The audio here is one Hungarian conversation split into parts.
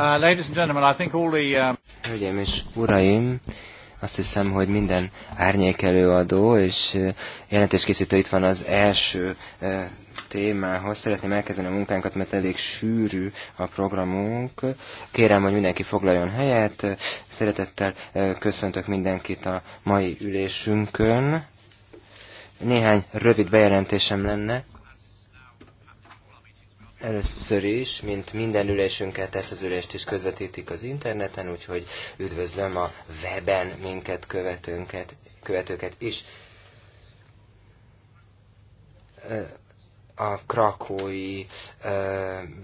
Uh, um, Hölgyeim és uraim, azt hiszem, hogy minden előadó és uh, jelentéskészítő itt van az első uh, témához. Szeretném elkezdeni a munkánkat, mert elég sűrű a programunk. Kérem, hogy mindenki foglaljon helyet. Szeretettel köszöntök mindenkit a mai ülésünkön. Néhány rövid bejelentésem lenne. Először is, mint minden ülésünkkel ezt az ülést is közvetítik az interneten, úgyhogy üdvözlöm a weben minket követőnket, követőket is. A Krakói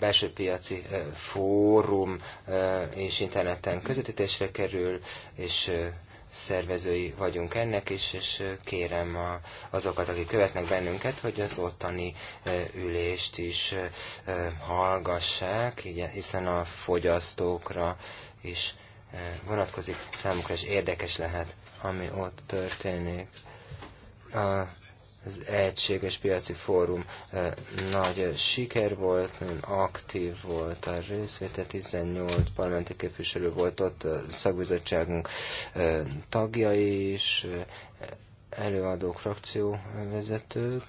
belső piaci fórum és interneten közvetítésre kerül, és szervezői vagyunk ennek is, és kérem a, azokat, akik követnek bennünket, hogy az ottani ülést is hallgassák, hiszen a fogyasztókra is vonatkozik, számukra is érdekes lehet, ami ott történik. A az Egységes Piaci Fórum nagy siker volt, nagyon aktív volt a részvétel, 18 parlamenti képviselő volt ott, a szakbizottságunk tagjai is, előadók, frakcióvezetők,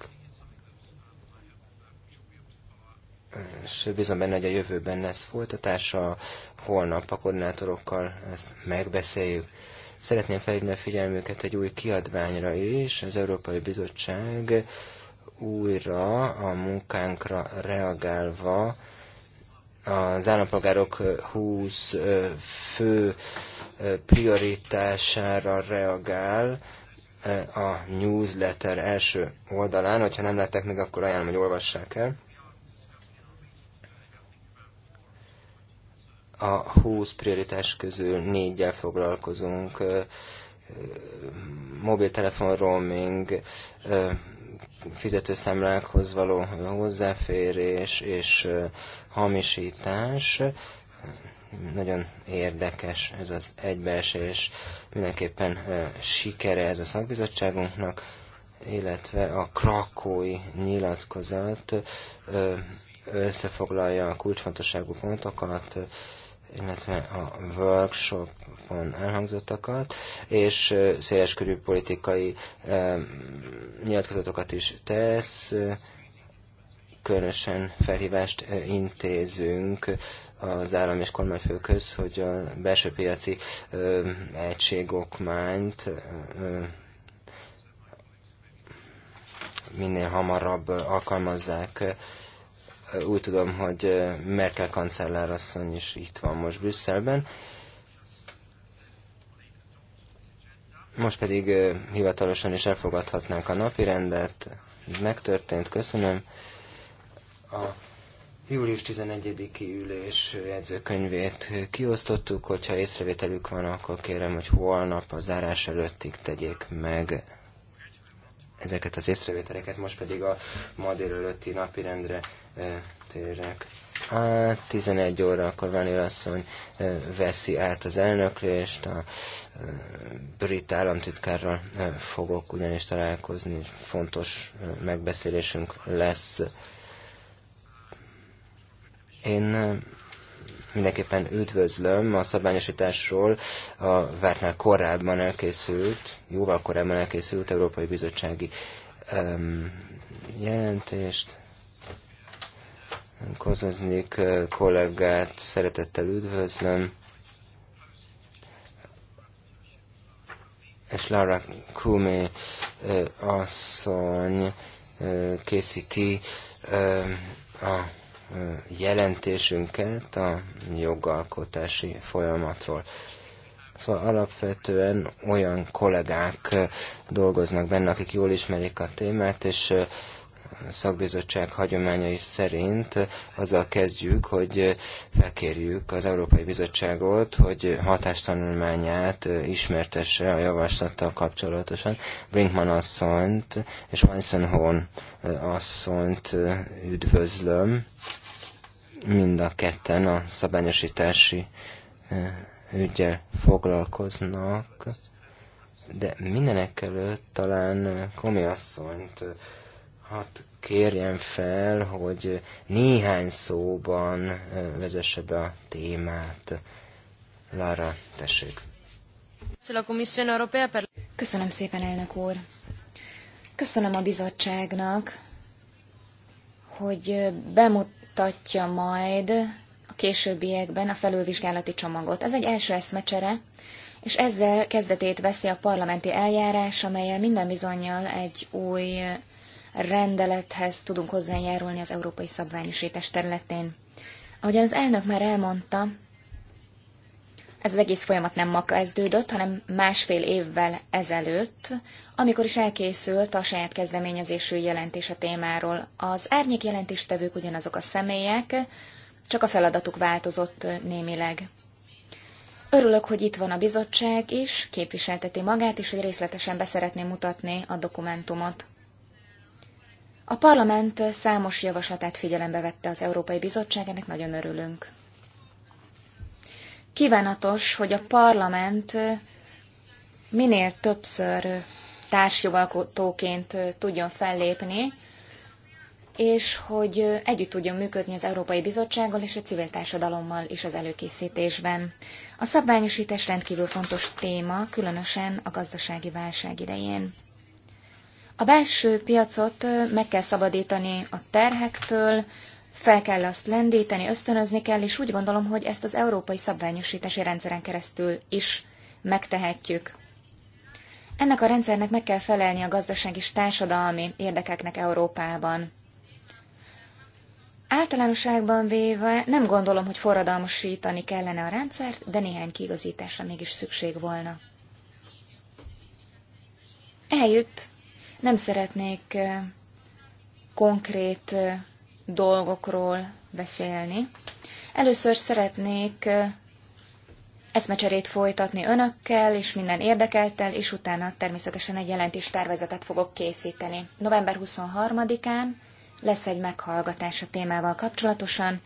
és bízom benne, hogy a jövőben lesz folytatása, holnap a koordinátorokkal ezt megbeszéljük. Szeretném felhívni a figyelmüket egy új kiadványra is. Az Európai Bizottság újra a munkánkra reagálva az állampolgárok 20 fő prioritására reagál a newsletter első oldalán. Hogyha nem lettek meg, akkor ajánlom, hogy olvassák el. A 20 prioritás közül négyel foglalkozunk, mobiltelefon roaming, fizetőszámlákhoz való hozzáférés és hamisítás. Nagyon érdekes ez az egybeesés, mindenképpen sikere ez a szakbizottságunknak, illetve a krakói nyilatkozat összefoglalja a kulcsfontosságú pontokat, illetve a workshopon elhangzottakat, és széleskörű politikai nyilatkozatokat is tesz, különösen felhívást intézünk az állam és kormányfőkhöz, hogy a belső piaci egységokmányt minél hamarabb alkalmazzák úgy tudom, hogy Merkel kancellárasszony is itt van most Brüsszelben. Most pedig hivatalosan is elfogadhatnánk a napi rendet. megtörtént, köszönöm. A július 11-i ülés jegyzőkönyvét kiosztottuk, hogyha észrevételük van, akkor kérem, hogy holnap a zárás előttig tegyék meg ezeket az észrevételeket, most pedig a ma délelőtti rendre térek át. 11 akkor Vanil asszony veszi át az elnöklést, a brit államtitkárral fogok ugyanis találkozni, fontos megbeszélésünk lesz. Én mindenképpen üdvözlöm a szabályosításról, a vártnál korábban elkészült, jóval korábban elkészült Európai Bizottsági jelentést. Kozoznik kollégát szeretettel üdvözlöm. És Lara Kumi asszony készíti a jelentésünket a jogalkotási folyamatról. Szóval alapvetően olyan kollégák dolgoznak benne, akik jól ismerik a témát, és szakbizottság hagyományai szerint azzal kezdjük, hogy felkérjük az Európai Bizottságot, hogy hatástanulmányát ismertesse a javaslattal kapcsolatosan. Brinkman asszonyt és Horn asszonyt üdvözlöm mind a ketten a szabályosítási eh, ügyel foglalkoznak, de mindenek előtt talán Komi asszonyt eh, hat kérjem fel, hogy néhány szóban vezesse be a témát. Lara, tessék. Köszönöm szépen, elnök úr. Köszönöm a bizottságnak, hogy bemutatja majd a későbbiekben a felülvizsgálati csomagot. Ez egy első eszmecsere, és ezzel kezdetét veszi a parlamenti eljárás, amelyel minden bizonyal egy új rendelethez tudunk hozzájárulni az európai szabványosítás területén. Ahogyan az elnök már elmondta, ez az egész folyamat nem ma kezdődött, hanem másfél évvel ezelőtt, amikor is elkészült a saját kezdeményezésű jelentés a témáról. Az árnyék jelentéstevők ugyanazok a személyek, csak a feladatuk változott némileg. Örülök, hogy itt van a bizottság is, képviselteti magát, és hogy részletesen beszeretném mutatni a dokumentumot. A parlament számos javaslatát figyelembe vette az Európai Bizottság, ennek nagyon örülünk. Kívánatos, hogy a parlament minél többször társjogalkotóként tudjon fellépni, és hogy együtt tudjon működni az Európai Bizottsággal és a civil társadalommal is az előkészítésben. A szabványosítás rendkívül fontos téma, különösen a gazdasági válság idején. A belső piacot meg kell szabadítani a terhektől, fel kell azt lendíteni, ösztönözni kell, és úgy gondolom, hogy ezt az európai szabványosítási rendszeren keresztül is megtehetjük. Ennek a rendszernek meg kell felelni a gazdasági és társadalmi érdekeknek Európában. Általánosságban véve nem gondolom, hogy forradalmasítani kellene a rendszert, de néhány kiigazításra mégis szükség volna. Eljött nem szeretnék konkrét dolgokról beszélni. Először szeretnék eszmecserét folytatni önökkel és minden érdekeltel, és utána természetesen egy jelentés tervezetet fogok készíteni. November 23-án lesz egy meghallgatás a témával kapcsolatosan,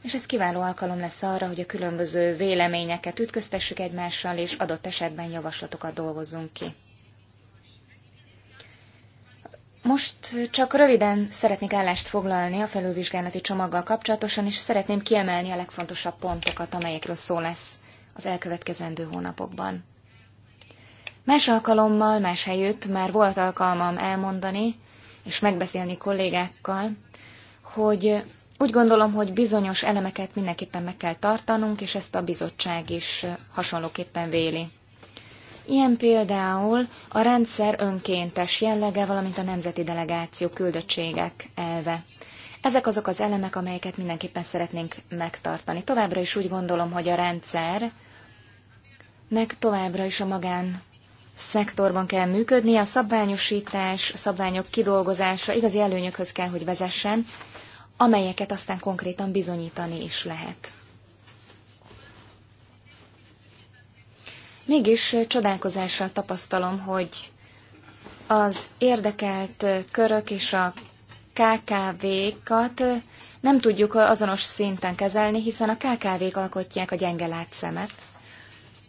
és ez kiváló alkalom lesz arra, hogy a különböző véleményeket ütköztessük egymással, és adott esetben javaslatokat dolgozzunk ki. Most csak röviden szeretnék állást foglalni a felülvizsgálati csomaggal kapcsolatosan, és szeretném kiemelni a legfontosabb pontokat, amelyekről szó lesz az elkövetkezendő hónapokban. Más alkalommal, más helyütt már volt alkalmam elmondani és megbeszélni kollégákkal, hogy úgy gondolom, hogy bizonyos elemeket mindenképpen meg kell tartanunk, és ezt a bizottság is hasonlóképpen véli. Ilyen például a rendszer önkéntes jellege, valamint a nemzeti delegáció küldöttségek elve. Ezek azok az elemek, amelyeket mindenképpen szeretnénk megtartani. Továbbra is úgy gondolom, hogy a rendszer meg továbbra is a magán szektorban kell működni, a szabványosítás, a szabványok kidolgozása igazi előnyökhöz kell, hogy vezessen, amelyeket aztán konkrétan bizonyítani is lehet. Mégis csodálkozással tapasztalom, hogy az érdekelt körök és a KKV-kat nem tudjuk azonos szinten kezelni, hiszen a KKV-k alkotják a gyenge látszemet.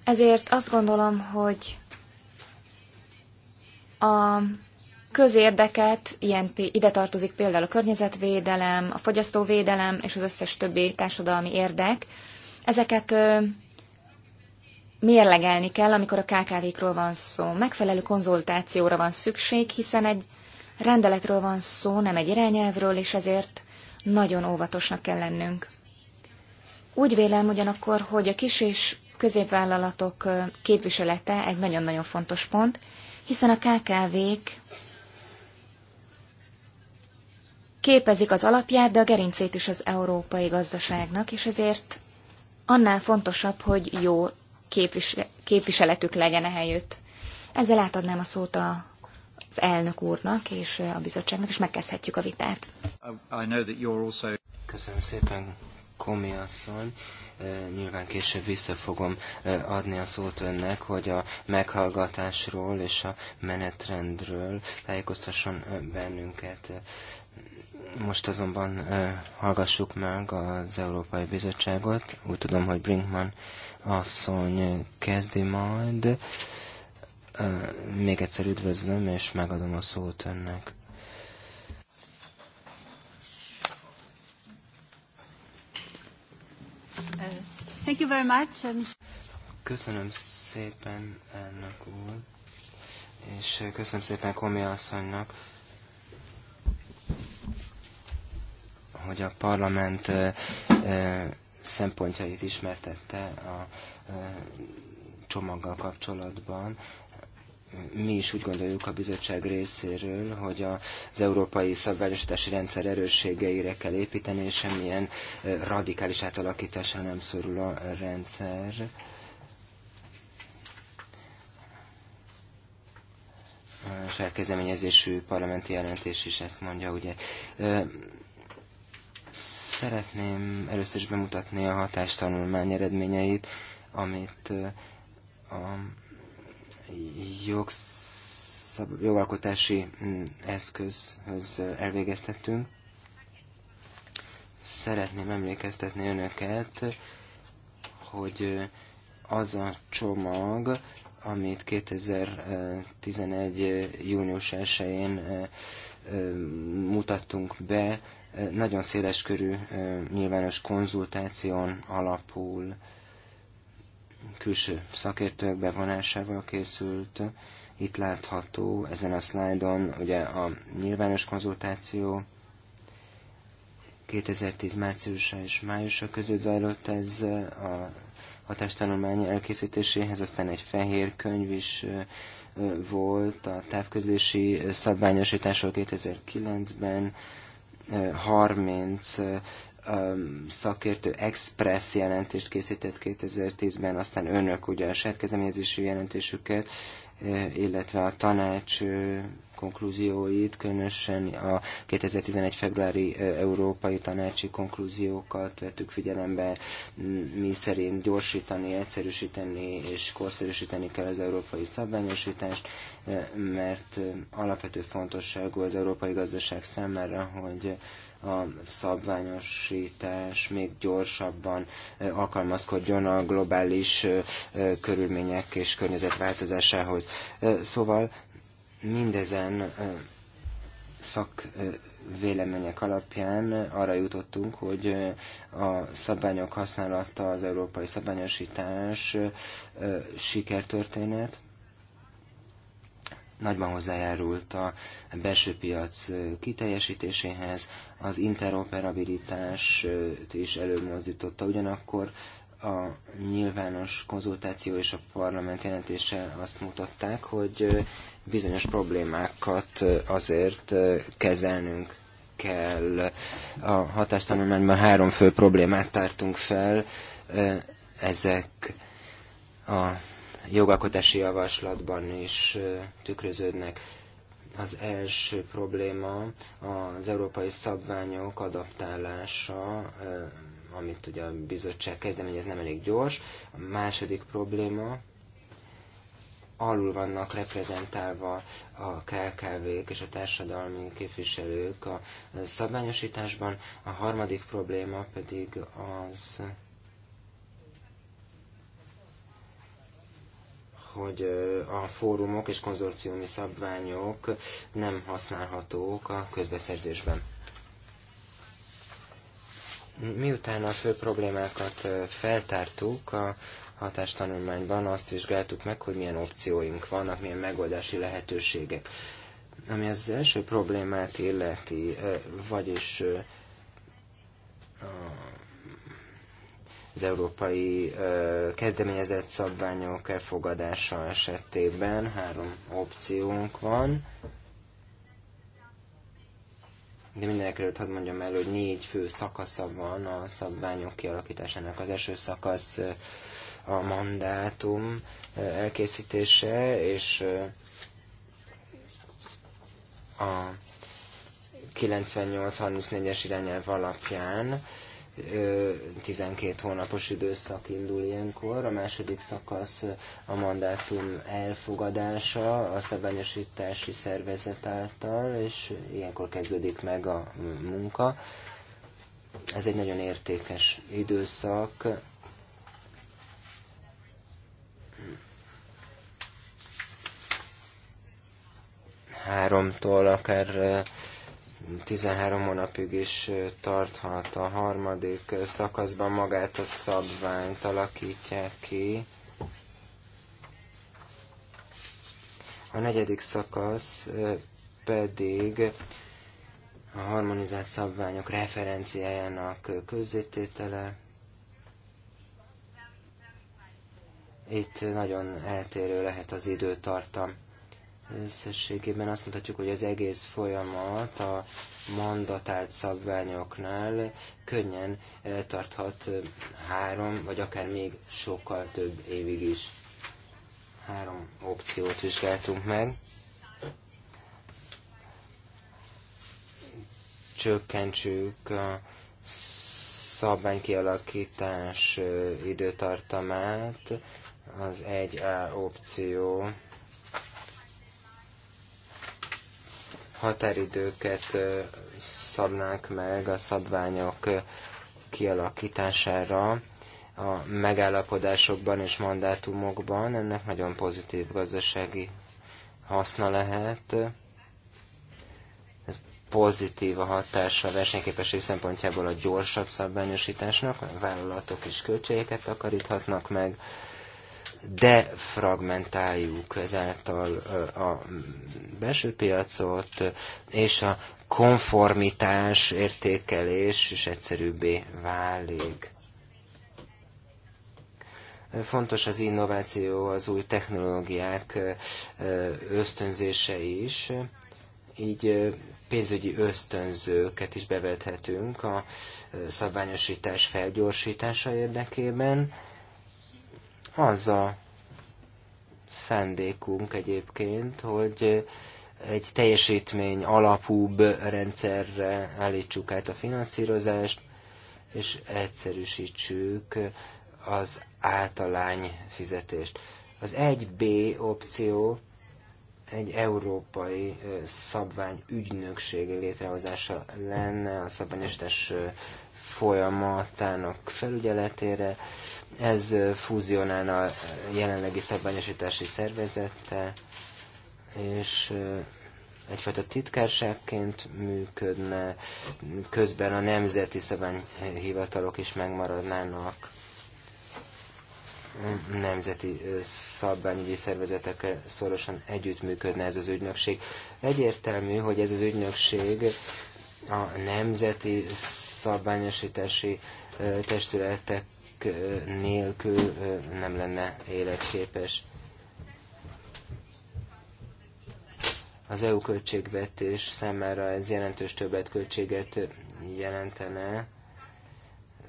Ezért azt gondolom, hogy a közérdeket, ilyen ide tartozik például a környezetvédelem, a fogyasztóvédelem és az összes többi társadalmi érdek, ezeket mérlegelni kell, amikor a KKV-król van szó. Megfelelő konzultációra van szükség, hiszen egy rendeletről van szó, nem egy irányelvről, és ezért nagyon óvatosnak kell lennünk. Úgy vélem ugyanakkor, hogy a kis és középvállalatok képviselete egy nagyon-nagyon fontos pont, hiszen a KKV-k képezik az alapját, de a gerincét is az európai gazdaságnak, és ezért annál fontosabb, hogy jó képvisel, képviseletük legyen e helyütt. Ezzel átadnám a szót a az elnök úrnak és a bizottságnak, és megkezdhetjük a vitát. Also... Köszönöm szépen, Komi asszony. E, nyilván később vissza fogom e, adni a szót önnek, hogy a meghallgatásról és a menetrendről tájékoztasson bennünket. Most azonban hallgassuk meg az Európai Bizottságot. Úgy tudom, hogy Brinkman asszony kezdi majd. Még egyszer üdvözlöm, és megadom a szót önnek. Thank you very much. Uh, köszönöm szépen ennek, úr, és köszönöm szépen Komi asszonynak, hogy a parlament szempontjait ismertette a e, csomaggal kapcsolatban. Mi is úgy gondoljuk a bizottság részéről, hogy az európai szabványosítási rendszer erősségeire kell építeni, és semmilyen e, radikális átalakításra nem szorul a rendszer. saját kezdeményezésű parlamenti jelentés is ezt mondja, ugye. E, Szeretném először is bemutatni a hatástanulmány eredményeit, amit a jogszab- jogalkotási eszközhöz elvégeztettünk. Szeretném emlékeztetni önöket, hogy az a csomag, amit 2011. június 1-én mutattunk be, nagyon széles körű nyilvános konzultáción alapul, külső szakértők bevonásával készült. Itt látható ezen a szlájdon ugye a nyilvános konzultáció 2010 márciusa és májusa között zajlott ez a hatástanulmány elkészítéséhez, aztán egy fehér könyv is volt a távközlési szabványosításról 2009-ben, 30 szakértő express jelentést készített 2010-ben, aztán önök ugye a saját kezdeményezésű jelentésüket, illetve a tanács konklúzióit, különösen a 2011. februári európai tanácsi konklúziókat vettük figyelembe, mi szerint gyorsítani, egyszerűsíteni és korszerűsíteni kell az európai szabványosítást, mert alapvető fontosságú az európai gazdaság számára, hogy a szabványosítás még gyorsabban alkalmazkodjon a globális körülmények és környezet változásához. Szóval Mindezen szakvélemények alapján arra jutottunk, hogy a szabványok használata, az európai szabványosítás sikertörténet, nagyban hozzájárult a belső piac kiteljesítéséhez, az interoperabilitás is előmozdította, ugyanakkor a nyilvános konzultáció és a parlament jelentése azt mutatták, hogy bizonyos problémákat azért kezelnünk kell. A hatástanulmányban három fő problémát tártunk fel, ezek a jogalkotási javaslatban is tükröződnek. Az első probléma az európai szabványok adaptálása, amit ugye a bizottság kezdeményez nem elég gyors. A második probléma alul vannak reprezentálva a KKV-k és a társadalmi képviselők a szabványosításban, a harmadik probléma pedig az, hogy a fórumok és konzorciumi szabványok nem használhatók a közbeszerzésben. Miután a fő problémákat feltártuk, a hatástanulmányban azt vizsgáltuk meg, hogy milyen opcióink vannak, milyen megoldási lehetőségek. Ami az első problémát illeti, vagyis az európai kezdeményezett szabványok elfogadása esetében három opciónk van. De mindenek előtt hadd mondjam el, hogy négy fő szakasza van a szabványok kialakításának. Az első szakasz a mandátum elkészítése, és a 98-34-es irányelv alapján 12 hónapos időszak indul ilyenkor. A második szakasz a mandátum elfogadása a szabványosítási szervezet által, és ilyenkor kezdődik meg a munka. Ez egy nagyon értékes időszak, háromtól akár 13 hónapig is tarthat a harmadik szakaszban magát a szabványt alakítják ki. A negyedik szakasz pedig a harmonizált szabványok referenciájának közzététele. Itt nagyon eltérő lehet az időtartam. Összességében azt mondhatjuk, hogy az egész folyamat a mandatált szabványoknál könnyen eh, tarthat eh, három, vagy akár még sokkal több évig is. Három opciót vizsgáltunk meg. Csökkentsük a szabványkialakítás eh, időtartamát, az egy a opció határidőket szabnánk meg a szabványok kialakítására a megállapodásokban és mandátumokban, ennek nagyon pozitív gazdasági haszna lehet. Ez pozitív a hatása a versenyképesség szempontjából a gyorsabb szabványosításnak, a vállalatok is költségeket takaríthatnak meg, defragmentáljuk ezáltal a belső piacot, és a konformitás értékelés is egyszerűbbé válik. Fontos az innováció, az új technológiák ösztönzése is. Így pénzügyi ösztönzőket is bevethetünk a szabványosítás felgyorsítása érdekében az a szándékunk egyébként, hogy egy teljesítmény alapúbb rendszerre állítsuk át a finanszírozást, és egyszerűsítsük az általány fizetést. Az 1B opció egy európai szabvány ügynökség létrehozása lenne a szabványosítás folyamatának felügyeletére. Ez fúzionálna a jelenlegi szabványosítási szervezettel, és egyfajta titkárságként működne, közben a nemzeti szabványhivatalok is megmaradnának nemzeti szabványügyi szervezetekkel szorosan együttműködne ez az ügynökség. Egyértelmű, hogy ez az ügynökség a nemzeti szabványosítási testületek nélkül nem lenne életképes. Az EU költségvetés számára ez jelentős többletköltséget jelentene.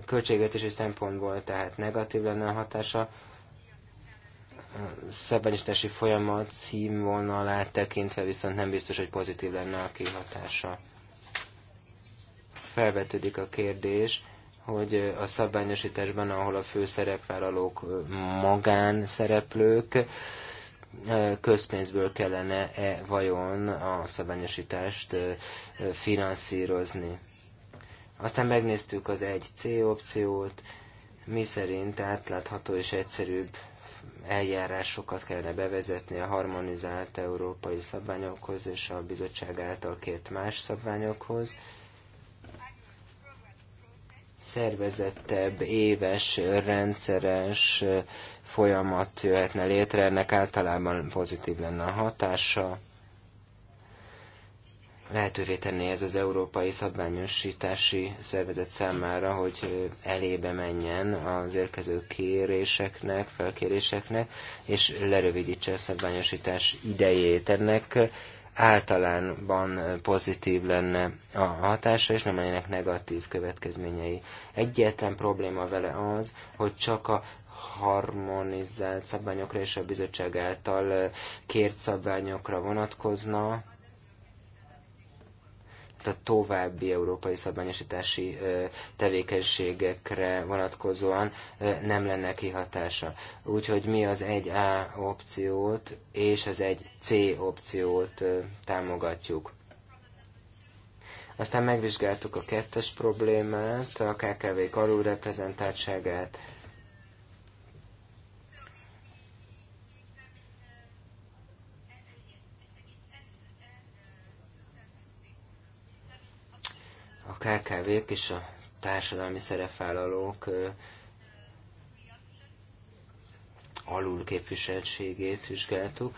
Költségvetési szempontból tehát negatív lenne a hatása. A szabványosítási folyamat színvonalát tekintve viszont nem biztos, hogy pozitív lenne a kihatása felvetődik a kérdés, hogy a szabványosításban, ahol a főszerepvállalók magánszereplők, közpénzből kellene -e vajon a szabványosítást finanszírozni. Aztán megnéztük az 1C opciót, mi szerint átlátható és egyszerűbb eljárásokat kellene bevezetni a harmonizált európai szabványokhoz és a bizottság által kért más szabványokhoz szervezettebb, éves, rendszeres folyamat jöhetne létre, ennek általában pozitív lenne a hatása. Lehetővé tenné ez az európai szabványosítási szervezet számára, hogy elébe menjen az érkező kéréseknek, felkéréseknek, és lerövidítse a szabványosítás idejét. Ennek általánban pozitív lenne a hatása, és nem lennének negatív következményei. Egyetlen probléma vele az, hogy csak a harmonizált szabványokra és a bizottság által kért szabványokra vonatkozna, a további európai szabványosítási tevékenységekre vonatkozóan nem lenne kihatása. Úgyhogy mi az 1A opciót és az 1C opciót támogatjuk. Aztán megvizsgáltuk a kettes problémát, a KKV-k alulreprezentáltságát, KKV-k és a társadalmi szerepvállalók alul képviseltségét vizsgáltuk.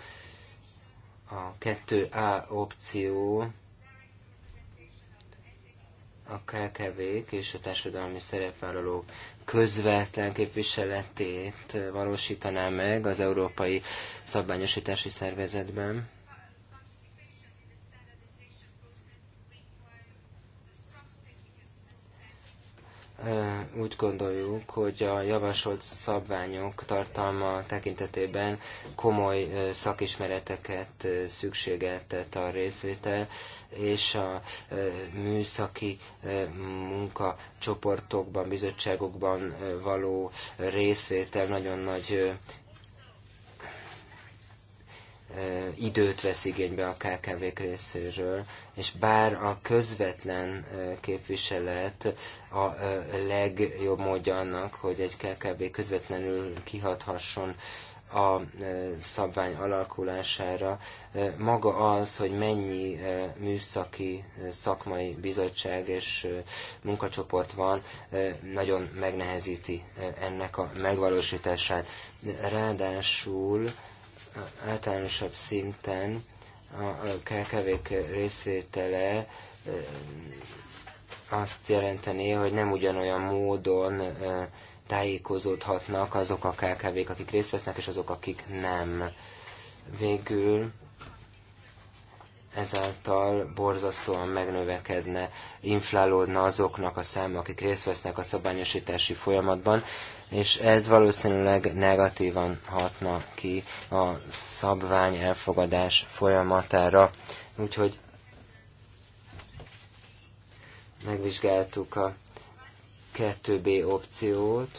A 2A opció a KKV-k és a társadalmi szerepvállalók közvetlen képviseletét valósítaná meg az Európai Szabványosítási Szervezetben. úgy gondoljuk, hogy a javasolt szabványok tartalma tekintetében komoly szakismereteket szükségeltet a részvétel, és a műszaki munkacsoportokban, bizottságokban való részvétel nagyon nagy időt vesz igénybe a kkv részéről, és bár a közvetlen képviselet a legjobb módja annak, hogy egy KKV közvetlenül kihathasson a szabvány alakulására. Maga az, hogy mennyi műszaki szakmai bizottság és munkacsoport van, nagyon megnehezíti ennek a megvalósítását. Ráadásul általánosabb szinten a kkv részvétele azt jelenteni, hogy nem ugyanolyan módon tájékozódhatnak azok a kkv akik részt vesznek, és azok, akik nem. Végül ezáltal borzasztóan megnövekedne, inflálódna azoknak a szám, akik részt vesznek a szabályosítási folyamatban, és ez valószínűleg negatívan hatna ki a szabvány elfogadás folyamatára. Úgyhogy megvizsgáltuk a 2B opciót,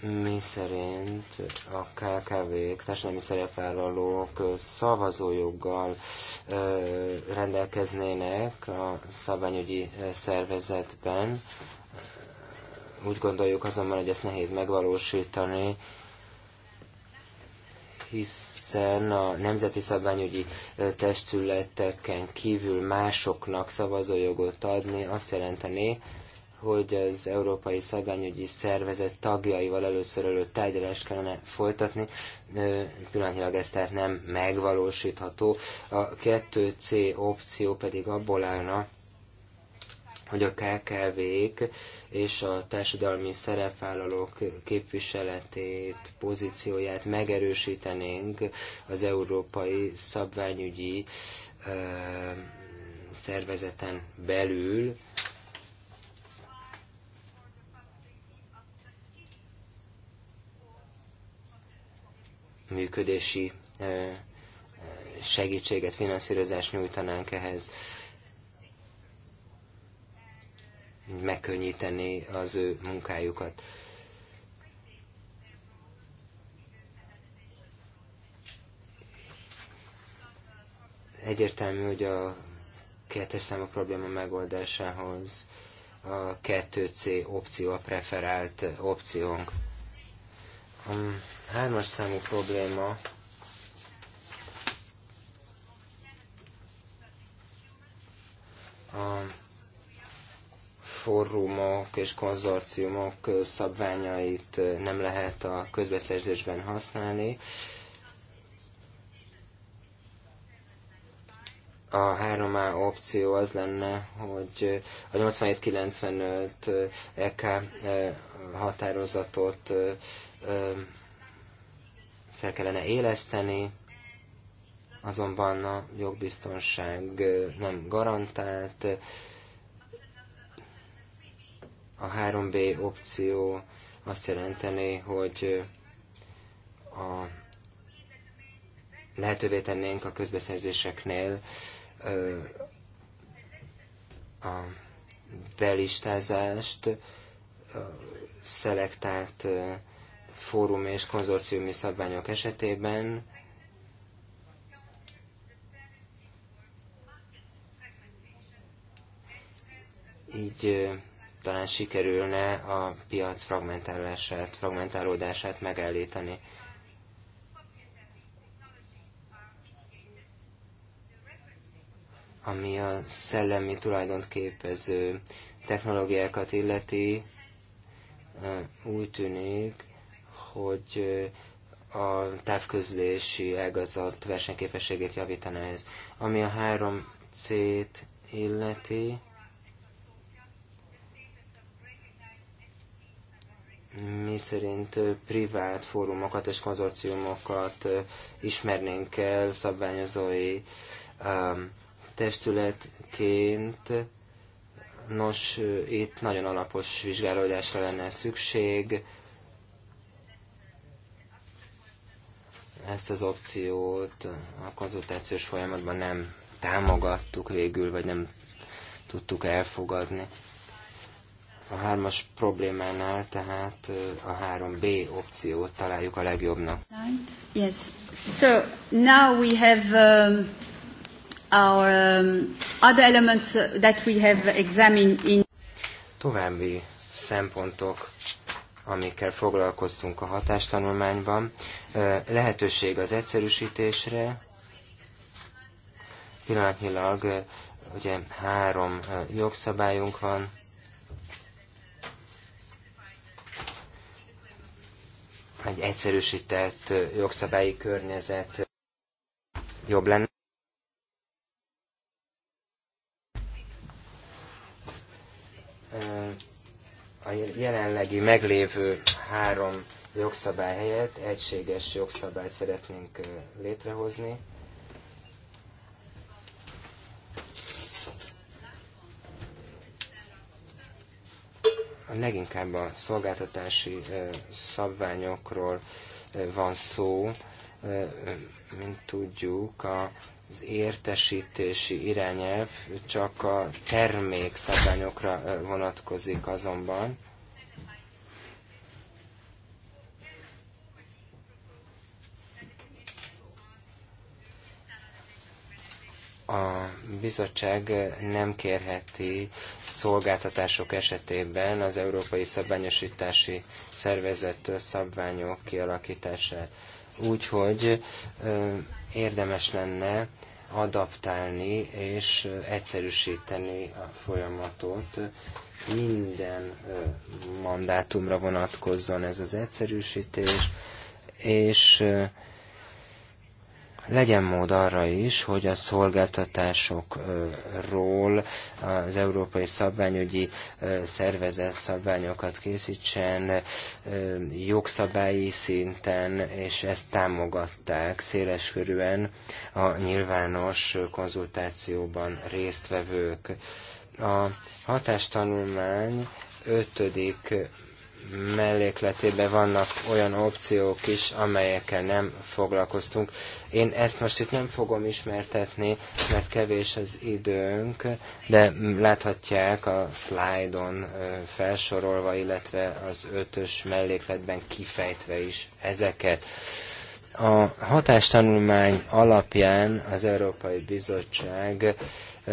mi szerint a KKV-k, társadalmi szerepvállalók szavazójoggal rendelkeznének a szabványügyi szervezetben, úgy gondoljuk azonban, hogy ezt nehéz megvalósítani, hiszen a nemzeti szabványügyi testületeken kívül másoknak szavazójogot adni azt jelenteni, hogy az Európai Szabványügyi Szervezet tagjaival először előtt tárgyalást kellene folytatni. Pillanatilag ez tehát nem megvalósítható. A 2C opció pedig abból állna, hogy a KKV-k és a társadalmi szerepvállalók képviseletét, pozícióját megerősítenénk az európai szabványügyi ö, szervezeten belül, működési segítséget, finanszírozást nyújtanánk ehhez. megkönnyíteni az ő munkájukat. Egyértelmű, hogy a kettes szám a probléma megoldásához a 2C opció a preferált opciónk. A hármas számú probléma a fórumok és konzorciumok szabványait nem lehet a közbeszerzésben használni. a 3A opció az lenne, hogy a 8795 EK e, határozatot e, e, fel kellene éleszteni, azonban a jogbiztonság nem garantált, a 3B opció azt jelenteni, hogy a, lehetővé tennénk a közbeszerzéseknél a belistázást, a szelektált fórum és konzorciumi szabványok esetében, így talán sikerülne a piac fragmentálását, fragmentálódását megállítani. Ami a szellemi tulajdont képező technológiákat illeti, úgy tűnik, hogy a távközlési ágazat versenyképességét javítaná ez. Ami a 3C-t illeti, mi szerint privát fórumokat és konzorciumokat ismernénk el szabványozói testületként. Nos, itt nagyon alapos vizsgálódásra lenne szükség. Ezt az opciót a konzultációs folyamatban nem támogattuk végül, vagy nem tudtuk elfogadni. A hármas problémánál tehát a 3B opciót találjuk a legjobbnak. Yes. So now we have um, our um, other elements uh, that we have examined in további szempontok, amikkel foglalkoztunk a hatástanulmányban. Lehetőség az egyszerűsítésre. Pillanatnyilag ugye három jogszabályunk van, egy egyszerűsített jogszabályi környezet jobb lenne. A jelenlegi meglévő három jogszabály helyett egységes jogszabályt szeretnénk létrehozni. leginkább a szolgáltatási szabványokról van szó, mint tudjuk, az értesítési irányelv csak a termék szabványokra vonatkozik azonban. a bizottság nem kérheti szolgáltatások esetében az Európai Szabványosítási Szervezettől szabványok kialakítását. Úgyhogy érdemes lenne adaptálni és egyszerűsíteni a folyamatot. Minden mandátumra vonatkozzon ez az egyszerűsítés, és legyen mód arra is, hogy a szolgáltatásokról az Európai Szabványügyi Szervezet szabványokat készítsen jogszabályi szinten, és ezt támogatták széleskörűen a nyilvános konzultációban résztvevők. A hatástanulmány ötödik mellékletében vannak olyan opciók is, amelyekkel nem foglalkoztunk. Én ezt most itt nem fogom ismertetni, mert kevés az időnk, de láthatják a szlájdon felsorolva, illetve az ötös mellékletben kifejtve is ezeket. A hatástanulmány alapján az Európai Bizottság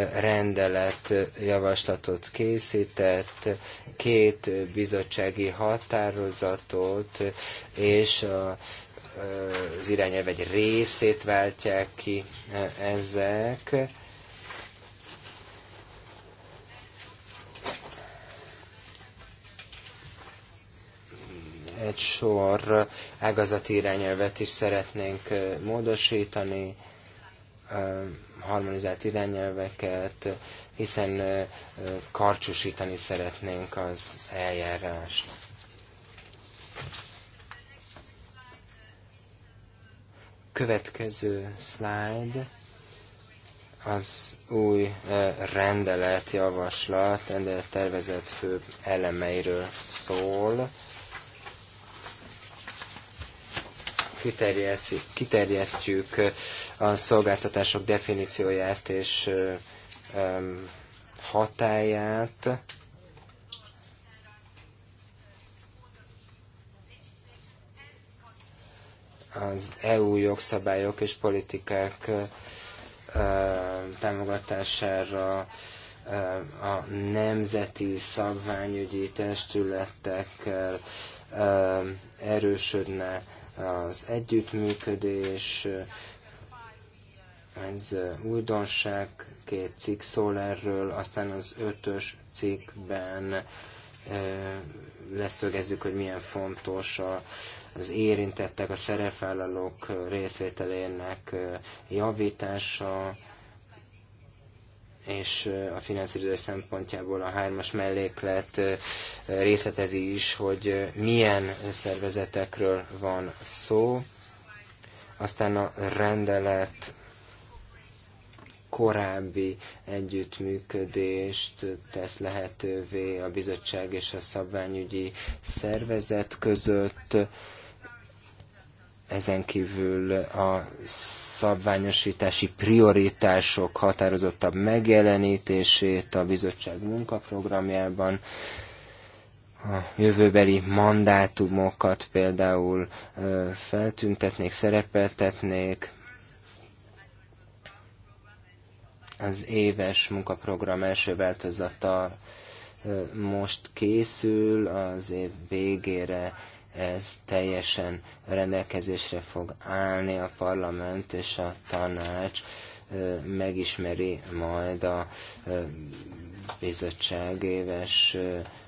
rendelet javaslatot készített, két bizottsági határozatot és a, az irányelv egy részét váltják ki e, ezek. Egy sor ágazati irányelvet is szeretnénk e, módosítani harmonizált irányelveket, hiszen karcsúsítani szeretnénk az eljárást. Következő slide az új rendelet javaslat, rendelet tervezett fő elemeiről szól. kiterjesztjük a szolgáltatások definícióját és hatáját. az EU jogszabályok és politikák támogatására a nemzeti szabványügyi testületekkel erősödne az együttműködés, ez újdonság, két cikk szól erről, aztán az ötös cikkben leszögezzük, hogy milyen fontos a, az érintettek, a szerepvállalók részvételének javítása, és a finanszírozás szempontjából a hármas melléklet részletezi is, hogy milyen szervezetekről van szó. Aztán a rendelet korábbi együttműködést tesz lehetővé a bizottság és a szabványügyi szervezet között ezen kívül a szabványosítási prioritások határozottabb megjelenítését a bizottság munkaprogramjában, a jövőbeli mandátumokat például feltüntetnék, szerepeltetnék, az éves munkaprogram első változata most készül, az év végére ez teljesen rendelkezésre fog állni a parlament és a tanács megismeri majd a bizottság éves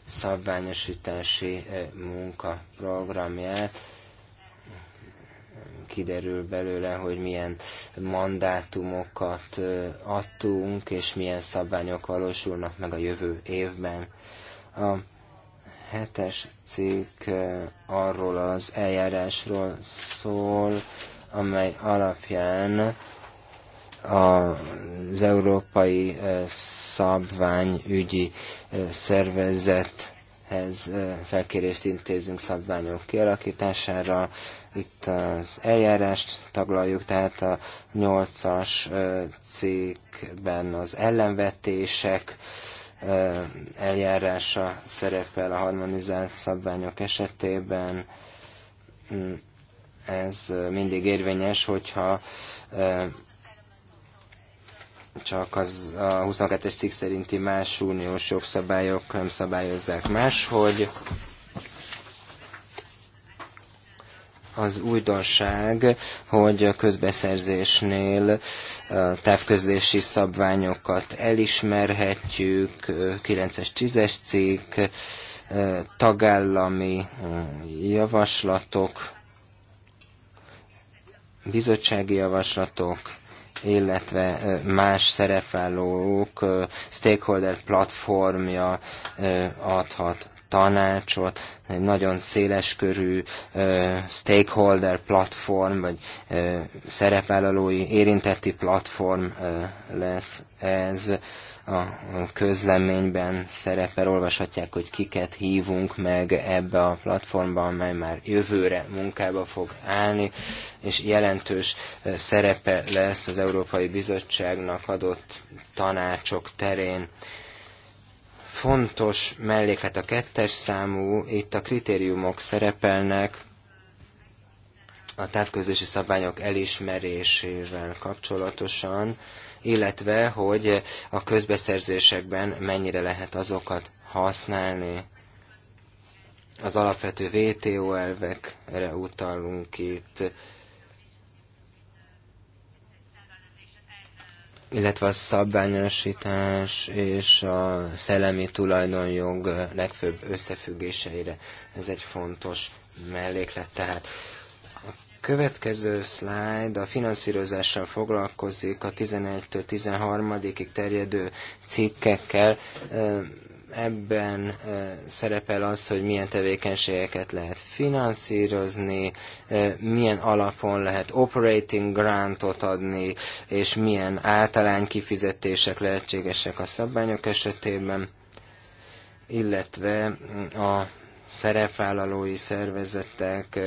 szabványosítási munkaprogramját. Kiderül belőle, hogy milyen mandátumokat adtunk, és milyen szabványok valósulnak meg a jövő évben. A hetes cikk eh, arról az eljárásról szól, amely alapján az Európai eh, Szabványügyi eh, Szervezethez felkérést intézünk szabványok kialakítására. Itt az eljárást taglaljuk, tehát a 8-as cikkben az ellenvetések, eljárása szerepel a harmonizált szabványok esetében. Mm, Ez mindig érvényes, hogyha csak az a 22-es cikk szerinti más uniós jogszabályok nem szabályozzák más, hogy az újdonság, hogy a közbeszerzésnél távközlési szabványokat elismerhetjük, 9-es, 10-es cikk, tagállami javaslatok, bizottsági javaslatok, illetve más szerepvállalók stakeholder platformja adhat tanácsot, egy nagyon széleskörű ö, stakeholder platform, vagy ö, szerepvállalói érintetti platform ö, lesz ez. A közleményben szerepel, olvashatják, hogy kiket hívunk meg ebbe a platformba, amely már jövőre munkába fog állni, és jelentős szerepe lesz az Európai Bizottságnak adott tanácsok terén. Fontos melléklet a kettes számú, itt a kritériumok szerepelnek a távközlési szabványok elismerésével kapcsolatosan, illetve hogy a közbeszerzésekben mennyire lehet azokat használni. Az alapvető VTO elvekre utalunk itt, illetve a szabványosítás és a szellemi tulajdonjog legfőbb összefüggéseire. Ez egy fontos melléklet tehát. A következő szlájd a finanszírozással foglalkozik a 11-től 13-ig terjedő cikkekkel ebben szerepel az, hogy milyen tevékenységeket lehet finanszírozni, milyen alapon lehet operating grantot adni, és milyen általány kifizetések lehetségesek a szabványok esetében, illetve a szerepvállalói szervezetek,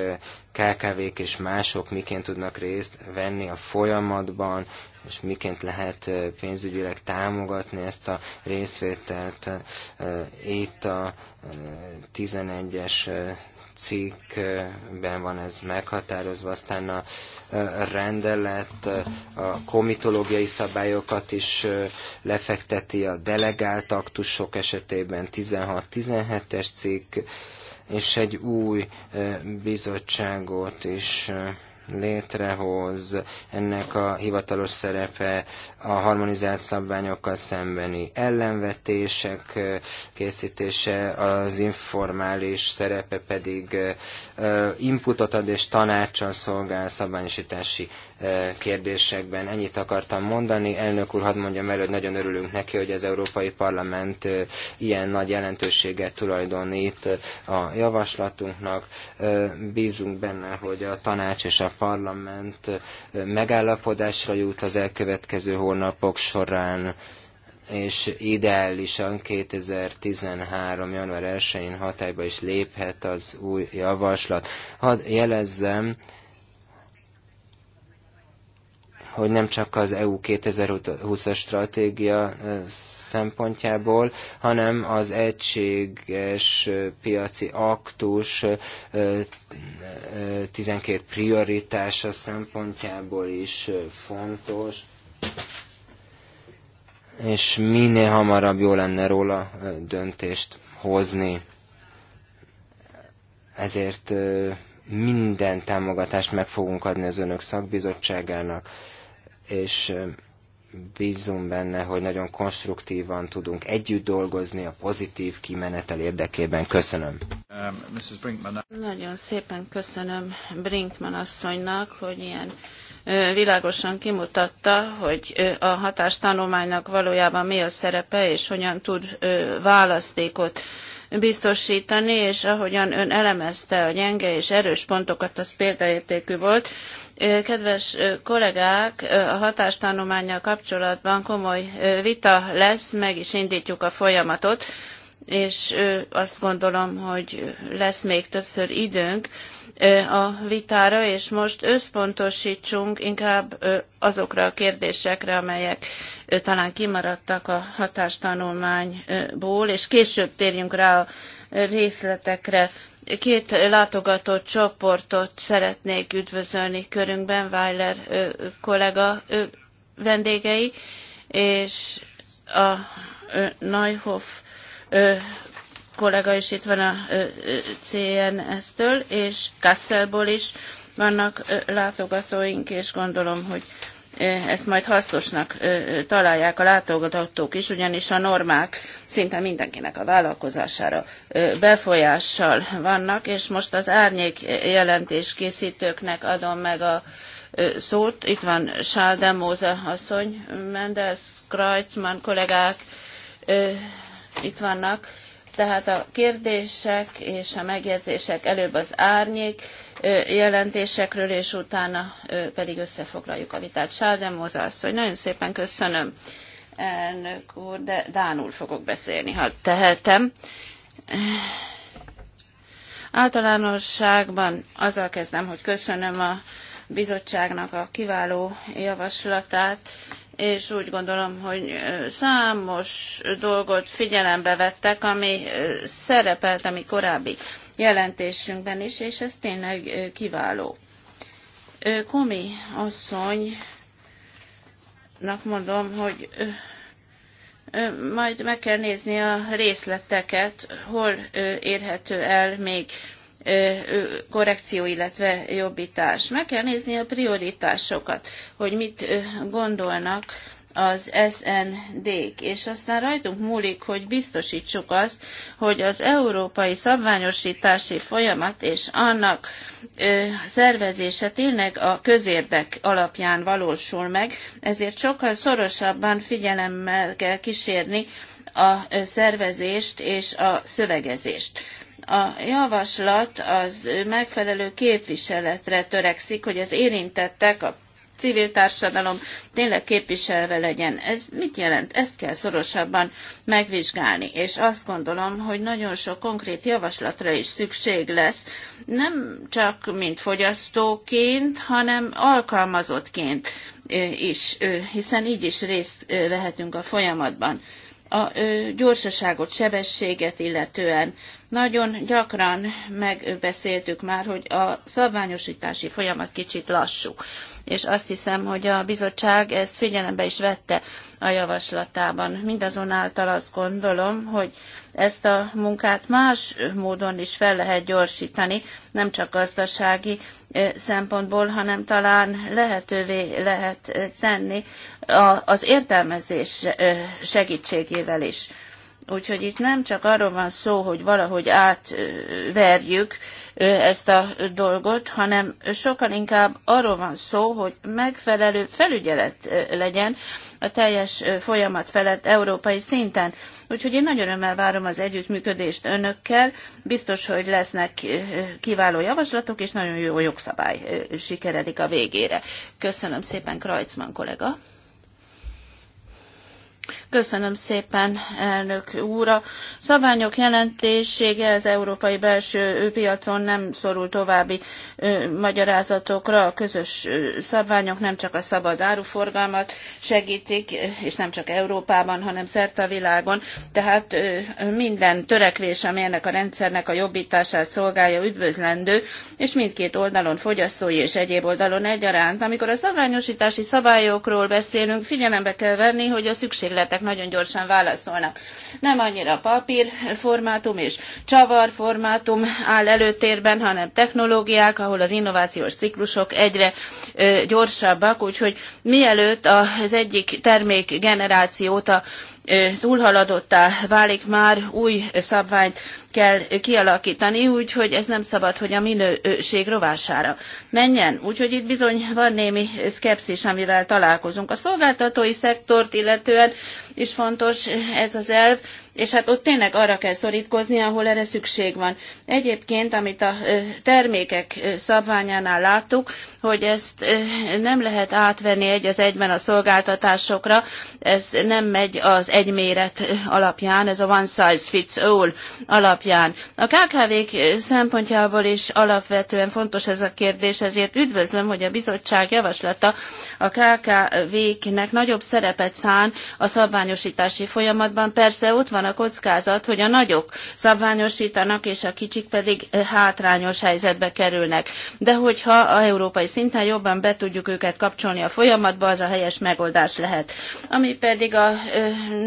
KKV-k és mások miként tudnak részt venni a folyamatban, és miként lehet pénzügyileg támogatni ezt a részvételt. Itt a 11-es cikkben van ez meghatározva, aztán a rendelet a komitológiai szabályokat is lefekteti, a delegált aktusok esetében 16-17-es cikk, és egy új bizottságot is létrehoz, ennek a hivatalos szerepe a harmonizált szabványokkal szembeni ellenvetések készítése, az informális szerepe pedig inputot ad és tanácsal szolgál szabványosítási E, kérdésekben. Ennyit akartam mondani. Elnök úr, hadd mondjam el, hogy nagyon örülünk neki, hogy az Európai Parlament e, ilyen nagy jelentőséget tulajdonít e, a javaslatunknak. Bízunk benne, hogy a tanács és a parlament megállapodásra jut az elkövetkező hónapok során és ideálisan 2013. január 1-én hatályba is léphet az új javaslat. Hadd jelezzem, hogy nem csak az EU 2020-as stratégia szempontjából, hanem az egységes piaci aktus 12 prioritása szempontjából is fontos, és minél hamarabb jó lenne róla döntést hozni. Ezért minden támogatást meg fogunk adni az önök szakbizottságának és bízunk benne, hogy nagyon konstruktívan tudunk együtt dolgozni a pozitív kimenetel érdekében. Köszönöm. Um, uh, nagyon szépen köszönöm Brinkman asszonynak, hogy ilyen világosan kimutatta, hogy a hatástanulmánynak valójában mi a szerepe, és hogyan tud választékot biztosítani, és ahogyan ön elemezte a gyenge és erős pontokat, az példaértékű volt. Kedves kollégák, a hatástanulmányjal kapcsolatban komoly vita lesz, meg is indítjuk a folyamatot, és azt gondolom, hogy lesz még többször időnk a vitára, és most összpontosítsunk inkább azokra a kérdésekre, amelyek talán kimaradtak a hatástanulmányból, és később térjünk rá a részletekre Két látogatott csoportot szeretnék üdvözölni körünkben, Weiler kollega vendégei, és a Neuhoff kollega is itt van a CNS-től, és Kasselból is vannak látogatóink, és gondolom, hogy ezt majd hasznosnak találják a látogatók is, ugyanis a normák szinte mindenkinek a vállalkozására befolyással vannak, és most az árnyék jelentés készítőknek adom meg a szót. Itt van Sáldem Móze asszony, Mendes, Krajcman kollégák itt vannak. Tehát a kérdések és a megjegyzések előbb az árnyék jelentésekről, és utána pedig összefoglaljuk a vitát. Sáldemóz asszony, nagyon szépen köszönöm, elnök úr, de Dánul fogok beszélni, ha tehetem. Általánosságban azzal kezdem, hogy köszönöm a bizottságnak a kiváló javaslatát, és úgy gondolom, hogy számos dolgot figyelembe vettek, ami szerepelt a mi korábbi jelentésünkben is, és ez tényleg kiváló. Komi asszonynak mondom, hogy majd meg kell nézni a részleteket, hol érhető el még korrekció, illetve jobbítás. Meg kell nézni a prioritásokat, hogy mit gondolnak az SND-k, és aztán rajtunk múlik, hogy biztosítsuk azt, hogy az európai szabványosítási folyamat és annak ö, szervezése tényleg a közérdek alapján valósul meg, ezért sokkal szorosabban figyelemmel kell kísérni a szervezést és a szövegezést. A javaslat az megfelelő képviseletre törekszik, hogy az érintettek, a civil társadalom tényleg képviselve legyen. Ez mit jelent? Ezt kell szorosabban megvizsgálni, és azt gondolom, hogy nagyon sok konkrét javaslatra is szükség lesz, nem csak mint fogyasztóként, hanem alkalmazottként is, hiszen így is részt vehetünk a folyamatban a gyorsaságot, sebességet illetően. Nagyon gyakran megbeszéltük már, hogy a szabványosítási folyamat kicsit lassú és azt hiszem, hogy a bizottság ezt figyelembe is vette a javaslatában. Mindazonáltal azt gondolom, hogy ezt a munkát más módon is fel lehet gyorsítani, nem csak gazdasági eh, szempontból, hanem talán lehetővé lehet eh, tenni az értelmezés eh, segítségével is Úgyhogy itt nem csak arról van szó, hogy valahogy átverjük ezt a dolgot, hanem sokkal inkább arról van szó, hogy megfelelő felügyelet legyen a teljes folyamat felett európai szinten. Úgyhogy én nagyon örömmel várom az együttműködést önökkel. Biztos, hogy lesznek kiváló javaslatok, és nagyon jó jogszabály sikeredik a végére. Köszönöm szépen, Krajcman kollega. Köszönöm szépen, elnök úr. A szabványok jelentősége az európai belső piacon nem szorul további ö, magyarázatokra. A közös szabványok nem csak a szabad áruforgalmat segítik, és nem csak Európában, hanem szerte a világon. Tehát ö, minden törekvés, ami ennek a rendszernek a jobbítását szolgálja, üdvözlendő, és mindkét oldalon, fogyasztói és egyéb oldalon egyaránt. Amikor a szabványosítási szabályokról beszélünk, figyelembe kell venni, hogy a szükségletek nagyon gyorsan válaszolnak. Nem annyira papírformátum és csavarformátum áll előtérben, hanem technológiák, ahol az innovációs ciklusok egyre gyorsabbak, úgyhogy mielőtt az egyik generációt a túlhaladottá válik, már új szabványt kell kialakítani, úgyhogy ez nem szabad, hogy a minőség rovására menjen. Úgyhogy itt bizony van némi szkepszis, amivel találkozunk. A szolgáltatói szektort illetően is fontos ez az elv, és hát ott tényleg arra kell szorítkozni, ahol erre szükség van. Egyébként, amit a termékek szabványánál láttuk, hogy ezt nem lehet átvenni egy az egyben a szolgáltatásokra, ez nem megy az egy méret alapján, ez a one size fits all alapján. A KKV-k szempontjából is alapvetően fontos ez a kérdés, ezért üdvözlöm, hogy a bizottság javaslata a KKV-knek nagyobb szerepet szán a szabványosítási folyamatban. Persze ott van van a kockázat, hogy a nagyok szabványosítanak, és a kicsik pedig eh, hátrányos helyzetbe kerülnek. De hogyha a európai szinten jobban be tudjuk őket kapcsolni a folyamatba, az a helyes megoldás lehet. Ami pedig a eh,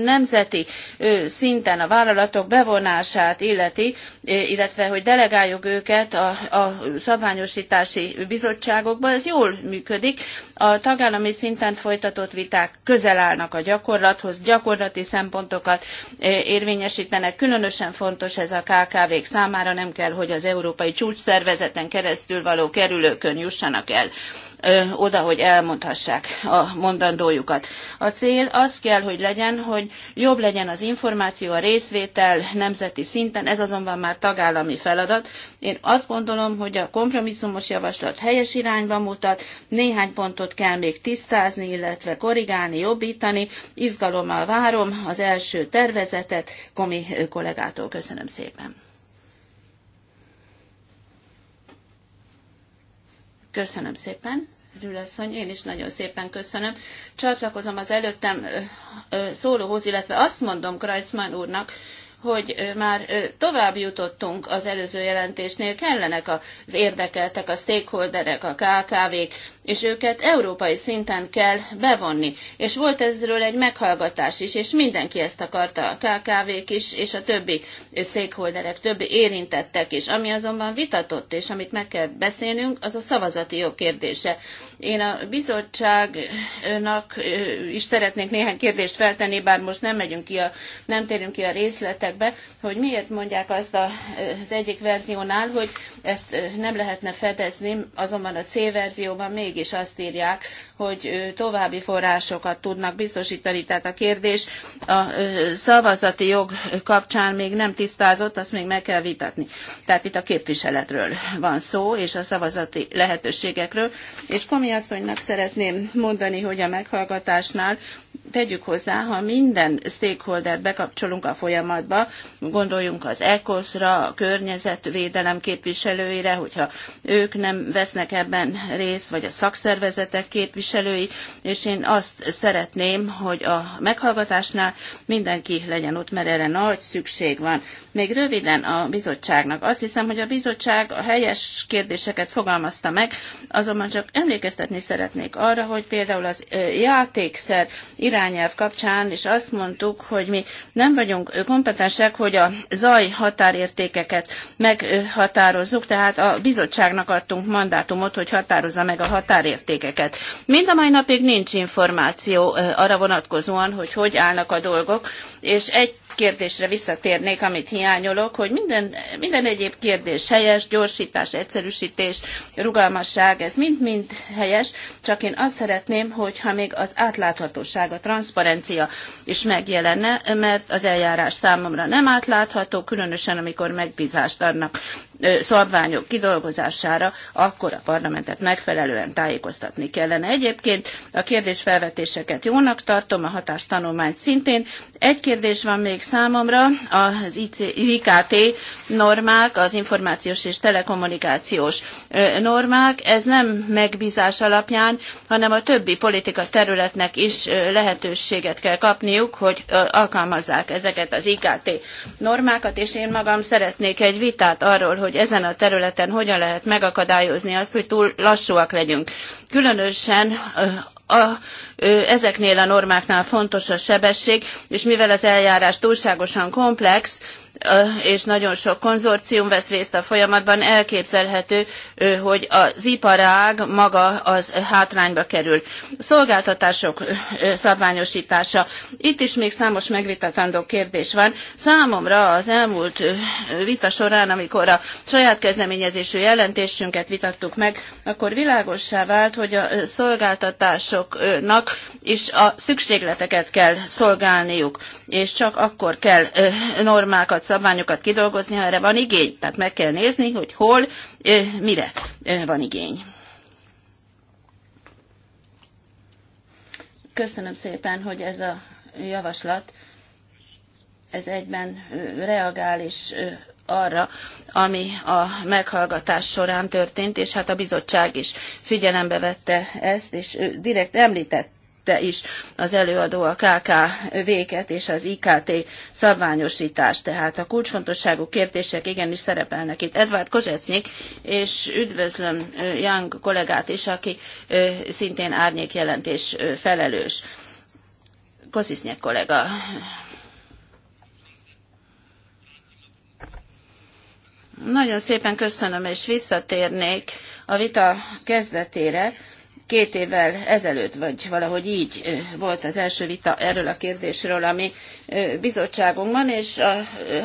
nemzeti eh, szinten a vállalatok bevonását illeti, illetve hogy delegáljuk őket a, a szabványosítási bizottságokba, ez jól működik. A tagállami szinten folytatott viták közel állnak a gyakorlathoz, gyakorlati szempontokat érvényesítenek. Különösen fontos ez a KKV-k számára, nem kell, hogy az európai csúcsszervezeten keresztül való kerülőkön jussanak el oda, hogy elmondhassák a mondandójukat. A cél az kell, hogy legyen, hogy jobb legyen az információ, a részvétel nemzeti szinten, ez azonban már tagállami feladat. Én azt gondolom, hogy a kompromisszumos javaslat helyes irányba mutat, néhány pontot kell még tisztázni, illetve korrigálni, jobbítani. Izgalommal várom az első tervezetet, Komi kollégától köszönöm szépen. Köszönöm szépen. Rülasszony, én is nagyon szépen köszönöm. Csatlakozom az előttem szólóhoz, illetve azt mondom Krajcman úrnak, hogy már tovább jutottunk az előző jelentésnél, kellenek az érdekeltek, a stakeholderek, a KKV-k, és őket európai szinten kell bevonni. És volt ezről egy meghallgatás is, és mindenki ezt akarta, a KKV-k is, és a többi székholderek többi érintettek is. Ami azonban vitatott, és amit meg kell beszélnünk, az a szavazati jog kérdése. Én a bizottságnak is szeretnék néhány kérdést feltenni, bár most nem megyünk ki a, nem térünk ki a részletekbe, hogy miért mondják azt a, az egyik verziónál, hogy ezt nem lehetne fedezni, azonban a C verzióban még mégis azt írják, hogy további forrásokat tudnak biztosítani. Tehát a kérdés a szavazati jog kapcsán még nem tisztázott, azt még meg kell vitatni. Tehát itt a képviseletről van szó, és a szavazati lehetőségekről. És Komi asszonynak szeretném mondani, hogy a meghallgatásnál tegyük hozzá, ha minden stakeholdert bekapcsolunk a folyamatba, gondoljunk az ECOS-ra, a környezetvédelem képviselőire, hogyha ők nem vesznek ebben részt, vagy a szakszervezetek képviselői, és én azt szeretném, hogy a meghallgatásnál mindenki legyen ott, mert erre nagy szükség van. Még röviden a bizottságnak. Azt hiszem, hogy a bizottság a helyes kérdéseket fogalmazta meg, azonban csak emlékeztetni szeretnék arra, hogy például az játékszer irányelv kapcsán is azt mondtuk, hogy mi nem vagyunk kompetensek, hogy a zaj határértékeket meghatározzuk, tehát a bizottságnak adtunk mandátumot, hogy határozza meg a határértékeket. Mind a mai napig nincs információ arra vonatkozóan, hogy hogy állnak a dolgok, és egy kérdésre visszatérnék, amit hiányolok, hogy minden, minden egyéb kérdés helyes, gyorsítás, egyszerűsítés, rugalmasság, ez mind-mind helyes, csak én azt szeretném, hogyha még az átláthatóság, a transzparencia is megjelenne, mert az eljárás számomra nem átlátható, különösen amikor megbízást adnak szabványok kidolgozására, akkor a parlamentet megfelelően tájékoztatni kellene. Egyébként a kérdésfelvetéseket jónak tartom, a hatástanulmányt szintén. Egy kérdés van még számomra, az IKT normák, az információs és telekommunikációs normák, ez nem megbízás alapján, hanem a többi politika területnek is lehetőséget kell kapniuk, hogy alkalmazzák ezeket az IKT normákat, és én magam szeretnék egy vitát arról, hogy ezen a területen hogyan lehet megakadályozni azt, hogy túl lassúak legyünk. Különösen a, ezeknél a normáknál fontos a sebesség, és mivel az eljárás túlságosan komplex, és nagyon sok konzorcium vesz részt a folyamatban, elképzelhető, hogy az iparág maga az hátrányba kerül. Szolgáltatások szabványosítása. Itt is még számos megvitatandó kérdés van. Számomra az elmúlt vita során, amikor a saját kezdeményezésű jelentésünket vitattuk meg, akkor világossá vált, hogy a szolgáltatásoknak is a szükségleteket kell szolgálniuk, és csak akkor kell normákat szabványokat kidolgozni, ha erre van igény. Tehát meg kell nézni, hogy hol, mire van igény. Köszönöm szépen, hogy ez a javaslat, ez egyben reagál is arra, ami a meghallgatás során történt, és hát a bizottság is figyelembe vette ezt, és direkt említett említette is az előadó a KKV-ket és az IKT szabványosítást. Tehát a kulcsfontosságú kérdések igenis szerepelnek itt. Edvard Kozsecnik, és üdvözlöm Young kollégát is, aki szintén árnyékjelentés felelős. Kozisznyek kollega. Nagyon szépen köszönöm, és visszatérnék a vita kezdetére, két évvel ezelőtt, vagy valahogy így volt az első vita erről a kérdésről ami bizottságunkban, és a,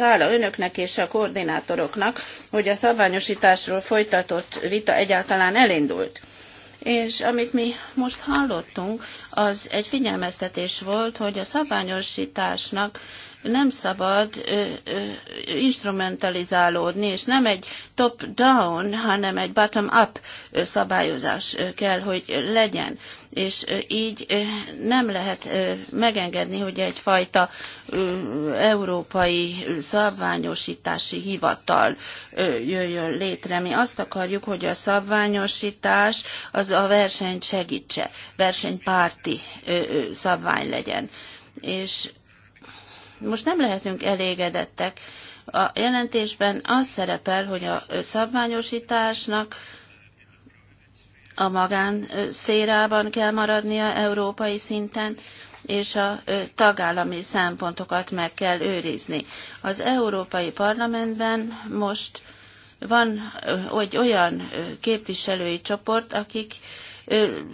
hála önöknek és a koordinátoroknak, hogy a szabványosításról folytatott vita egyáltalán elindult. És amit mi most hallottunk, az egy figyelmeztetés volt, hogy a szabványosításnak nem szabad ö, ö, instrumentalizálódni, és nem egy top-down, hanem egy bottom-up szabályozás kell, hogy legyen. És így nem lehet megengedni, hogy egyfajta európai szabványosítási hivatal jöjjön létre. Mi azt akarjuk, hogy a szabványosítás az a versenyt segítse, versenypárti szabvány legyen. És most nem lehetünk elégedettek. A jelentésben az szerepel, hogy a szabványosításnak a magánszférában kell maradnia európai szinten, és a tagállami szempontokat meg kell őrizni. Az Európai Parlamentben most van egy olyan képviselői csoport, akik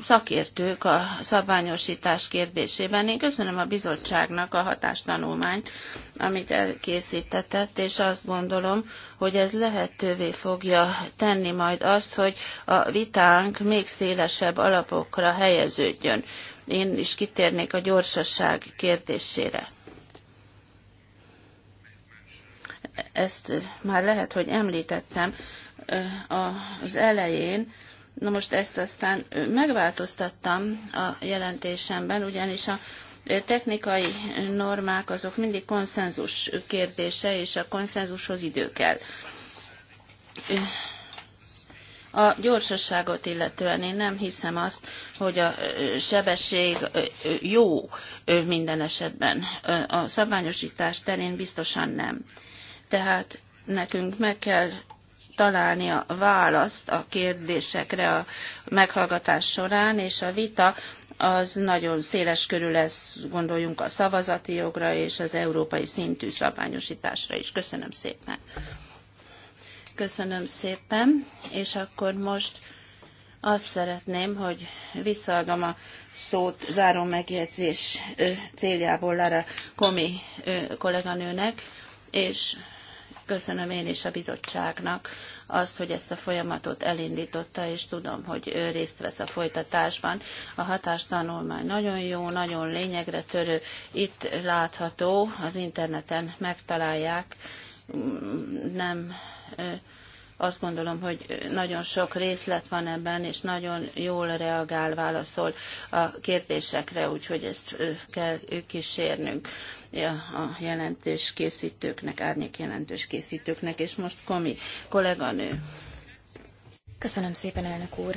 szakértők a szabványosítás kérdésében. Én köszönöm a bizottságnak a hatástanulmányt, amit elkészítetett, és azt gondolom, hogy ez lehetővé fogja tenni majd azt, hogy a vitánk még szélesebb alapokra helyeződjön. Én is kitérnék a gyorsaság kérdésére. Ezt már lehet, hogy említettem az elején, Na most ezt aztán megváltoztattam a jelentésemben, ugyanis a technikai normák azok mindig konszenzus kérdése, és a konszenzushoz idő kell. A gyorsaságot illetően én nem hiszem azt, hogy a sebesség jó minden esetben. A szabványosítás terén biztosan nem. Tehát nekünk meg kell találni a választ a kérdésekre a meghallgatás során, és a vita az nagyon széles körül lesz, gondoljunk a szavazati jogra és az európai szintű szabványosításra is. Köszönöm szépen. Köszönöm szépen, és akkor most azt szeretném, hogy visszaadom a szót záró megjegyzés céljából Lara Komi kolléganőnek, és Köszönöm én is a bizottságnak azt, hogy ezt a folyamatot elindította, és tudom, hogy részt vesz a folytatásban. A hatástanulmány nagyon jó, nagyon lényegre törő. Itt látható, az interneten megtalálják, nem azt gondolom, hogy nagyon sok részlet van ebben, és nagyon jól reagál, válaszol a kérdésekre, úgyhogy ezt kell kísérnünk a jelentős készítőknek, árnyék jelentős készítőknek, és most Komi kolléganő. Köszönöm szépen, elnök úr.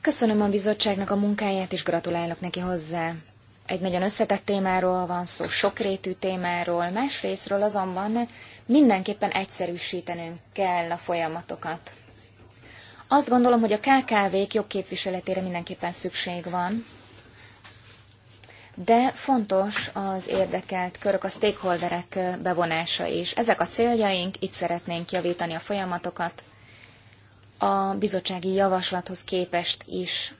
Köszönöm a bizottságnak a munkáját, és gratulálok neki hozzá. Egy nagyon összetett témáról van szó, sokrétű témáról, másrésztről azonban mindenképpen egyszerűsítenünk kell a folyamatokat. Azt gondolom, hogy a KKV-k jogképviseletére mindenképpen szükség van, de fontos az érdekelt körök, a stakeholderek bevonása is. Ezek a céljaink, itt szeretnénk javítani a folyamatokat, a bizottsági javaslathoz képest is.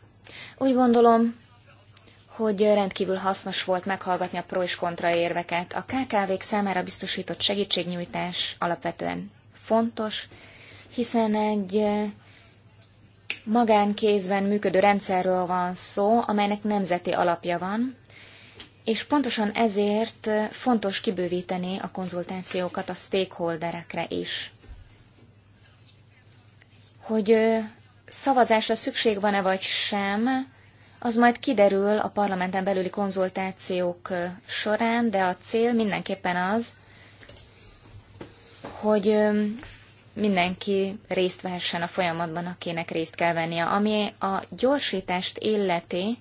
Úgy gondolom, hogy rendkívül hasznos volt meghallgatni a pro és kontra érveket. A KKV-k számára biztosított segítségnyújtás alapvetően fontos, hiszen egy magánkézben működő rendszerről van szó, amelynek nemzeti alapja van, és pontosan ezért fontos kibővíteni a konzultációkat a stakeholderekre is. Hogy szavazásra szükség van-e vagy sem, az majd kiderül a parlamenten belüli konzultációk során, de a cél mindenképpen az, hogy mindenki részt vehessen a folyamatban, akinek részt kell vennie. Ami a gyorsítást illeti,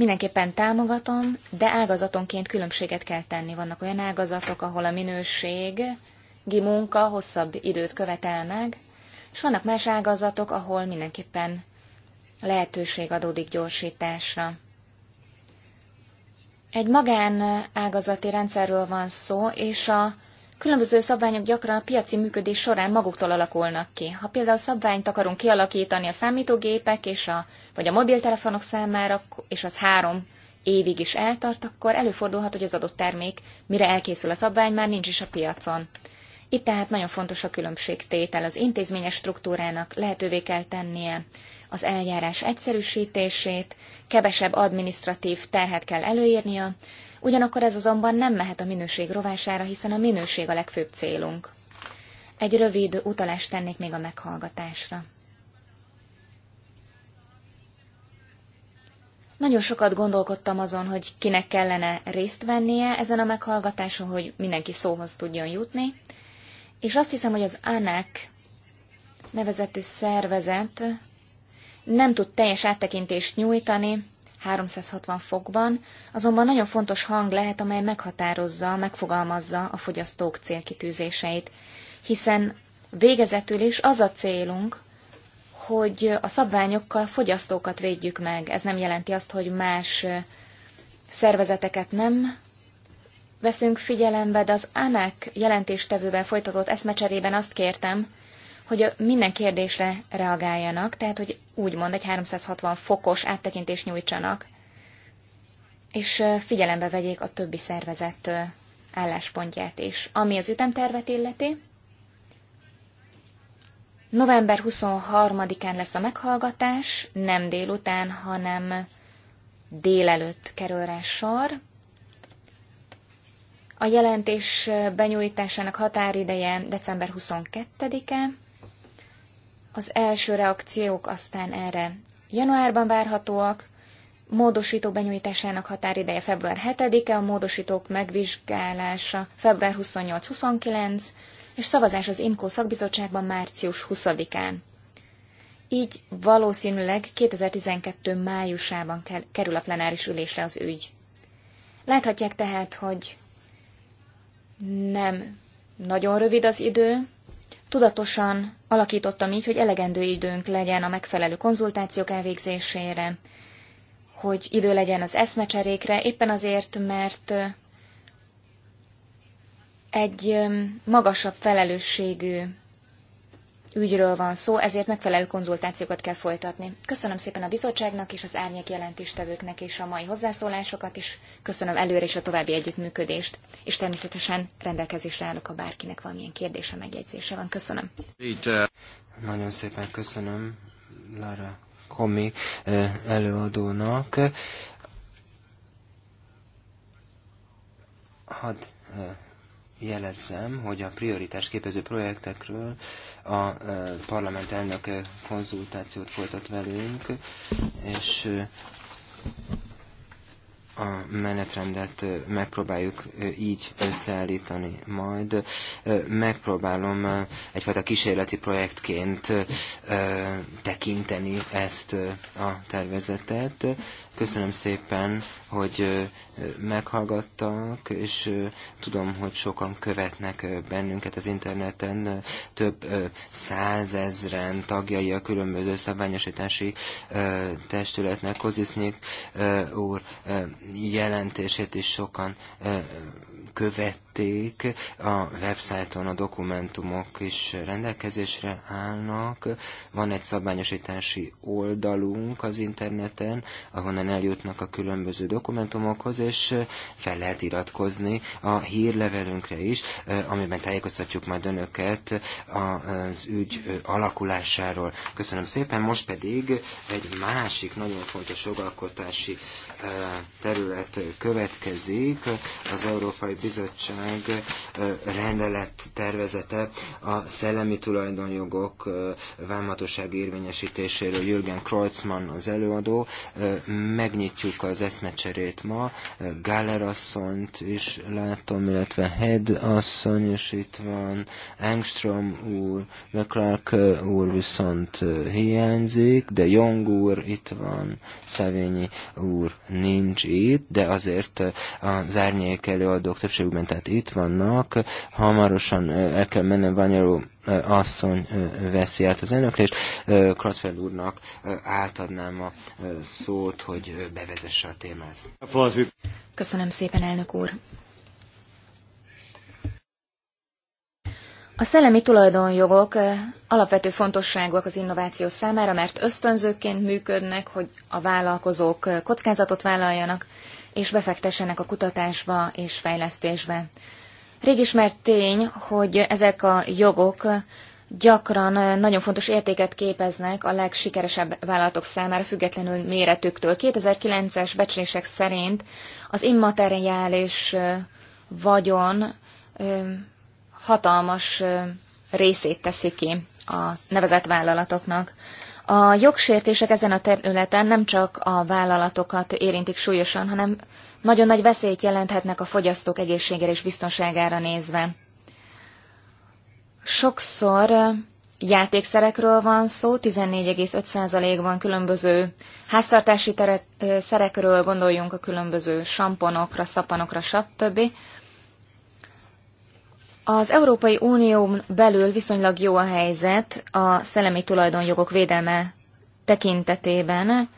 Mindenképpen támogatom, de ágazatonként különbséget kell tenni. Vannak olyan ágazatok, ahol a minőségi munka hosszabb időt követel meg, és vannak más ágazatok, ahol mindenképpen lehetőség adódik gyorsításra. Egy magán ágazati rendszerről van szó, és a Különböző szabványok gyakran a piaci működés során maguktól alakulnak ki. Ha például szabványt akarunk kialakítani a számítógépek és a, vagy a mobiltelefonok számára, és az három évig is eltart, akkor előfordulhat, hogy az adott termék, mire elkészül a szabvány, már nincs is a piacon. Itt tehát nagyon fontos a különbségtétel. Az intézményes struktúrának lehetővé kell tennie az eljárás egyszerűsítését, kevesebb administratív terhet kell előírnia, Ugyanakkor ez azonban nem mehet a minőség rovására, hiszen a minőség a legfőbb célunk. Egy rövid utalást tennék még a meghallgatásra. Nagyon sokat gondolkodtam azon, hogy kinek kellene részt vennie ezen a meghallgatáson, hogy mindenki szóhoz tudjon jutni, és azt hiszem, hogy az ANEC nevezetű szervezet nem tud teljes áttekintést nyújtani 360 fokban, azonban nagyon fontos hang lehet, amely meghatározza, megfogalmazza a fogyasztók célkitűzéseit. Hiszen végezetül is az a célunk, hogy a szabványokkal fogyasztókat védjük meg. Ez nem jelenti azt, hogy más szervezeteket nem veszünk figyelembe, de az ANAK jelentéstevővel folytatott eszmecserében azt kértem, hogy minden kérdésre reagáljanak, tehát hogy úgymond egy 360 fokos áttekintést nyújtsanak, és figyelembe vegyék a többi szervezet álláspontját is. Ami az ütemtervet illeti, november 23-án lesz a meghallgatás, nem délután, hanem délelőtt kerül rá sor. A jelentés benyújtásának határideje december 22-e, az első reakciók aztán erre januárban várhatóak, módosító benyújtásának határideje február 7-e, a módosítók megvizsgálása február 28-29, és szavazás az IMKO szakbizottságban március 20-án. Így valószínűleg 2012. májusában kerül a plenáris ülésre az ügy. Láthatják tehát, hogy nem nagyon rövid az idő, Tudatosan alakítottam így, hogy elegendő időnk legyen a megfelelő konzultációk elvégzésére, hogy idő legyen az eszmecserékre, éppen azért, mert egy magasabb felelősségű ügyről van szó, ezért megfelelő konzultációkat kell folytatni. Köszönöm szépen a bizottságnak és az árnyék jelentéstevőknek és a mai hozzászólásokat, és köszönöm előre is a további együttműködést, és természetesen rendelkezésre állok, ha bárkinek valamilyen kérdése, megjegyzése van. Köszönöm. Nagyon szépen köszönöm Lara Komi eh, előadónak. Hadd eh, jelezzem, hogy a prioritás képező projektekről a e, parlament elnöke konzultációt folytat velünk, és e, a menetrendet megpróbáljuk e, így összeállítani majd. Megpróbálom egyfajta kísérleti projektként tekinteni ezt a tervezetet, Köszönöm szépen, hogy meghallgattak, és tudom, hogy sokan követnek bennünket az interneten, több százezren tagjai a különböző szabványosítási testületnek. Kozisznyik úr jelentését is sokan követték, a websájton a dokumentumok is rendelkezésre állnak, van egy szabványosítási oldalunk az interneten, ahonnan eljutnak a különböző dokumentumokhoz, és fel lehet iratkozni a hírlevelünkre is, amiben tájékoztatjuk majd önöket az ügy alakulásáról. Köszönöm szépen, most pedig egy másik nagyon fontos jogalkotási terület következik, az Európai Bizottság rendelet tervezete a szellemi tulajdonjogok vámhatóság érvényesítéséről Jürgen Kreuzmann az előadó. Megnyitjuk az eszmecserét ma. Galler asszonyt is látom, illetve Head asszony is itt van. Engström úr, McClark úr viszont hiányzik, de Jong úr itt van, Szevényi úr nincs itt, de azért az árnyék előadók többségben, tehát itt vannak. Hamarosan el kell mennem Vanyaró asszony veszi át az elnöklést. Kratzfeld úrnak átadnám a szót, hogy bevezesse a témát. Köszönöm szépen, elnök úr. A szellemi tulajdonjogok alapvető fontosságúak az innováció számára, mert ösztönzőként működnek, hogy a vállalkozók kockázatot vállaljanak, és befektessenek a kutatásba és fejlesztésbe. Régismert tény, hogy ezek a jogok gyakran nagyon fontos értéket képeznek a legsikeresebb vállalatok számára, függetlenül méretüktől. 2009-es becslések szerint az immateriális vagyon hatalmas részét teszi ki a nevezett vállalatoknak. A jogsértések ezen a területen nem csak a vállalatokat érintik súlyosan, hanem nagyon nagy veszélyt jelenthetnek a fogyasztók egészségére és biztonságára nézve. Sokszor játékszerekről van szó, 14,5%-ban különböző háztartási terek, szerekről gondoljunk a különböző samponokra, szapanokra, stb. Az Európai Unió belül viszonylag jó a helyzet a szellemi tulajdonjogok védelme tekintetében,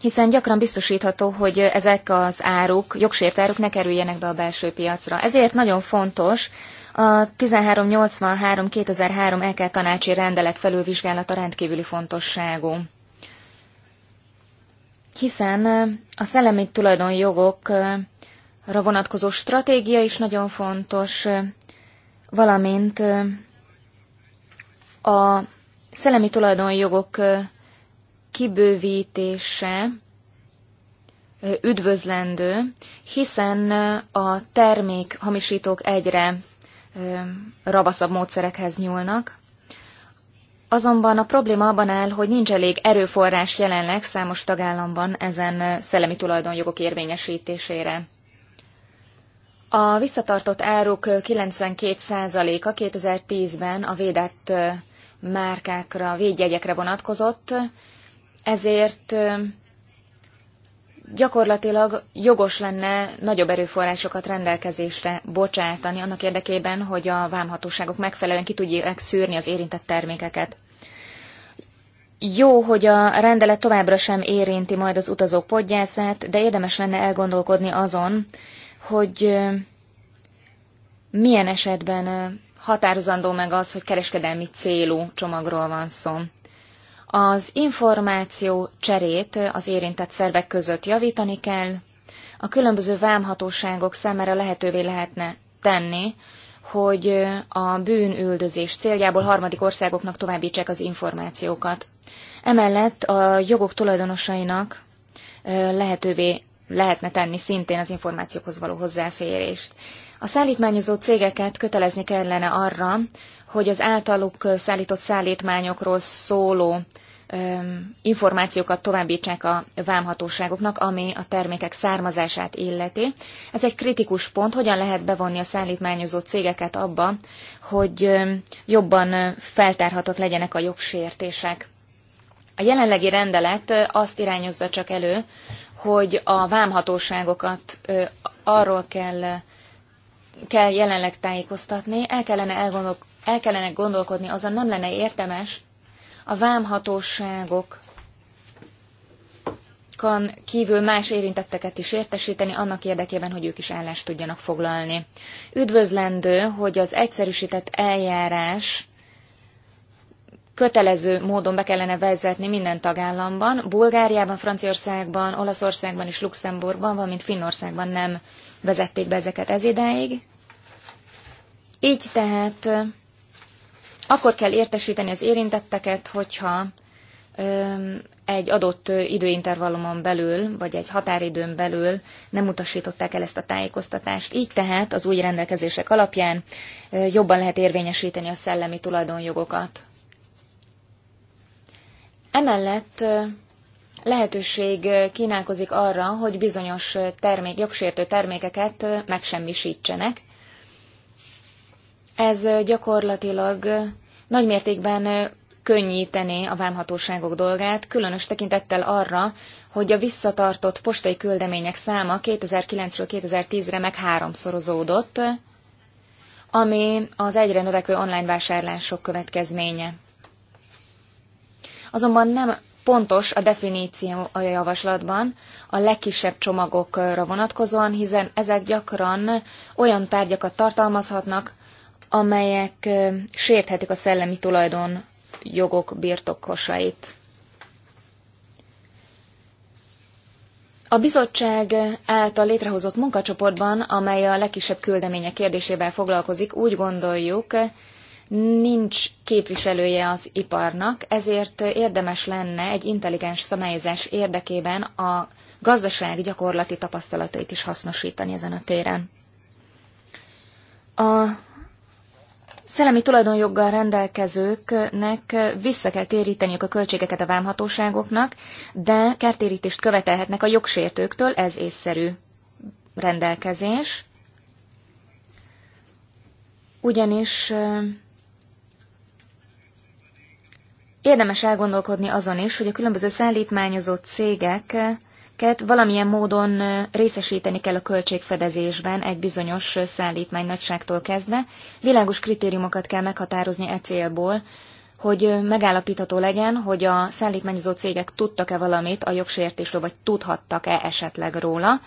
hiszen gyakran biztosítható, hogy ezek az áruk, jogsért áruk ne kerüljenek be a belső piacra. Ezért nagyon fontos a 1383-2003 EK tanácsi rendelet felülvizsgálata rendkívüli fontosságú. Hiszen a szellemi tulajdonjogokra vonatkozó stratégia is nagyon fontos, valamint a szellemi tulajdonjogok kibővítése üdvözlendő, hiszen a termék hamisítók egyre ravaszabb módszerekhez nyúlnak. Azonban a probléma abban áll, hogy nincs elég erőforrás jelenleg számos tagállamban ezen szellemi tulajdonjogok érvényesítésére. A visszatartott áruk 92%-a 2010-ben a védett márkákra, védjegyekre vonatkozott, ezért gyakorlatilag jogos lenne nagyobb erőforrásokat rendelkezésre bocsátani annak érdekében, hogy a vámhatóságok megfelelően ki tudják szűrni az érintett termékeket. Jó, hogy a rendelet továbbra sem érinti majd az utazók podgyászát, de érdemes lenne elgondolkodni azon, hogy milyen esetben határozandó meg az, hogy kereskedelmi célú csomagról van szó. Az információ cserét az érintett szervek között javítani kell, a különböző vámhatóságok számára lehetővé lehetne tenni, hogy a bűnüldözés céljából harmadik országoknak továbbítsák az információkat. Emellett a jogok tulajdonosainak lehetővé lehetne tenni szintén az információkhoz való hozzáférést. A szállítmányozó cégeket kötelezni kellene arra, hogy az általuk szállított szállítmányokról szóló információkat továbbítsák a vámhatóságoknak, ami a termékek származását illeti. Ez egy kritikus pont, hogyan lehet bevonni a szállítmányozó cégeket abba, hogy jobban feltárhatók legyenek a jogsértések. A jelenlegi rendelet azt irányozza csak elő, hogy a vámhatóságokat arról kell, kell jelenleg tájékoztatni, el kellene elgondolkodni, el kellene gondolkodni, azon nem lenne értemes a vámhatóságok kan kívül más érintetteket is értesíteni annak érdekében, hogy ők is állást tudjanak foglalni. Üdvözlendő, hogy az egyszerűsített eljárás kötelező módon be kellene vezetni minden tagállamban. Bulgáriában, Franciaországban, Olaszországban és Luxemburgban, valamint Finnországban nem vezették be ezeket ez idáig. Így tehát akkor kell értesíteni az érintetteket, hogyha egy adott időintervallumon belül, vagy egy határidőn belül nem utasították el ezt a tájékoztatást. Így tehát az új rendelkezések alapján jobban lehet érvényesíteni a szellemi tulajdonjogokat. Emellett lehetőség kínálkozik arra, hogy bizonyos termék, jogsértő termékeket megsemmisítsenek, ez gyakorlatilag nagy mértékben könnyítené a vámhatóságok dolgát, különös tekintettel arra, hogy a visszatartott postai küldemények száma 2009-ről 2010-re meg háromszorozódott, ami az egyre növekvő online vásárlások következménye. Azonban nem pontos a definíció a javaslatban a legkisebb csomagokra vonatkozóan, hiszen ezek gyakran olyan tárgyakat tartalmazhatnak, amelyek sérthetik a szellemi tulajdon jogok birtokosait. A bizottság által létrehozott munkacsoportban, amely a legkisebb küldemények kérdésével foglalkozik, úgy gondoljuk, nincs képviselője az iparnak, ezért érdemes lenne egy intelligens szabályozás érdekében a gazdasági gyakorlati tapasztalatait is hasznosítani ezen a téren. A szellemi tulajdonjoggal rendelkezőknek vissza kell téríteniük a költségeket a vámhatóságoknak, de kertérítést követelhetnek a jogsértőktől, ez észszerű rendelkezés. Ugyanis eh, érdemes elgondolkodni azon is, hogy a különböző szállítmányozó cégek valamilyen módon részesíteni kell a költségfedezésben egy bizonyos szállítmány nagyságtól kezdve. Világos kritériumokat kell meghatározni e célból, hogy megállapítható legyen, hogy a szállítmányozó cégek tudtak-e valamit a jogsértésről, vagy tudhattak-e esetleg róla.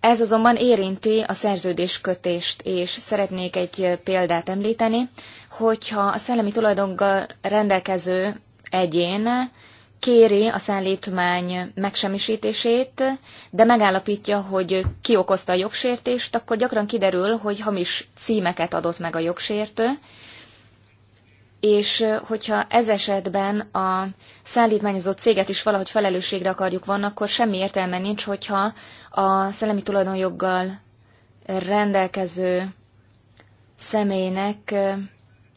Ez azonban érinti a szerződéskötést, és szeretnék egy példát említeni, hogyha a szellemi tulajdongal rendelkező egyén kéri a szállítmány megsemmisítését, de megállapítja, hogy ki okozta a jogsértést, akkor gyakran kiderül, hogy hamis címeket adott meg a jogsértő, és hogyha ez esetben a szállítmányozott céget is valahogy felelősségre akarjuk vonni, akkor semmi értelme nincs, hogyha a szellemi tulajdonjoggal rendelkező személynek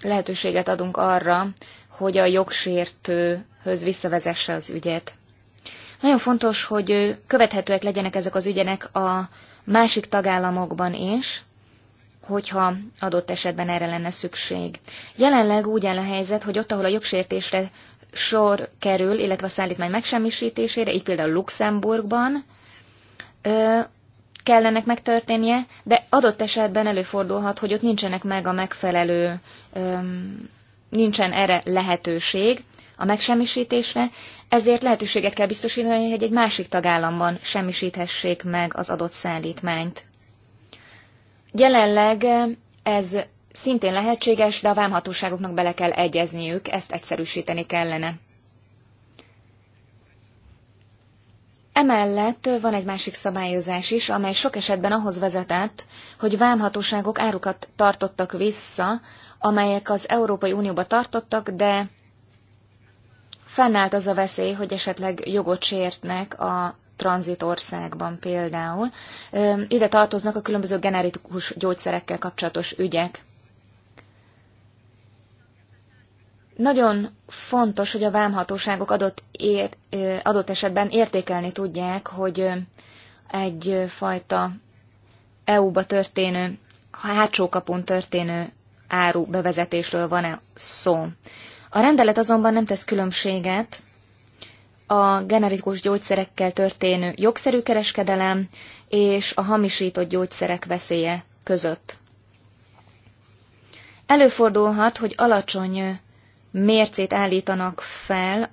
lehetőséget adunk arra, hogy a jogsértő höz visszavezesse az ügyet. Nagyon fontos, hogy követhetőek legyenek ezek az ügyenek a másik tagállamokban is, hogyha adott esetben erre lenne szükség. Jelenleg úgy áll a helyzet, hogy ott, ahol a jogsértésre sor kerül, illetve a szállítmány megsemmisítésére, így például Luxemburgban ö, kellenek megtörténnie, de adott esetben előfordulhat, hogy ott nincsenek meg a megfelelő, ö, nincsen erre lehetőség, a megsemmisítésre, ezért lehetőséget kell biztosítani, hogy egy másik tagállamban semmisíthessék meg az adott szállítmányt. Jelenleg ez szintén lehetséges, de a vámhatóságoknak bele kell egyezniük, ezt egyszerűsíteni kellene. Emellett van egy másik szabályozás is, amely sok esetben ahhoz vezetett, hogy vámhatóságok árukat tartottak vissza, amelyek az Európai Unióba tartottak, de fennállt az a veszély, hogy esetleg jogot sértnek a tranzitországban például. Ide tartoznak a különböző generikus gyógyszerekkel kapcsolatos ügyek. Nagyon fontos, hogy a vámhatóságok adott, ér, adott esetben értékelni tudják, hogy egyfajta EU-ba történő, hátsó kapun történő áru bevezetésről van-e szó. A rendelet azonban nem tesz különbséget a generikus gyógyszerekkel történő jogszerű kereskedelem és a hamisított gyógyszerek veszélye között. Előfordulhat, hogy alacsony mércét állítanak fel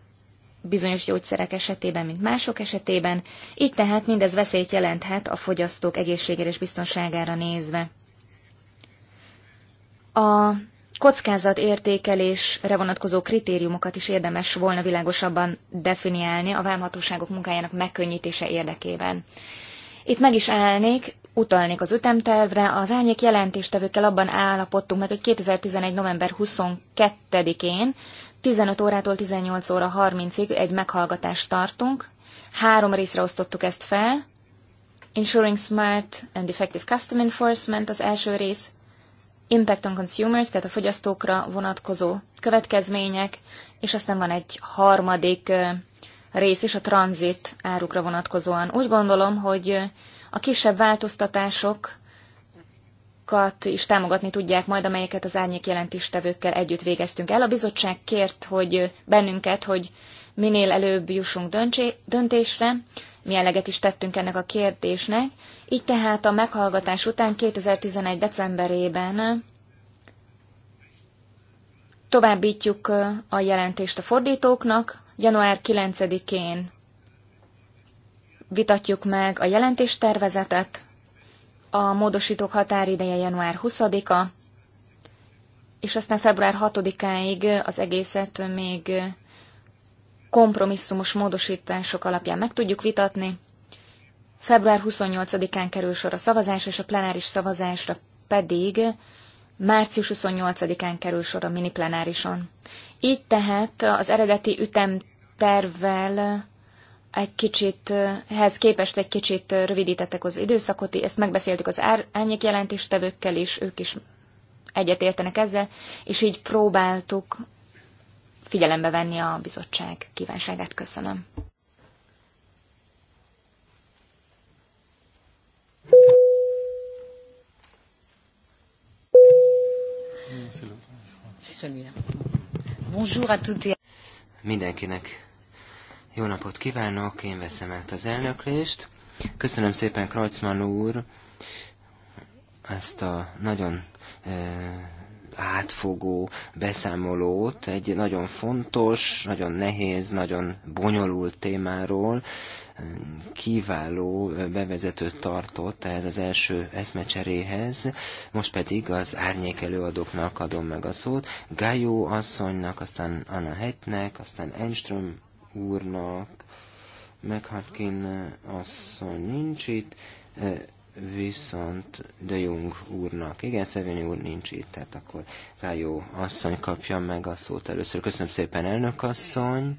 bizonyos gyógyszerek esetében, mint mások esetében, így tehát mindez veszélyt jelenthet a fogyasztók egészségére és biztonságára nézve. A kockázatértékelésre vonatkozó kritériumokat is érdemes volna világosabban definiálni a vámhatóságok munkájának megkönnyítése érdekében. Itt meg is állnék, utalnék az ütemtervre, az árnyék jelentéstevőkkel abban állapodtunk meg, hogy 2011. november 22-én 15 órától 18 óra 30-ig egy meghallgatást tartunk. Három részre osztottuk ezt fel. Ensuring Smart and Effective Custom Enforcement az első rész, impact on consumers, tehát a fogyasztókra vonatkozó következmények, és aztán van egy harmadik rész is a tranzit árukra vonatkozóan. Úgy gondolom, hogy a kisebb változtatások is támogatni tudják majd, amelyeket az árnyék jelentéstevőkkel együtt végeztünk el. A bizottság kért, hogy bennünket, hogy minél előbb jussunk döntsé, döntésre, mi eleget is tettünk ennek a kérdésnek, így tehát a meghallgatás után 2011. decemberében továbbítjuk a jelentést a fordítóknak. Január 9-én vitatjuk meg a jelentéstervezetet, a módosítók határideje január 20-a, és aztán február 6-áig az egészet még kompromisszumos módosítások alapján meg tudjuk vitatni. Február 28-án kerül sor a szavazás, és a plenáris szavazásra pedig március 28-án kerül sor a mini plenárison. Így tehát az eredeti ütemtervvel egy kicsit, ehhez képest egy kicsit rövidítettek az időszakot, ezt megbeszéltük az árnyék jelentéstevőkkel is, ők is egyetértenek ezzel, és így próbáltuk figyelembe venni a bizottság kívánságát. Köszönöm. Mindenkinek jó napot kívánok, én veszem át az elnöklést. Köszönöm szépen Kreutzmann úr ezt a nagyon eh, átfogó beszámolót egy nagyon fontos, nagyon nehéz, nagyon bonyolult témáról, kiváló bevezetőt tartott ehhez az első eszmecseréhez, most pedig az árnyék előadóknak adom meg a szót, Gajó asszonynak, aztán Anna Hetnek, aztán Enström úrnak, meg Hatkin asszony nincs itt, viszont de Jung úrnak. Igen, Szevényi úr nincs itt, tehát akkor Rájó asszony kapja meg a szót először. Köszönöm szépen, elnök asszony.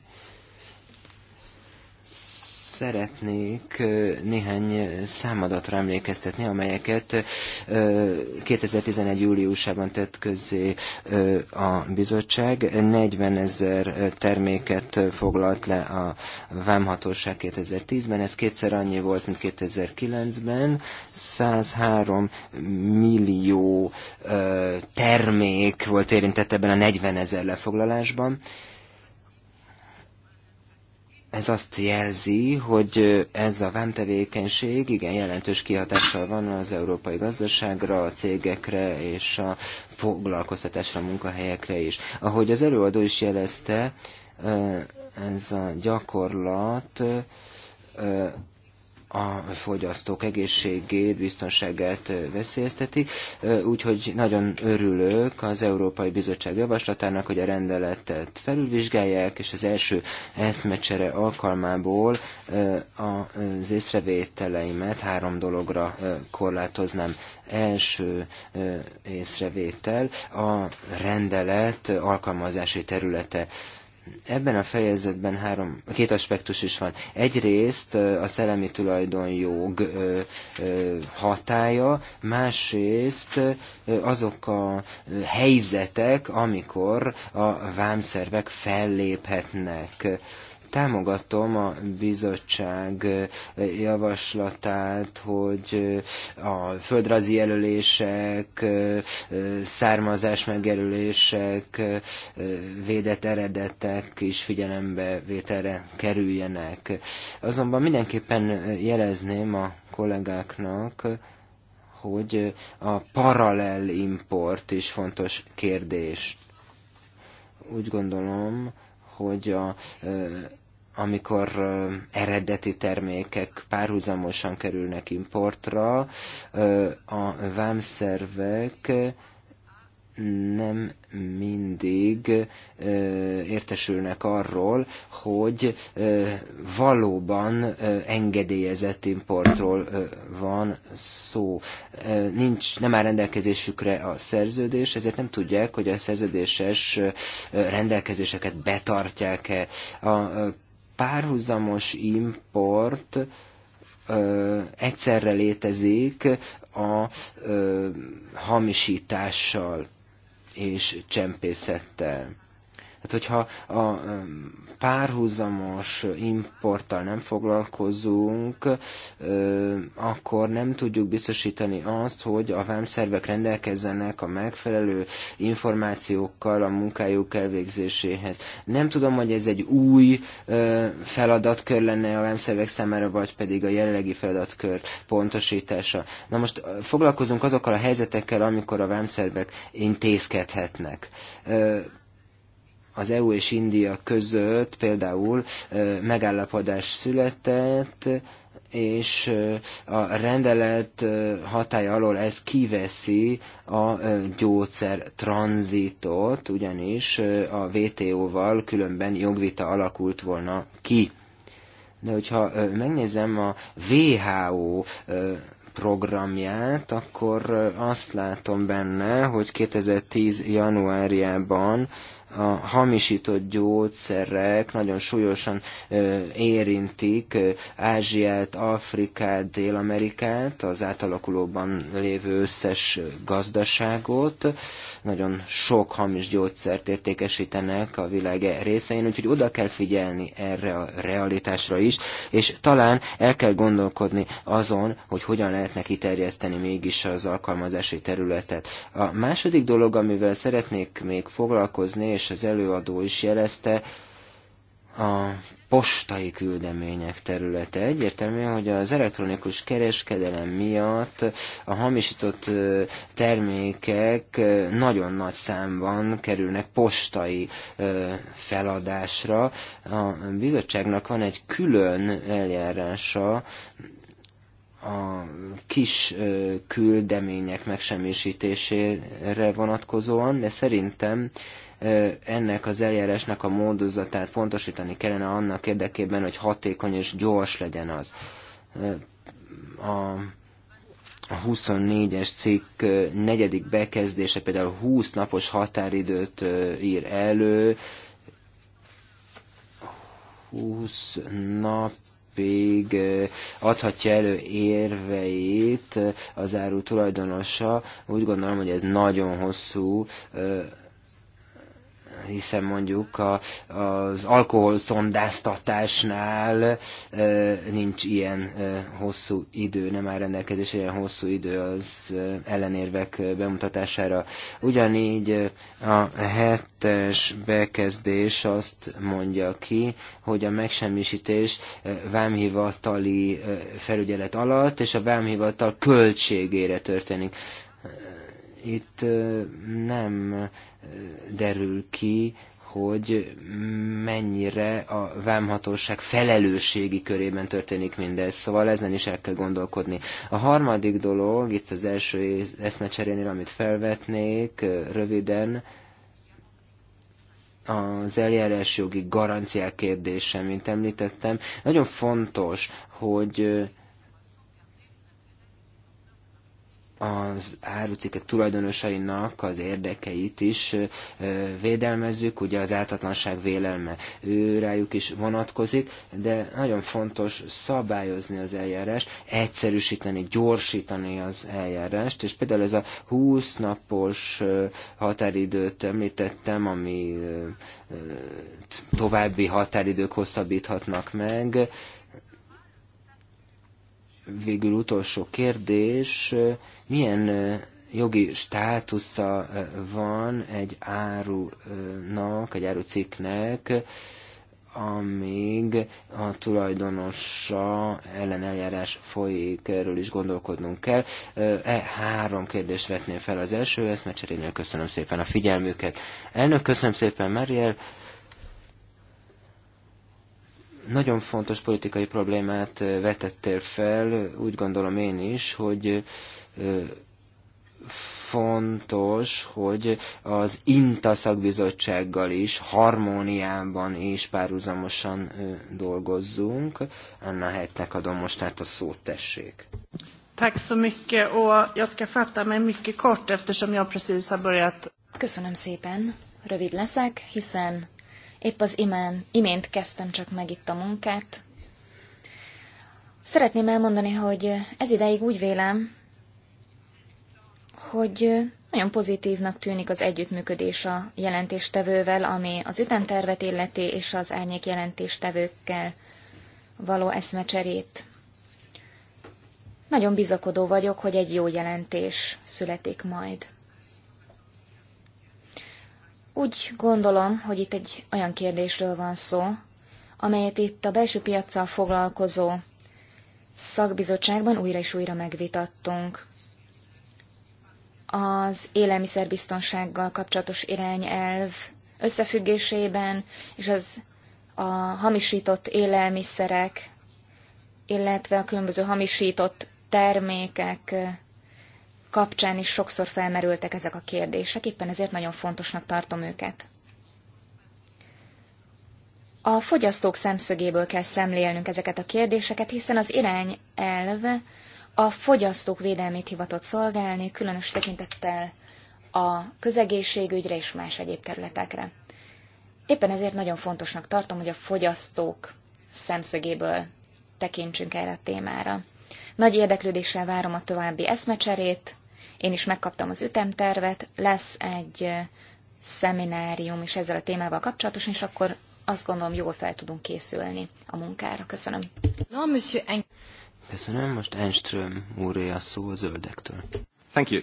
Szeretnék néhány számadatra emlékeztetni, amelyeket 2011. júliusában tett közé a bizottság. 40 ezer terméket foglalt le a vámhatóság 2010-ben, ez kétszer annyi volt, mint 2009-ben. 103 millió termék volt érintett ebben a 40 ezer lefoglalásban. Ez azt jelzi, hogy ez a vámtevékenység igen jelentős kihatással van az európai gazdaságra, a cégekre és a foglalkoztatásra, a munkahelyekre is. Ahogy az előadó is jelezte, ez a gyakorlat a fogyasztók egészségét, biztonságát veszélyezteti. Úgyhogy nagyon örülök az Európai Bizottság javaslatának, hogy a rendeletet felülvizsgálják, és az első eszmecsere alkalmából az észrevételeimet három dologra korlátoznám. Első észrevétel a rendelet alkalmazási területe Ebben a fejezetben három, két aspektus is van. Egyrészt a szellemi tulajdonjog hatája, másrészt azok a helyzetek, amikor a vámszervek felléphetnek Támogatom a bizottság eh, javaslatát, hogy eh, a földrajzi jelölések, eh, származás megjelölések, védett eredetek is figyelembe vételre kerüljenek. Azonban mindenképpen jelezném a kollégáknak, hogy a paralel import is fontos kérdés. Úgy gondolom, hogy a amikor eredeti termékek párhuzamosan kerülnek importra, a vámszervek nem mindig ö, értesülnek arról, hogy ö, valóban ö, engedélyezett importról ö, van szó. Ö, nincs, nem áll rendelkezésükre a szerződés, ezért nem tudják, hogy a szerződéses ö, rendelkezéseket betartják-e. A ö, párhuzamos import ö, egyszerre létezik a ö, hamisítással és csempészettel. Hát, hogyha a párhuzamos importtal nem foglalkozunk, akkor nem tudjuk biztosítani azt, hogy a vámszervek rendelkezzenek a megfelelő információkkal a munkájuk elvégzéséhez. Nem tudom, hogy ez egy új feladatkör lenne a vámszervek számára, vagy pedig a jelenlegi feladatkör pontosítása. Na most foglalkozunk azokkal a helyzetekkel, amikor a vámszervek intézkedhetnek az EU és India között például megállapodás született, és a rendelet hatály alól ez kiveszi a gyógyszer tranzitot, ugyanis a VTO-val különben jogvita alakult volna ki. De hogyha megnézem a WHO programját, akkor azt látom benne, hogy 2010. januárjában a hamisított gyógyszerek nagyon súlyosan érintik Ázsiát, Afrikát, Dél-Amerikát, az átalakulóban lévő összes gazdaságot, nagyon sok hamis gyógyszert értékesítenek a világ e részein, úgyhogy oda kell figyelni erre a realitásra is, és talán el kell gondolkodni azon, hogy hogyan lehetne kiterjeszteni mégis az alkalmazási területet. A második dolog, amivel szeretnék még foglalkozni, és az előadó is jelezte, a postai küldemények területe. Egyértelmű, hogy az elektronikus kereskedelem miatt a hamisított termékek nagyon nagy számban kerülnek postai feladásra. A bizottságnak van egy külön eljárása, a kis küldemények megsemmisítésére vonatkozóan, de szerintem ennek az eljárásnak a módozatát pontosítani kellene annak érdekében, hogy hatékony és gyors legyen az. A 24-es cikk negyedik bekezdése például 20 napos határidőt ír elő, 20 nap napig adhatja elő érveit az áru tulajdonosa. Úgy gondolom, hogy ez nagyon hosszú hiszen mondjuk a, az alkoholszondáztatásnál e, nincs ilyen e, hosszú idő, nem áll rendelkezés ilyen hosszú idő az ellenérvek bemutatására. Ugyanígy a hetes bekezdés azt mondja ki, hogy a megsemmisítés vámhivatali felügyelet alatt és a vámhivatal költségére történik. Itt nem derül ki, hogy mennyire a vámhatóság felelősségi körében történik mindez. Szóval ezen is el kell gondolkodni. A harmadik dolog, itt az első eszmecserénél, amit felvetnék röviden, az eljárásjogi garanciák kérdése, mint említettem, nagyon fontos, hogy az árucikkek tulajdonosainak az érdekeit is védelmezzük, ugye az áltatlanság vélelme ő rájuk is vonatkozik, de nagyon fontos szabályozni az eljárást, egyszerűsíteni, gyorsítani az eljárást, és például ez a 20 napos határidőt említettem, ami további határidők hosszabbíthatnak meg, végül utolsó kérdés, milyen jogi státusza van egy árunak, egy árucikknek, amíg a tulajdonosa ellen eljárás folyik, erről is gondolkodnunk kell. E három kérdést vetném fel az első eszmecserénél. Köszönöm szépen a figyelmüket. Elnök, köszönöm szépen, Mariel. Nagyon fontos politikai problémát vetettél fel, úgy gondolom én is, hogy fontos, hogy az INTA szakbizottsággal is, harmóniában és párhuzamosan dolgozzunk. Anna Hettnek adom most át a szót, tessék. Tack så mycket och jag ska fatta mig mycket kort eftersom jag precis har börjat. Köszönöm szépen. Rövid leszek, hiszen épp az imán, imént kezdtem csak meg itt a munkát. Szeretném elmondani, hogy ez ideig úgy vélem, hogy nagyon pozitívnak tűnik az együttműködés a jelentéstevővel, ami az ütemtervet illeti és az árnyék jelentéstevőkkel való eszmecserét. Nagyon bizakodó vagyok, hogy egy jó jelentés születik majd. Úgy gondolom, hogy itt egy olyan kérdésről van szó, amelyet itt a belső piaccal foglalkozó szakbizottságban újra és újra megvitattunk az élelmiszerbiztonsággal kapcsolatos irányelv összefüggésében, és az a hamisított élelmiszerek, illetve a különböző hamisított termékek kapcsán is sokszor felmerültek ezek a kérdések, éppen ezért nagyon fontosnak tartom őket. A fogyasztók szemszögéből kell szemlélnünk ezeket a kérdéseket, hiszen az irányelv a fogyasztók védelmét hivatott szolgálni, különös tekintettel a közegészségügyre és más egyéb területekre. Éppen ezért nagyon fontosnak tartom, hogy a fogyasztók szemszögéből tekintsünk erre a témára. Nagy érdeklődéssel várom a további eszmecserét, én is megkaptam az ütemtervet, lesz egy szeminárium is ezzel a témával kapcsolatosan, és akkor azt gondolom jól fel tudunk készülni a munkára. Köszönöm. No, monsieur Köszönöm, most Enström úrja a szó a zöldektől. Thank you.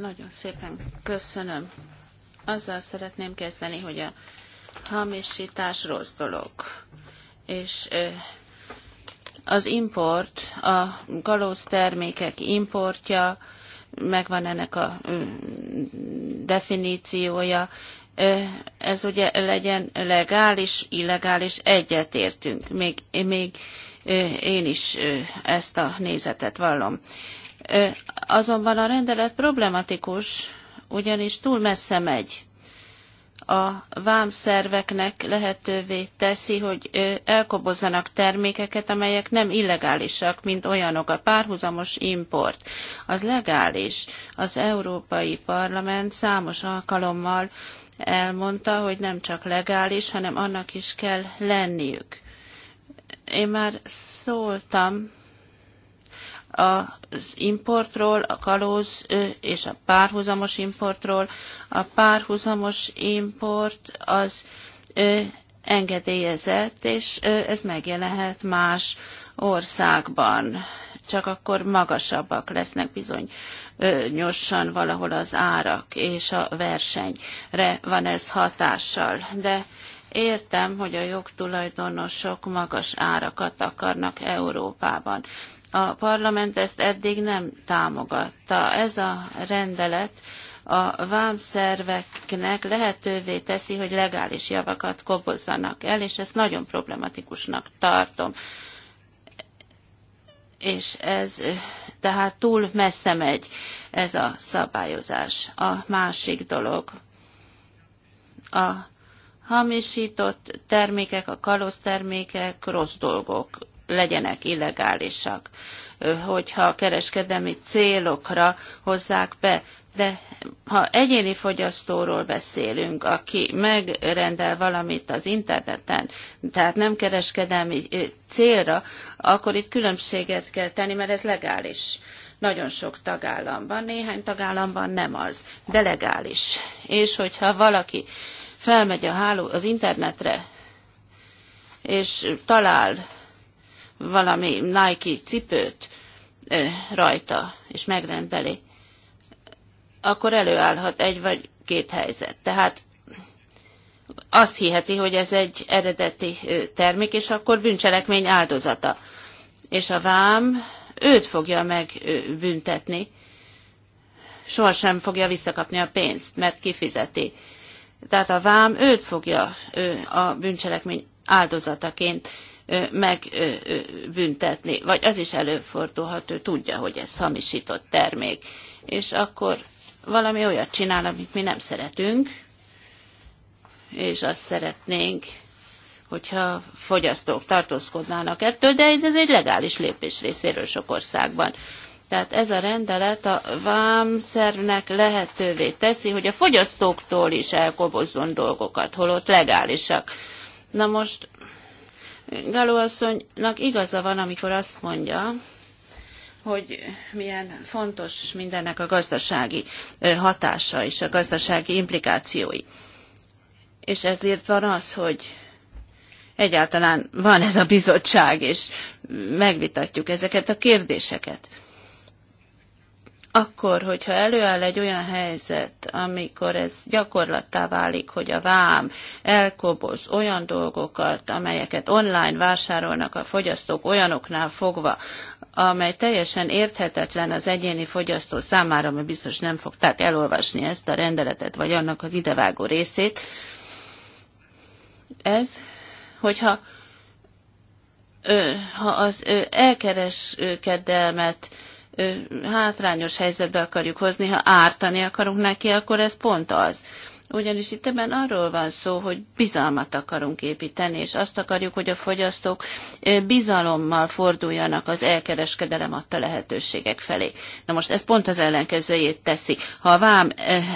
Nagyon szépen köszönöm. Azzal szeretném kezdeni, hogy a hamisítás rossz dolog. És az import, a galóz termékek importja, megvan ennek a definíciója, ez ugye legyen legális, illegális, egyetértünk. Még, még én is ezt a nézetet vallom. Azonban a rendelet problematikus, ugyanis túl messze megy. A vámszerveknek lehetővé teszi, hogy elkobozzanak termékeket, amelyek nem illegálisak, mint olyanok. A párhuzamos import az legális. Az Európai Parlament számos alkalommal elmondta, hogy nem csak legális, hanem annak is kell lenniük én már szóltam az importról, a kalóz és a párhuzamos importról. A párhuzamos import az engedélyezett, és ez megjelenhet más országban. Csak akkor magasabbak lesznek bizony nyossan valahol az árak, és a versenyre van ez hatással. De Értem, hogy a jogtulajdonosok magas árakat akarnak Európában. A parlament ezt eddig nem támogatta. Ez a rendelet a vámszerveknek lehetővé teszi, hogy legális javakat kobozzanak el, és ezt nagyon problematikusnak tartom. És ez tehát túl messze megy ez a szabályozás. A másik dolog, a hamisított termékek, a kalóztermékek rossz dolgok legyenek illegálisak, hogyha kereskedelmi célokra hozzák be. De ha egyéni fogyasztóról beszélünk, aki megrendel valamit az interneten, tehát nem kereskedelmi célra, akkor itt különbséget kell tenni, mert ez legális nagyon sok tagállamban, néhány tagállamban nem az, de legális. És hogyha valaki felmegy a háló az internetre, és talál valami Nike cipőt rajta, és megrendeli, akkor előállhat egy vagy két helyzet. Tehát azt hiheti, hogy ez egy eredeti termék, és akkor bűncselekmény áldozata. És a vám őt fogja megbüntetni, sohasem fogja visszakapni a pénzt, mert kifizeti tehát a vám őt fogja a bűncselekmény áldozataként megbüntetni, vagy az is előfordulhat, ő tudja, hogy ez hamisított termék, és akkor valami olyat csinál, amit mi nem szeretünk, és azt szeretnénk, hogyha fogyasztók tartózkodnának ettől, de ez egy legális lépés részéről sok országban. Tehát ez a rendelet a vámszervnek lehetővé teszi, hogy a fogyasztóktól is elkobozzon dolgokat, holott legálisak. Na most Galó asszonynak igaza van, amikor azt mondja, hogy milyen fontos mindennek a gazdasági hatása és a gazdasági implikációi. És ezért van az, hogy egyáltalán van ez a bizottság, és megvitatjuk ezeket a kérdéseket akkor, hogyha előáll egy olyan helyzet, amikor ez gyakorlattá válik, hogy a vám elkoboz olyan dolgokat, amelyeket online vásárolnak a fogyasztók olyanoknál fogva, amely teljesen érthetetlen az egyéni fogyasztó számára, mert biztos nem fogták elolvasni ezt a rendeletet, vagy annak az idevágó részét. Ez, hogyha ha az elkereskedelmet hátrányos helyzetbe akarjuk hozni, ha ártani akarunk neki, akkor ez pont az. Ugyanis itt ebben arról van szó, hogy bizalmat akarunk építeni, és azt akarjuk, hogy a fogyasztók bizalommal forduljanak az elkereskedelem adta lehetőségek felé. Na most ez pont az ellenkezőjét teszi. Ha a vám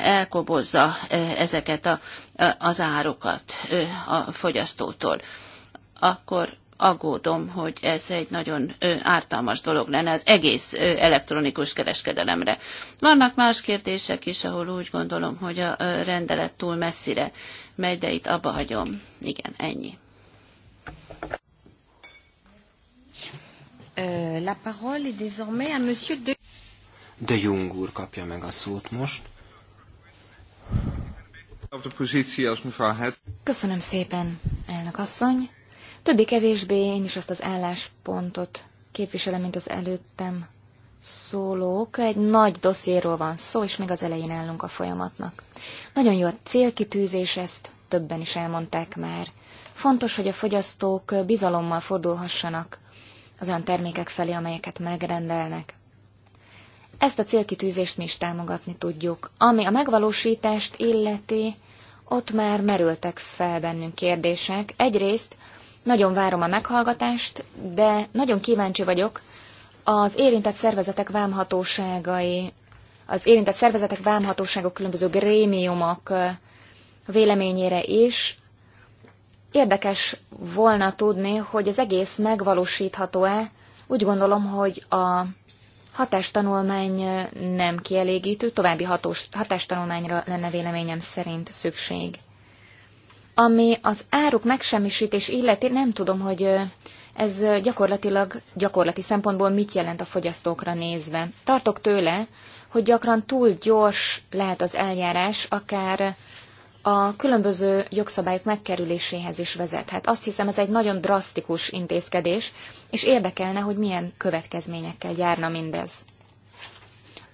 elkobozza ezeket a, az árukat a fogyasztótól, akkor aggódom, hogy ez egy nagyon ártalmas dolog lenne az egész elektronikus kereskedelemre. Vannak más kérdések is, ahol úgy gondolom, hogy a rendelet túl messzire megy, de itt abba hagyom. Igen, ennyi. La parole est désormais à monsieur de... De Jung úr kapja meg a szót most. Köszönöm szépen, elnök asszony. Többi-kevésbé én is azt az álláspontot képviselem, mint az előttem szólók. Egy nagy dossziéról van szó, és még az elején állunk a folyamatnak. Nagyon jó a célkitűzés, ezt többen is elmondták már. Fontos, hogy a fogyasztók bizalommal fordulhassanak az olyan termékek felé, amelyeket megrendelnek. Ezt a célkitűzést mi is támogatni tudjuk. Ami a megvalósítást illeti, ott már merültek fel bennünk kérdések. Egyrészt nagyon várom a meghallgatást, de nagyon kíváncsi vagyok az érintett szervezetek vámhatóságai, az érintett szervezetek vámhatóságok különböző grémiumok véleményére is. Érdekes volna tudni, hogy az egész megvalósítható-e. Úgy gondolom, hogy a hatástanulmány nem kielégítő, további hatós, hatástanulmányra lenne véleményem szerint szükség. Ami az áruk megsemmisítés illeti, nem tudom, hogy ez gyakorlatilag gyakorlati szempontból mit jelent a fogyasztókra nézve. Tartok tőle, hogy gyakran túl gyors lehet az eljárás, akár a különböző jogszabályok megkerüléséhez is vezethet. Azt hiszem, ez egy nagyon drasztikus intézkedés, és érdekelne, hogy milyen következményekkel járna mindez.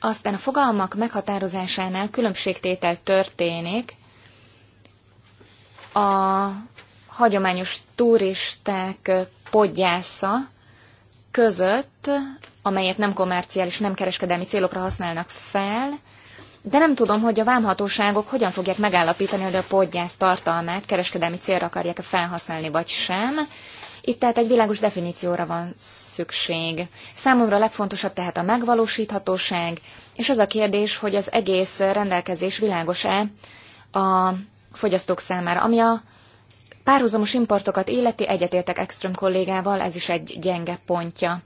Aztán a fogalmak meghatározásánál különbségtétel történik, a hagyományos turisták podgyásza között, amelyet nem komerciális, nem kereskedelmi célokra használnak fel, de nem tudom, hogy a vámhatóságok hogyan fogják megállapítani, hogy a podgyász tartalmát kereskedelmi célra akarják-e felhasználni, vagy sem. Itt tehát egy világos definícióra van szükség. Számomra a legfontosabb tehát a megvalósíthatóság, és az a kérdés, hogy az egész rendelkezés világos-e a fogyasztók számára. Ami a párhuzamos importokat illeti, egyetértek Ekström kollégával, ez is egy gyenge pontja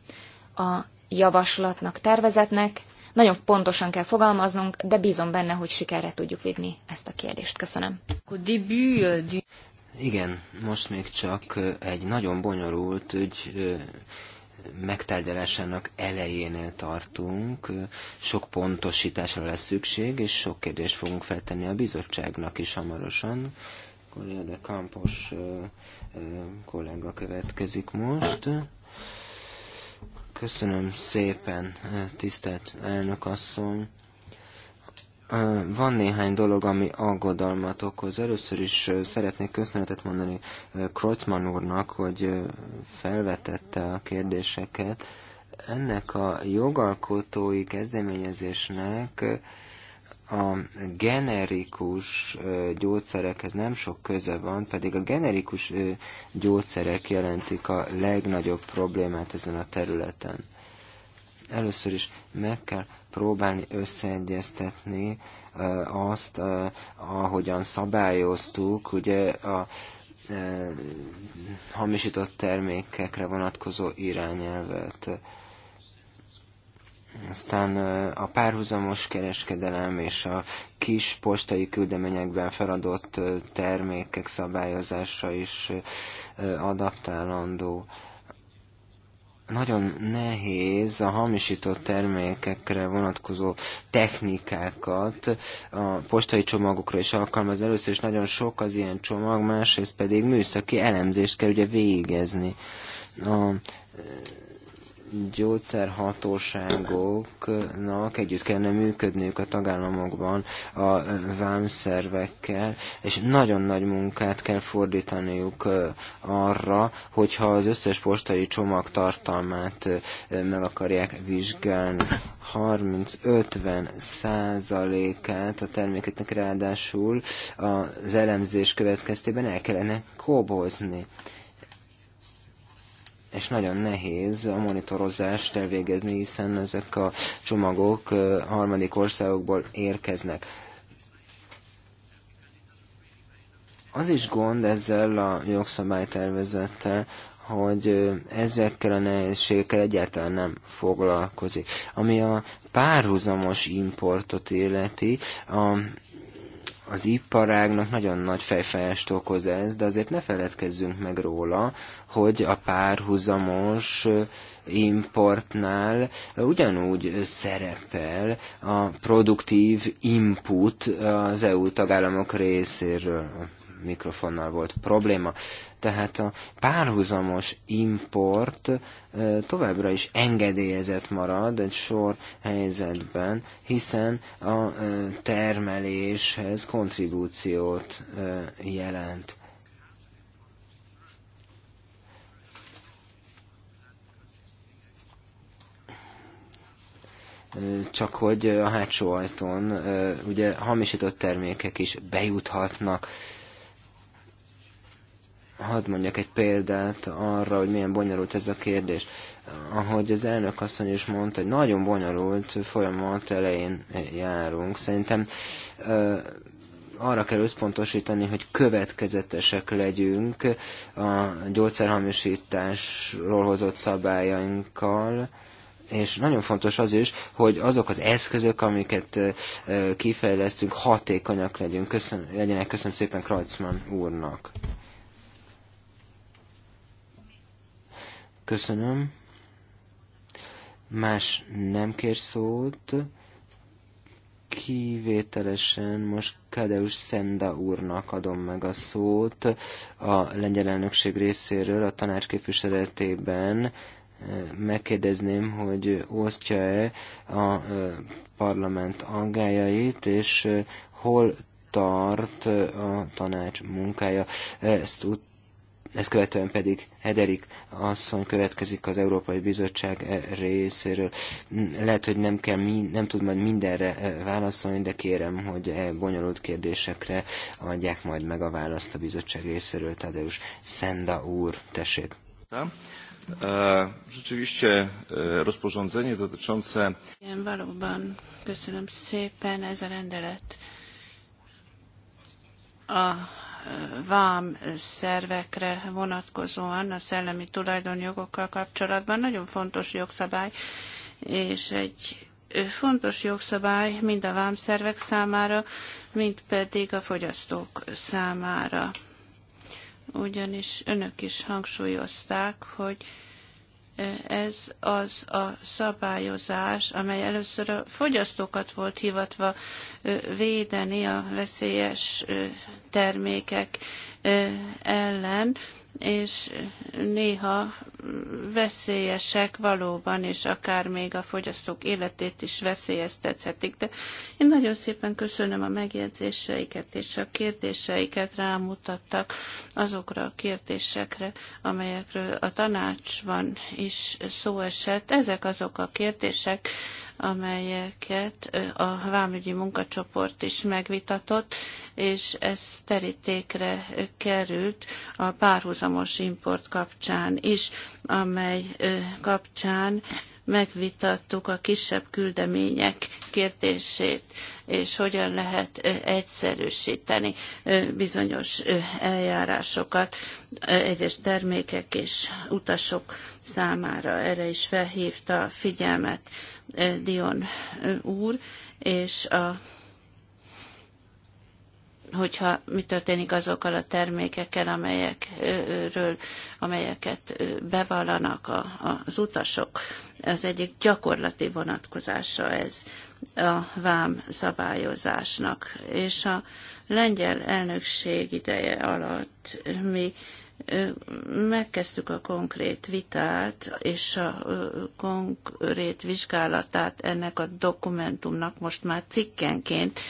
a javaslatnak, tervezetnek. Nagyon pontosan kell fogalmaznunk, de bízom benne, hogy sikerre tudjuk vinni ezt a kérdést. Köszönöm. Euh, Igen, most még csak euh, egy nagyon bonyolult ügy euh, megtárgyalásának elejénél tartunk, sok pontosításra lesz szükség, és sok kérdést fogunk feltenni a bizottságnak is hamarosan. Kolléga de Campos kollega következik most. Köszönöm szépen, tisztelt elnök asszony. Van néhány dolog, ami aggodalmat okoz. Először is szeretnék köszönetet mondani Kreutzmann úrnak, hogy felvetette a kérdéseket. Ennek a jogalkotói kezdeményezésnek a generikus gyógyszerekhez nem sok köze van, pedig a generikus gyógyszerek jelentik a legnagyobb problémát ezen a területen. Először is meg kell próbálni összeegyeztetni azt, ahogyan szabályoztuk, ugye a hamisított termékekre vonatkozó irányelvet. Aztán a párhuzamos kereskedelem és a kis postai küldeményekben feladott termékek szabályozása is adaptálandó nagyon nehéz a hamisított termékekre vonatkozó technikákat a postai csomagokra is alkalmazni. Először is nagyon sok az ilyen csomag, másrészt pedig műszaki elemzést kell ugye végezni. A gyógyszerhatóságoknak együtt kellene működniük a tagállamokban a vámszervekkel, és nagyon nagy munkát kell fordítaniuk arra, hogyha az összes postai csomag tartalmát meg akarják vizsgálni. 30-50 százalékát a terméketnek ráadásul az elemzés következtében el kellene kobozni és nagyon nehéz a monitorozást elvégezni, hiszen ezek a csomagok harmadik országokból érkeznek. Az is gond ezzel a jogszabálytervezettel, hogy ezekkel a nehézségekkel egyáltalán nem foglalkozik. Ami a párhuzamos importot illeti, a az iparágnak nagyon nagy fejfájást okoz ez, de azért ne feledkezzünk meg róla, hogy a párhuzamos importnál ugyanúgy szerepel a produktív input az EU tagállamok részéről mikrofonnal volt probléma. Tehát a párhuzamos import továbbra is engedélyezett marad egy sor helyzetben, hiszen a termeléshez kontribúciót jelent. csak hogy a hátsó ajtón ugye hamisított termékek is bejuthatnak hadd mondjak egy példát arra, hogy milyen bonyolult ez a kérdés. Ahogy az elnök asszony is mondta, hogy nagyon bonyolult folyamat elején járunk. Szerintem arra kell összpontosítani, hogy következetesek legyünk a gyógyszerhamisításról hozott szabályainkkal, és nagyon fontos az is, hogy azok az eszközök, amiket kifejlesztünk, hatékonyak legyünk. Köszön, legyenek. Köszönöm szépen Kreutzmann úrnak. Köszönöm. Más nem kér szót. Kivételesen most Kadeus Szenda úrnak adom meg a szót a lengyel elnökség részéről a tanács képviseletében. Megkérdezném, hogy osztja-e a parlament angájait, és hol tart a tanács munkája. Ezt ezt követően pedig Hederik asszony következik az Európai Bizottság részéről. Lehet, hogy nem, kell, nem tud majd mindenre eh, válaszolni, de kérem, hogy e bonyolult kérdésekre adják majd meg a választ a bizottság részéről. Tadeusz Szenda úr, tessék. E, rzeczywiście e, rozporządzenie dotyczące... Igen, valóban köszönöm szépen ez a rendelet. A vám szervekre vonatkozóan a szellemi tulajdonjogokkal kapcsolatban nagyon fontos jogszabály, és egy fontos jogszabály mind a vámszervek számára, mind pedig a fogyasztók számára. Ugyanis önök is hangsúlyozták, hogy ez az a szabályozás, amely először a fogyasztókat volt hivatva védeni a veszélyes termékek ellen, és néha veszélyesek valóban, és akár még a fogyasztók életét is veszélyeztethetik. De én nagyon szépen köszönöm a megjegyzéseiket és a kérdéseiket rámutattak azokra a kérdésekre, amelyekről a tanácsban is szó esett. Ezek azok a kérdések, amelyeket a vámügyi munkacsoport is megvitatott, és ez terítékre került a párhuzamos import kapcsán is amely kapcsán megvitattuk a kisebb küldemények kérdését, és hogyan lehet egyszerűsíteni bizonyos eljárásokat egyes termékek és utasok számára. Erre is felhívta a figyelmet Dion úr, és a hogyha mi történik azokkal a termékekkel, amelyekről, amelyeket bevallanak a, az utasok. Az egyik gyakorlati vonatkozása ez a vám szabályozásnak. És a lengyel elnökség ideje alatt mi megkezdtük a konkrét vitát és a konkrét vizsgálatát ennek a dokumentumnak most már cikkenként,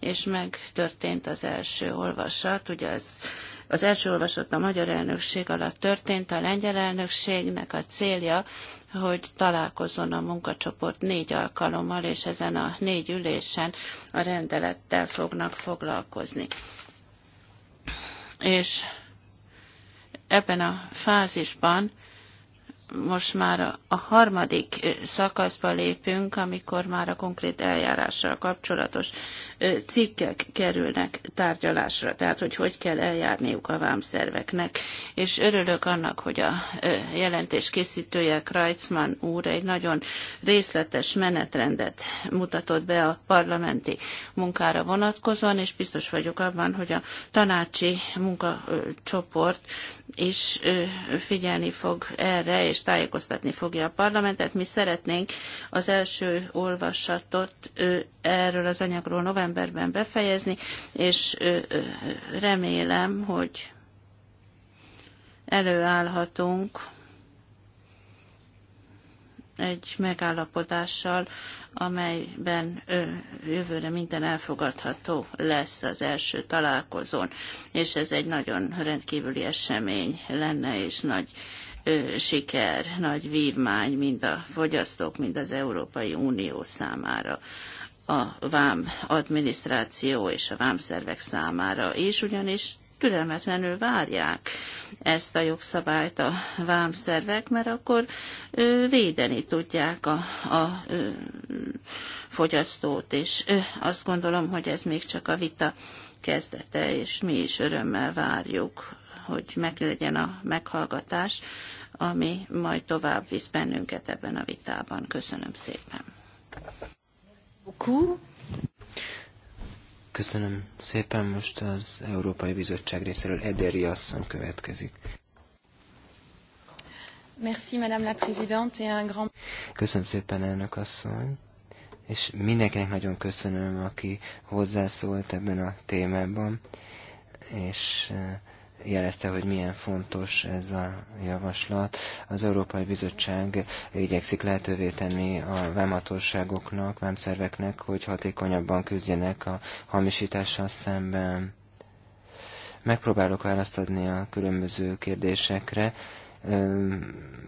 és megtörtént az első olvasat, ugye az az első olvasat a magyar elnökség alatt történt, a lengyel elnökségnek a célja, hogy találkozzon a munkacsoport négy alkalommal, és ezen a négy ülésen a rendelettel fognak foglalkozni. És ebben a fázisban most már a harmadik szakaszba lépünk, amikor már a konkrét eljárással kapcsolatos cikkek kerülnek tárgyalásra, tehát hogy hogy kell eljárniuk a vámszerveknek. És örülök annak, hogy a jelentés készítője Kreitzmann úr egy nagyon részletes menetrendet mutatott be a parlamenti munkára vonatkozóan, és biztos vagyok abban, hogy a tanácsi munkacsoport is figyelni fog erre, és tájékoztatni fogja a parlamentet. Mi szeretnénk az első olvasatot erről az anyagról november novemberben befejezni, és remélem, hogy előállhatunk egy megállapodással, amelyben ö, jövőre minden elfogadható lesz az első találkozón, és ez egy nagyon rendkívüli esemény lenne, és nagy ö, siker, nagy vívmány mind a fogyasztók, mind az Európai Unió számára a vám adminisztráció és a vámszervek számára is, ugyanis türelmetlenül várják ezt a jogszabályt a vámszervek, mert akkor védeni tudják a, a fogyasztót, és azt gondolom, hogy ez még csak a vita kezdete, és mi is örömmel várjuk, hogy meglegyen a meghallgatás, ami majd tovább visz bennünket ebben a vitában. Köszönöm szépen! Köszönöm szépen, most az Európai Bizottság részéről Ederi asszony következik. Merci, Madame la Présidente, et un grand... Köszönöm szépen, elnök asszony és mindenkinek nagyon köszönöm, aki hozzászólt ebben a témában, és jelezte, hogy milyen fontos ez a javaslat. Az Európai Bizottság igyekszik lehetővé tenni a vámhatóságoknak, vámszerveknek, hogy hatékonyabban küzdjenek a hamisítással szemben. Megpróbálok választ adni a különböző kérdésekre.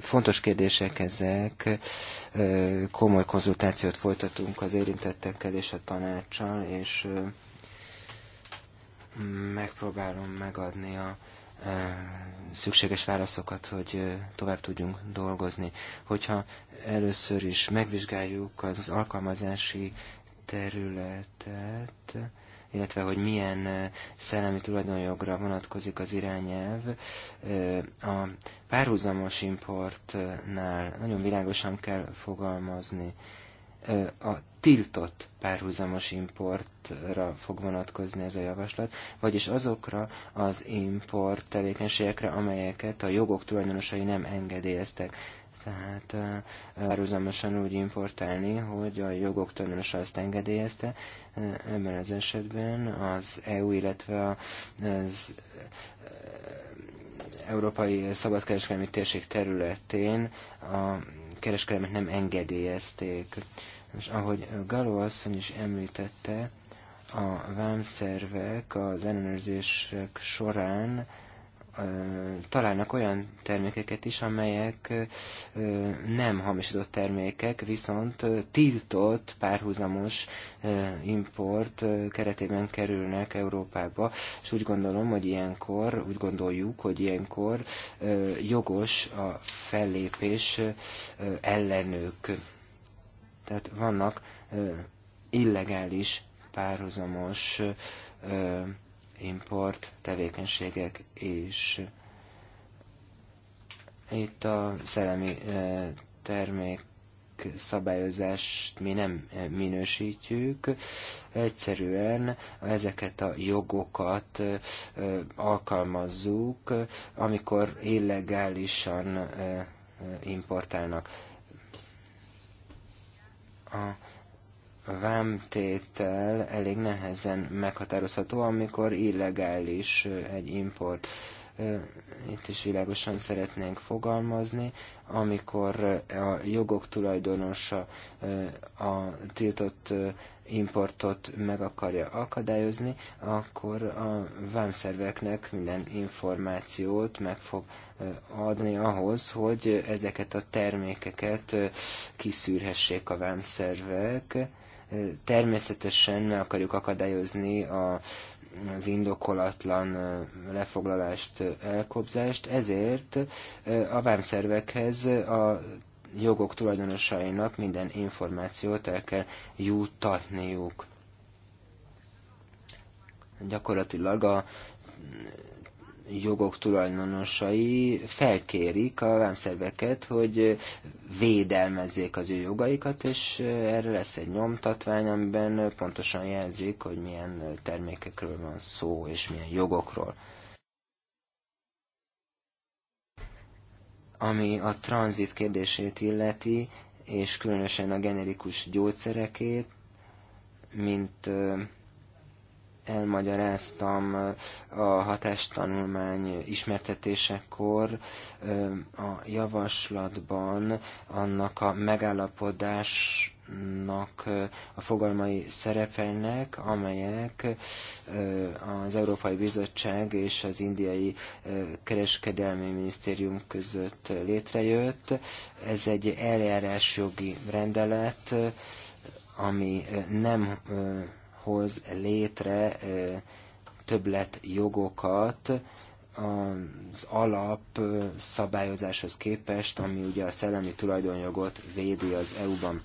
Fontos kérdések ezek, komoly konzultációt folytatunk az érintettekkel és a tanácssal, és megpróbálom megadni a e, szükséges válaszokat, hogy e, tovább tudjunk dolgozni. Hogyha először is megvizsgáljuk az alkalmazási területet, illetve hogy milyen e, szellemi tulajdonjogra vonatkozik az irányelv. A párhuzamos importnál nagyon világosan kell fogalmazni a tiltott párhuzamos importra fog vonatkozni ez a javaslat, vagyis azokra az import tevékenységekre, amelyeket a jogok tulajdonosai nem engedélyeztek. Tehát párhuzamosan úgy importálni, hogy a jogok tulajdonosa azt engedélyezte, ebben az esetben az EU, illetve az Európai Szabadkereskedelmi Térség területén a kereskedelmet nem engedélyezték. És ahogy Galo asszony is említette, a vámszervek az ellenőrzések során találnak olyan termékeket is, amelyek nem hamisított termékek, viszont tiltott párhuzamos import keretében kerülnek Európába, és úgy gondolom, hogy ilyenkor, úgy gondoljuk, hogy ilyenkor jogos a fellépés ellenők. Tehát vannak illegális párhuzamos import tevékenységek és Itt a szellemi termék szabályozást mi nem minősítjük, egyszerűen ezeket a jogokat alkalmazzuk, amikor illegálisan importálnak. A vámtétel elég nehezen meghatározható, amikor illegális egy import. Itt is világosan szeretnénk fogalmazni, amikor a jogok tulajdonosa a tiltott importot meg akarja akadályozni, akkor a vámszerveknek minden információt meg fog adni ahhoz, hogy ezeket a termékeket kiszűrhessék a vámszervek, Természetesen meg akarjuk akadályozni a, az indokolatlan lefoglalást, elkobzást, ezért a vámszervekhez a jogok tulajdonosainak minden információt el kell juttatniuk. Gyakorlatilag a jogok tulajdonosai felkérik a vámszerveket, hogy védelmezzék az ő jogaikat, és erre lesz egy nyomtatvány, amiben pontosan jelzik, hogy milyen termékekről van szó, és milyen jogokról. Ami a tranzit kérdését illeti, és különösen a generikus gyógyszerekét, mint elmagyaráztam a hatástanulmány ismertetésekor a javaslatban annak a megállapodás a fogalmai szerepelnek, amelyek az Európai Bizottság és az Indiai Kereskedelmi Minisztérium között létrejött. Ez egy eljárásjogi rendelet, ami nem hoz létre többlet jogokat az alap szabályozáshoz képest, ami ugye a szellemi tulajdonjogot védi az EU-ban.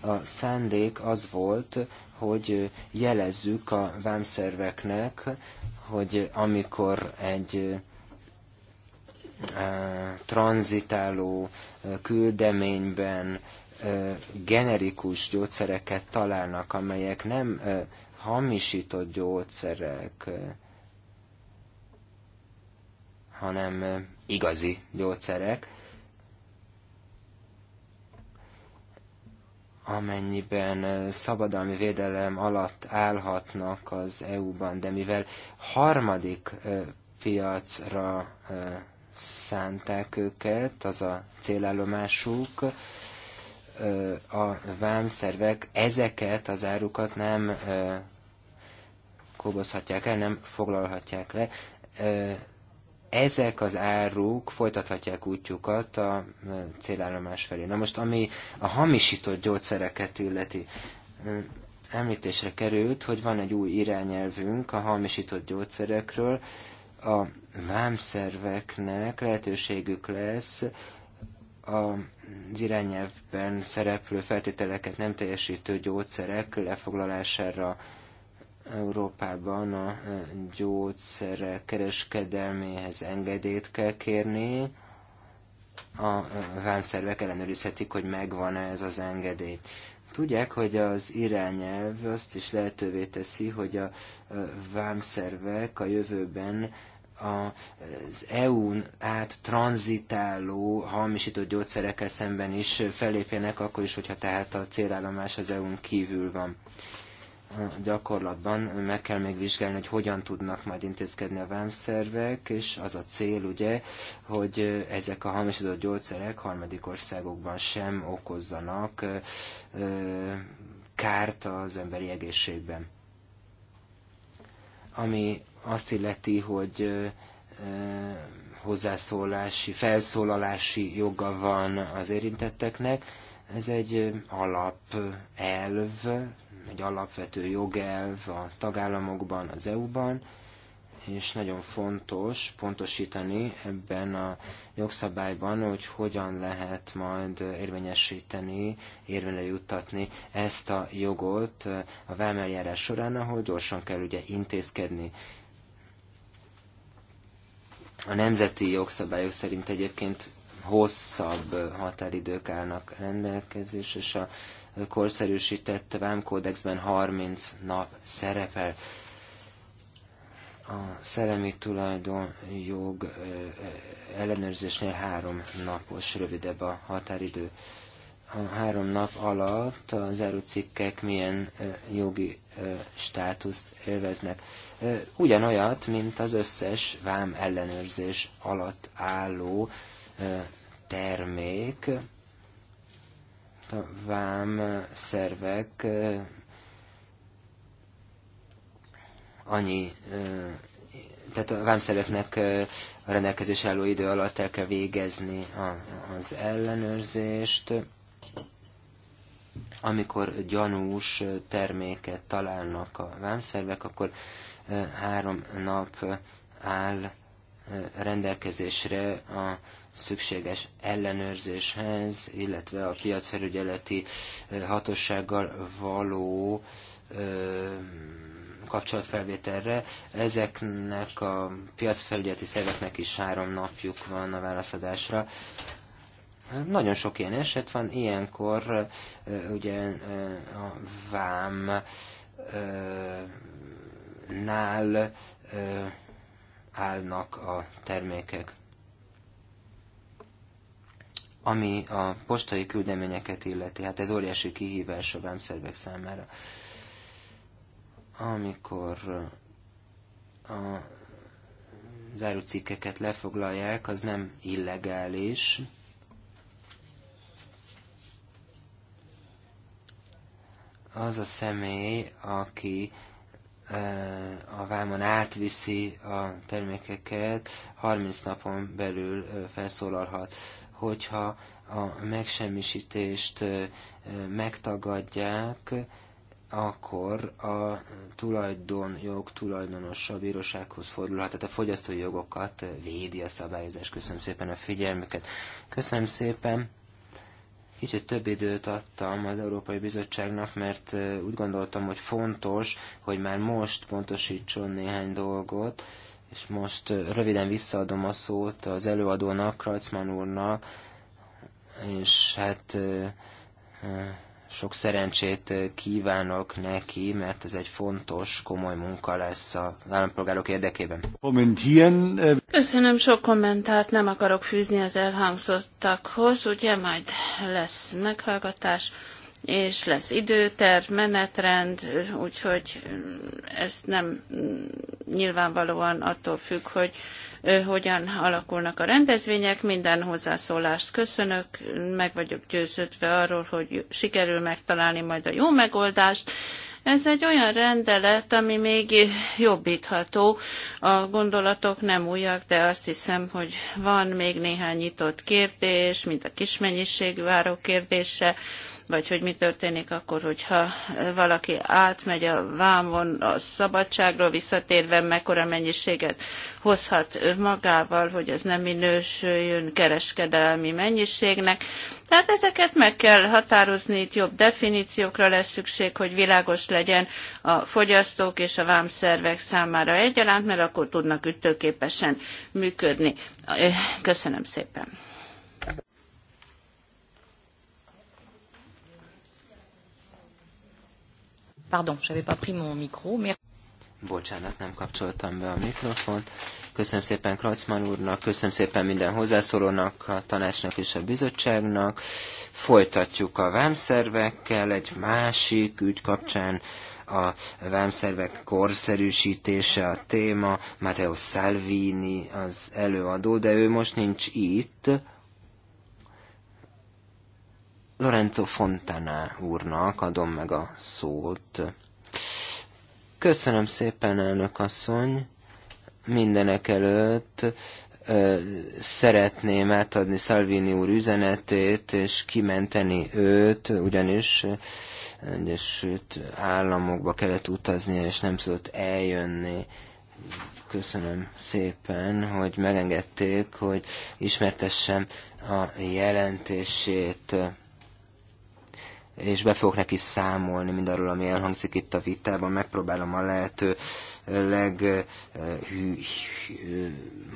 A szándék az volt, hogy jelezzük a vámszerveknek, hogy amikor egy tranzitáló küldeményben generikus gyógyszereket találnak, amelyek nem hamisított gyógyszerek, hanem igazi gyógyszerek, amennyiben szabadalmi védelem alatt állhatnak az EU-ban, de mivel harmadik piacra szánták őket, az a célállomásuk, a vámszervek ezeket az árukat nem kobozhatják el, nem foglalhatják le. Ezek az áruk folytathatják útjukat a célállomás felé. Na most, ami a hamisított gyógyszereket illeti, említésre került, hogy van egy új irányelvünk a hamisított gyógyszerekről, a vámszerveknek lehetőségük lesz az irányelvben szereplő feltételeket nem teljesítő gyógyszerek lefoglalására Európában a gyógyszerek kereskedelméhez engedélyt kell kérni. A vámszervek ellenőrizhetik, hogy megvan-e ez az engedély. Tudják, hogy az irányelv azt is lehetővé teszi, hogy a vámszervek a jövőben az EU-n át tranzitáló hamisított gyógyszerekkel szemben is fellépjenek, akkor is, hogyha tehát a célállomás az EU-n kívül van. A gyakorlatban meg kell még vizsgálni, hogy hogyan tudnak majd intézkedni a vámszervek, és az a cél ugye, hogy ezek a hamisított gyógyszerek harmadik országokban sem okozzanak kárt az emberi egészségben. Ami azt illeti, hogy hozzászólási, felszólalási joga van az érintetteknek. Ez egy alapelv, egy alapvető jogelv a tagállamokban, az EU-ban, és nagyon fontos pontosítani ebben a jogszabályban, hogy hogyan lehet majd érvényesíteni, érvényre juttatni ezt a jogot a vámeljárás során, ahol gyorsan kell ugye intézkedni. A nemzeti jogszabályok szerint egyébként hosszabb határidők állnak rendelkezés, és a korszerűsített vámkódexben 30 nap szerepel. A szellemi tulajdon jog ellenőrzésnél három napos rövidebb a határidő. A három nap alatt az erőcikkek milyen jogi státuszt élveznek ugyanolyat, mint az összes vám ellenőrzés alatt álló termék. A vám szervek annyi, tehát a vámszerveknek a rendelkezés álló idő alatt el kell végezni az ellenőrzést. Amikor gyanús terméket találnak a vámszervek, akkor három nap áll rendelkezésre a szükséges ellenőrzéshez, illetve a piacfelügyeleti hatósággal való kapcsolatfelvételre. Ezeknek a piacfelügyeleti szerveknek is három napjuk van a válaszadásra. Nagyon sok ilyen eset van, ilyenkor ugye a vám nál állnak a termékek. Ami a postai küldeményeket illeti, hát ez óriási kihívás a vámszervek számára. Amikor a zárócikkeket lefoglalják, az nem illegális, az a személy, aki a vámon átviszi a termékeket, 30 napon belül felszólalhat. Hogyha a megsemmisítést megtagadják, akkor a tulajdonjog tulajdonosa a bírósághoz fordulhat, tehát a fogyasztói jogokat védi a szabályozás. Köszönöm szépen a figyelmüket. Köszönöm szépen. Kicsit több időt adtam az Európai Bizottságnak, mert úgy gondoltam, hogy fontos, hogy már most pontosítson néhány dolgot, és most röviden visszaadom a szót az előadónak, Krajcman úrnak, és hát sok szerencsét kívánok neki, mert ez egy fontos, komoly munka lesz a állampolgárok érdekében. Köszönöm, sok kommentárt nem akarok fűzni az elhangzottakhoz, ugye majd lesz meghallgatás és lesz időterv, menetrend, úgyhogy ezt nem nyilvánvalóan attól függ, hogy hogyan alakulnak a rendezvények. Minden hozzászólást köszönök, meg vagyok győződve arról, hogy sikerül megtalálni majd a jó megoldást. Ez egy olyan rendelet, ami még jobbítható. A gondolatok nem újak, de azt hiszem, hogy van még néhány nyitott kérdés, mint a kismennyiségű áró kérdése, vagy hogy mi történik akkor, hogyha valaki átmegy a vámon a szabadságról visszatérve, mekkora mennyiséget hozhat magával, hogy ez nem minősüljön kereskedelmi mennyiségnek. Tehát ezeket meg kell határozni, itt jobb definíciókra lesz szükség, hogy világos legyen a fogyasztók és a vámszervek számára egyaránt, mert akkor tudnak ütőképesen működni. Köszönöm szépen. Pardon, n'avais pas pris mon micro. Merci. Bocsánat, nem kapcsoltam be a mikrofont. Köszönöm szépen Kracman úrnak, köszönöm szépen minden hozzászólónak, a tanácsnak és a bizottságnak. Folytatjuk a vámszervekkel egy másik ügy kapcsán a vámszervek korszerűsítése a téma. Matteo Salvini az előadó, de ő most nincs itt. Lorenzo Fontana úrnak adom meg a szót. Köszönöm szépen, elnök asszony. Mindenek előtt szeretném átadni Salvini úr üzenetét, és kimenteni őt, ugyanis Egyesült Államokba kellett utaznia, és nem tudott eljönni. Köszönöm szépen, hogy megengedték, hogy ismertessem a jelentését és be fogok neki számolni mindarról, ami elhangzik itt a vitában. Megpróbálom a lehető leg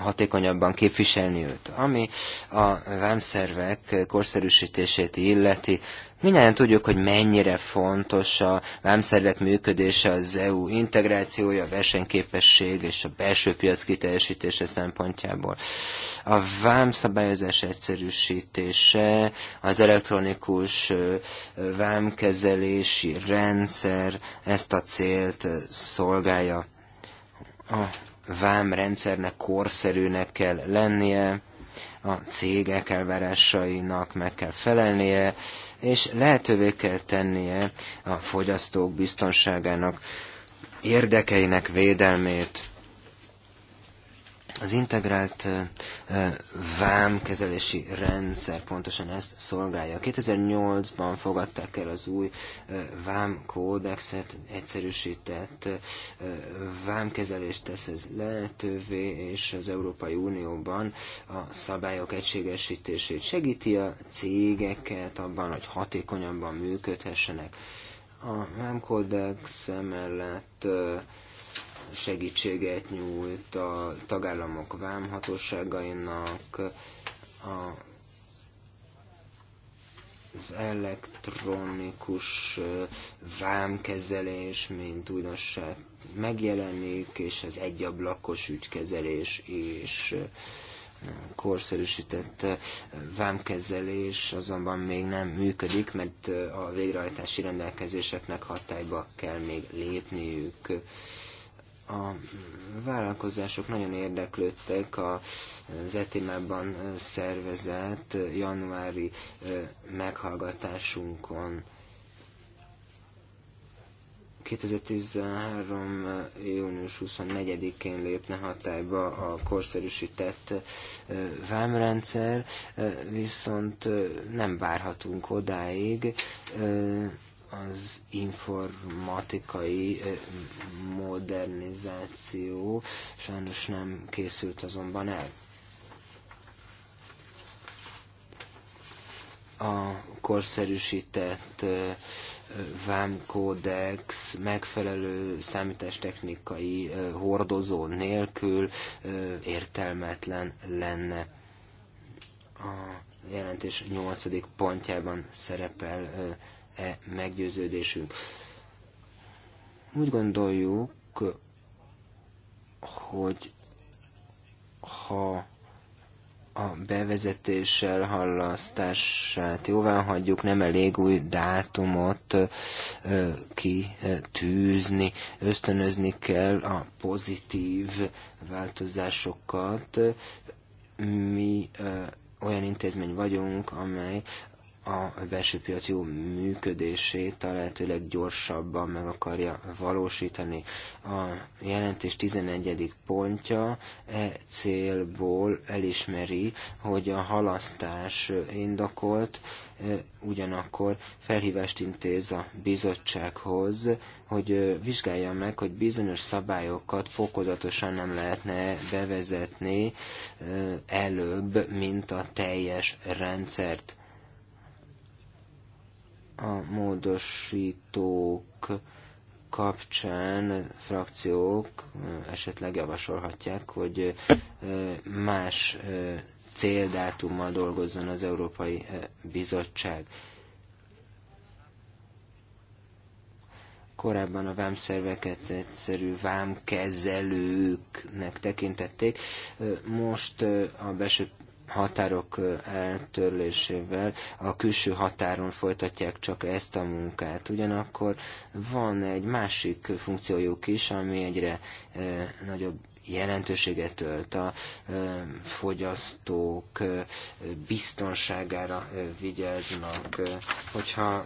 hatékonyabban képviselni őt. Ami a vámszervek korszerűsítését illeti, Mindjárt tudjuk, hogy mennyire fontos a vámszervek működése, az EU integrációja, a versenyképesség és a belső piac kiteljesítése szempontjából. A vámszabályozás egyszerűsítése, az elektronikus vámkezelési rendszer ezt a célt szolgálja. A vámrendszernek korszerűnek kell lennie, a cégek elvárásainak meg kell felelnie, és lehetővé kell tennie a fogyasztók biztonságának érdekeinek védelmét. Az integrált vámkezelési rendszer pontosan ezt szolgálja. 2008-ban fogadták el az új vámkódexet, egyszerűsített vámkezelést tesz ez lehetővé, és az Európai Unióban a szabályok egységesítését segíti a cégeket abban, hogy hatékonyabban működhessenek. A vámkódex mellett segítséget nyújt a tagállamok vámhatóságainak, a, az elektronikus vámkezelés, mint újdonság megjelenik, és az egyablakos ügykezelés is korszerűsített vámkezelés azonban még nem működik, mert a végrehajtási rendelkezéseknek hatályba kell még lépniük a vállalkozások nagyon érdeklődtek az Etimában szervezett januári meghallgatásunkon. 2013. június 24-én lépne hatályba a korszerűsített vámrendszer, viszont nem várhatunk odáig, az informatikai eh, modernizáció sajnos nem készült azonban el. A korszerűsített eh, VAM kódex megfelelő számítástechnikai eh, hordozó nélkül értelmetlen lenne. A jelentés 8. pontjában szerepel e meggyőződésünk. Úgy gondoljuk, hogy ha a bevezetéssel hallasztását jóvá hagyjuk, nem elég új dátumot kitűzni, ösztönözni kell a pozitív változásokat. Mi olyan intézmény vagyunk, amely a belső piac jó működését a lehetőleg gyorsabban meg akarja valósítani. A jelentés 11. pontja e célból elismeri, hogy a halasztás indokolt, e ugyanakkor felhívást intéz a bizottsághoz, hogy e, vizsgálja meg, hogy bizonyos szabályokat fokozatosan nem lehetne bevezetni e, előbb, mint a teljes rendszert a módosítók kapcsán frakciók eh, esetleg javasolhatják, hogy eh, más eh, céldátummal dolgozzon az Európai Bizottság. Korábban a vámszerveket egyszerű vámkezelőknek tekintették, most a belső határok eltörlésével a külső határon folytatják csak ezt a munkát. Ugyanakkor van egy másik funkciójuk is, ami egyre nagyobb jelentőséget ölt a fogyasztók biztonságára vigyáznak. Hogyha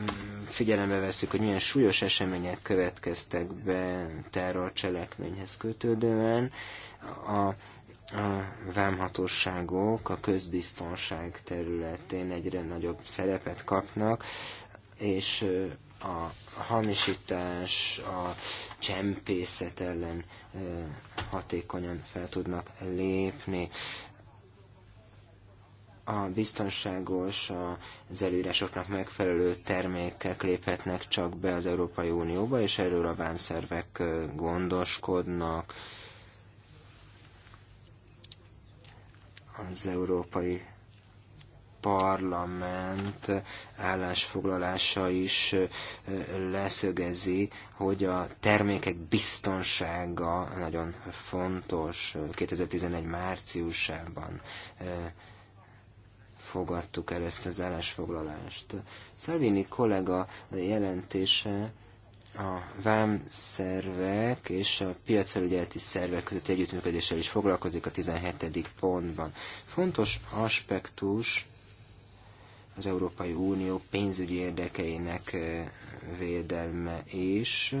mm, figyelembe veszük, hogy milyen súlyos események következtek be terrorcselekményhez kötődően, a a vámhatóságok a közbiztonság területén egyre nagyobb szerepet kapnak, és a hamisítás, a csempészet ellen hatékonyan fel tudnak lépni. A biztonságos, az előírásoknak megfelelő termékek léphetnek csak be az Európai Unióba, és erről a vámszervek gondoskodnak az Európai Parlament állásfoglalása is leszögezi, hogy a termékek biztonsága nagyon fontos. 2011 márciusában fogadtuk el ezt az állásfoglalást. Szalvini kollega jelentése a vámszervek és a piacfelügyeleti szervek közötti együttműködéssel is foglalkozik a 17. pontban. Fontos aspektus az Európai Unió pénzügyi érdekeinek eh, védelme is.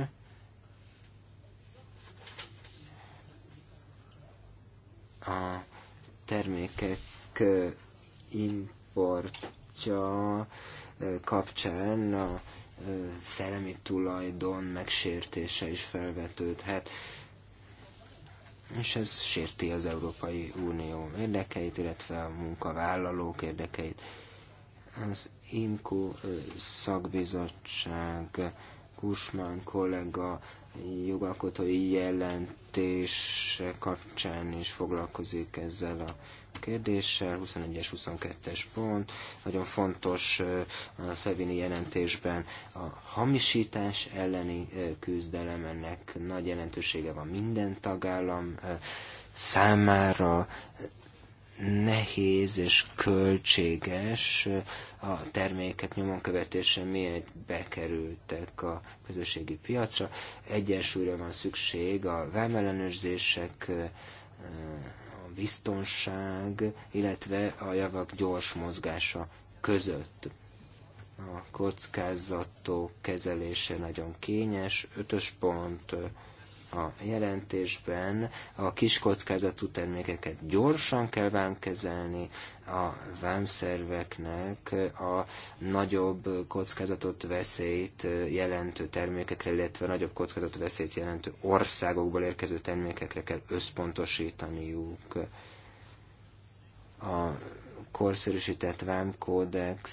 A termékek eh, importja eh, kapcsán a szellemi tulajdon megsértése is felvetődhet, és ez sérti az Európai Unió érdekeit, illetve a munkavállalók érdekeit. Az IMCO szakbizottság Kusmán kollega jogalkotói jelentése kapcsán is foglalkozik ezzel a kérdéssel, 21-es, 22-es pont. Nagyon fontos a Szevini jelentésben a hamisítás elleni küzdelem, ennek nagy jelentősége van minden tagállam számára, nehéz és költséges eh, a terméket nyomon követése miért bekerültek a közösségi piacra. Egyensúlyra van szükség a vámellenőrzések, eh, a biztonság, illetve a javak gyors mozgása között. A kockázatok kezelése nagyon kényes. Ötös pont, eh, a jelentésben a kiskockázatú termékeket gyorsan kell vámkezelni, a vámszerveknek a nagyobb kockázatot, veszélyt jelentő termékekre, illetve nagyobb kockázatot, veszélyt jelentő országokból érkező termékekre kell összpontosítaniuk. A korszerűsített vámkódex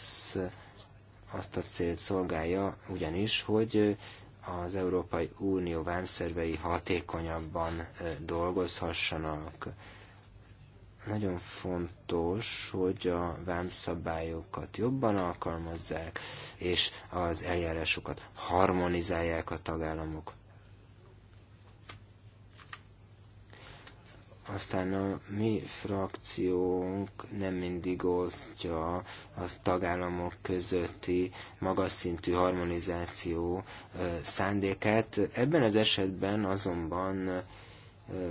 azt a célt szolgálja, ugyanis, hogy az Európai Unió vánszervei hatékonyabban dolgozhassanak. Nagyon fontos, hogy a vámszabályokat jobban alkalmazzák, és az eljárásokat harmonizálják a tagállamok Aztán a mi frakciónk nem mindig osztja a tagállamok közötti magas szintű harmonizáció szándékát. Ebben az esetben azonban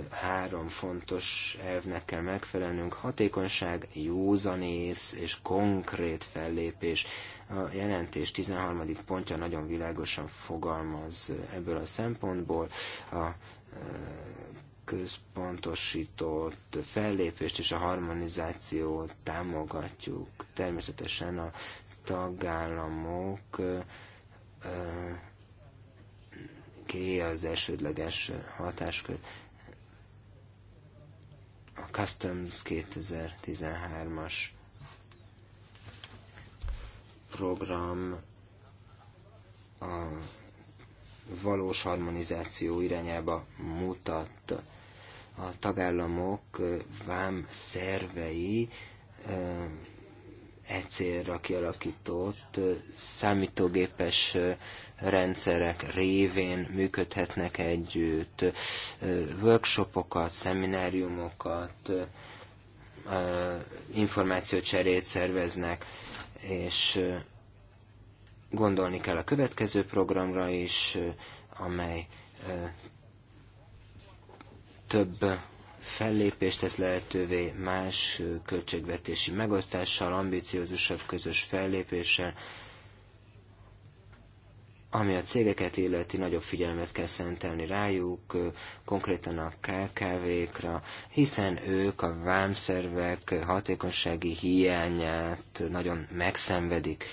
három fontos elvnek kell megfelelnünk. Hatékonyság, józanész és konkrét fellépés. A jelentés 13. pontja nagyon világosan fogalmaz ebből a szempontból. A központosított fellépést és a harmonizációt támogatjuk. Természetesen a tagállamok ki az elsődleges hatáskör. A Customs 2013-as program a valós harmonizáció irányába mutat a tagállamok vám szervei e célra kialakított számítógépes rendszerek révén működhetnek együtt, workshopokat, szemináriumokat, információcserét szerveznek, és gondolni kell a következő programra is, amely több fellépést tesz lehetővé más költségvetési megosztással, ambiciózusabb közös fellépéssel, ami a cégeket illeti, nagyobb figyelmet kell szentelni rájuk, konkrétan a KKV-kra, hiszen ők a vámszervek hatékonysági hiányát nagyon megszenvedik.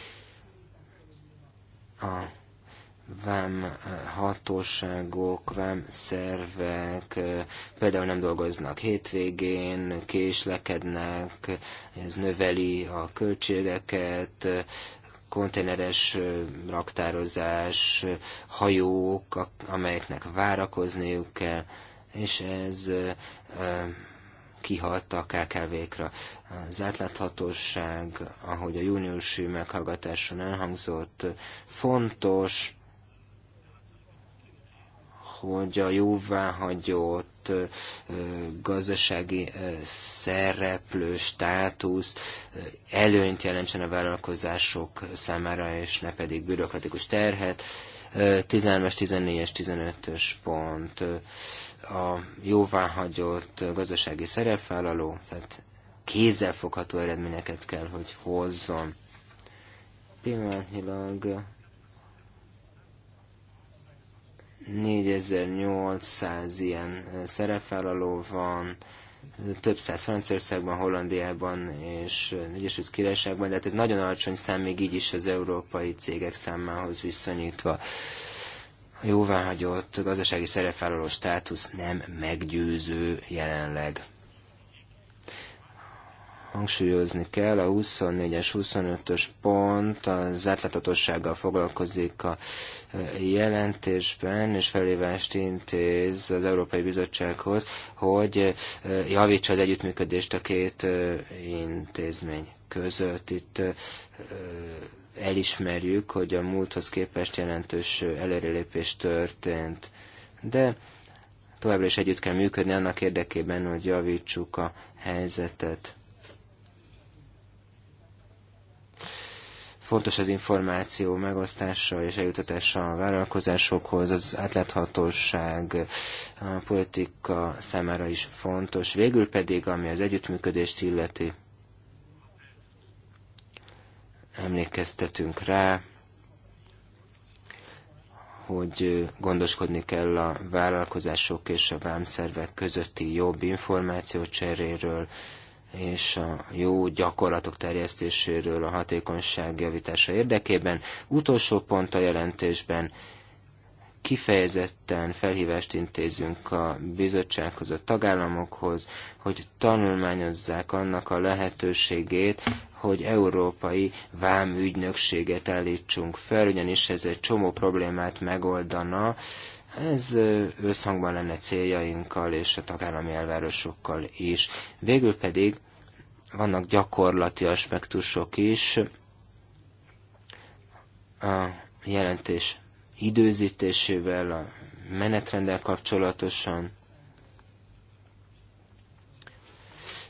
A vám eh, hatóságok, vám szervek eh, például nem dolgoznak hétvégén, késlekednek, ez növeli a költségeket, konténeres eh, raktározás, hajók, amelyeknek várakozniuk kell, és ez kihalt a KKV-kra. Az átláthatóság, ahogy a júniusi meghallgatáson elhangzott, fontos, hogy a jóváhagyott gazdasági szereplő státusz előnyt jelentsen a vállalkozások számára, és ne pedig bürokratikus terhet. 13-es, 14-es, 15-ös pont a jóváhagyott gazdasági szerepvállaló, tehát kézzelfogható eredményeket kell, hogy hozzon. Pillanatnyilag 4800 ilyen eh, szerepvállaló van, több száz Franciaországban, Hollandiában és eh, Egyesült Királyságban, de hát ez nagyon alacsony szám még így is az európai cégek számához viszonyítva. A jóváhagyott gazdasági szerepvállaló státusz nem meggyőző jelenleg hangsúlyozni kell, a 24-es, 25-ös pont az átláthatósággal foglalkozik a e, jelentésben, és felhívást intéz az Európai Bizottsághoz, hogy e, javítsa az együttműködést a két e, intézmény között. Itt elismerjük, hogy a múlthoz képest jelentős előrelépés történt, de továbbra is együtt kell működni annak érdekében, hogy javítsuk a helyzetet. Fontos az információ megosztása és eljutatása a vállalkozásokhoz, az átláthatóság a politika számára is fontos. Végül pedig, ami az együttműködést illeti, emlékeztetünk rá, hogy gondoskodni kell a vállalkozások és a vámszervek közötti jobb információ cseréről, és a jó gyakorlatok terjesztéséről a hatékonyság javítása érdekében. Utolsó pont a jelentésben kifejezetten felhívást intézünk a bizottsághoz, a tagállamokhoz, hogy tanulmányozzák annak a lehetőségét, hogy európai vámügynökséget állítsunk fel, ugyanis ez egy csomó problémát megoldana, ez összhangban lenne céljainkkal és a tagállami elvárosokkal is. Végül pedig vannak gyakorlati aspektusok is. A jelentés időzítésével, a menetrendel kapcsolatosan,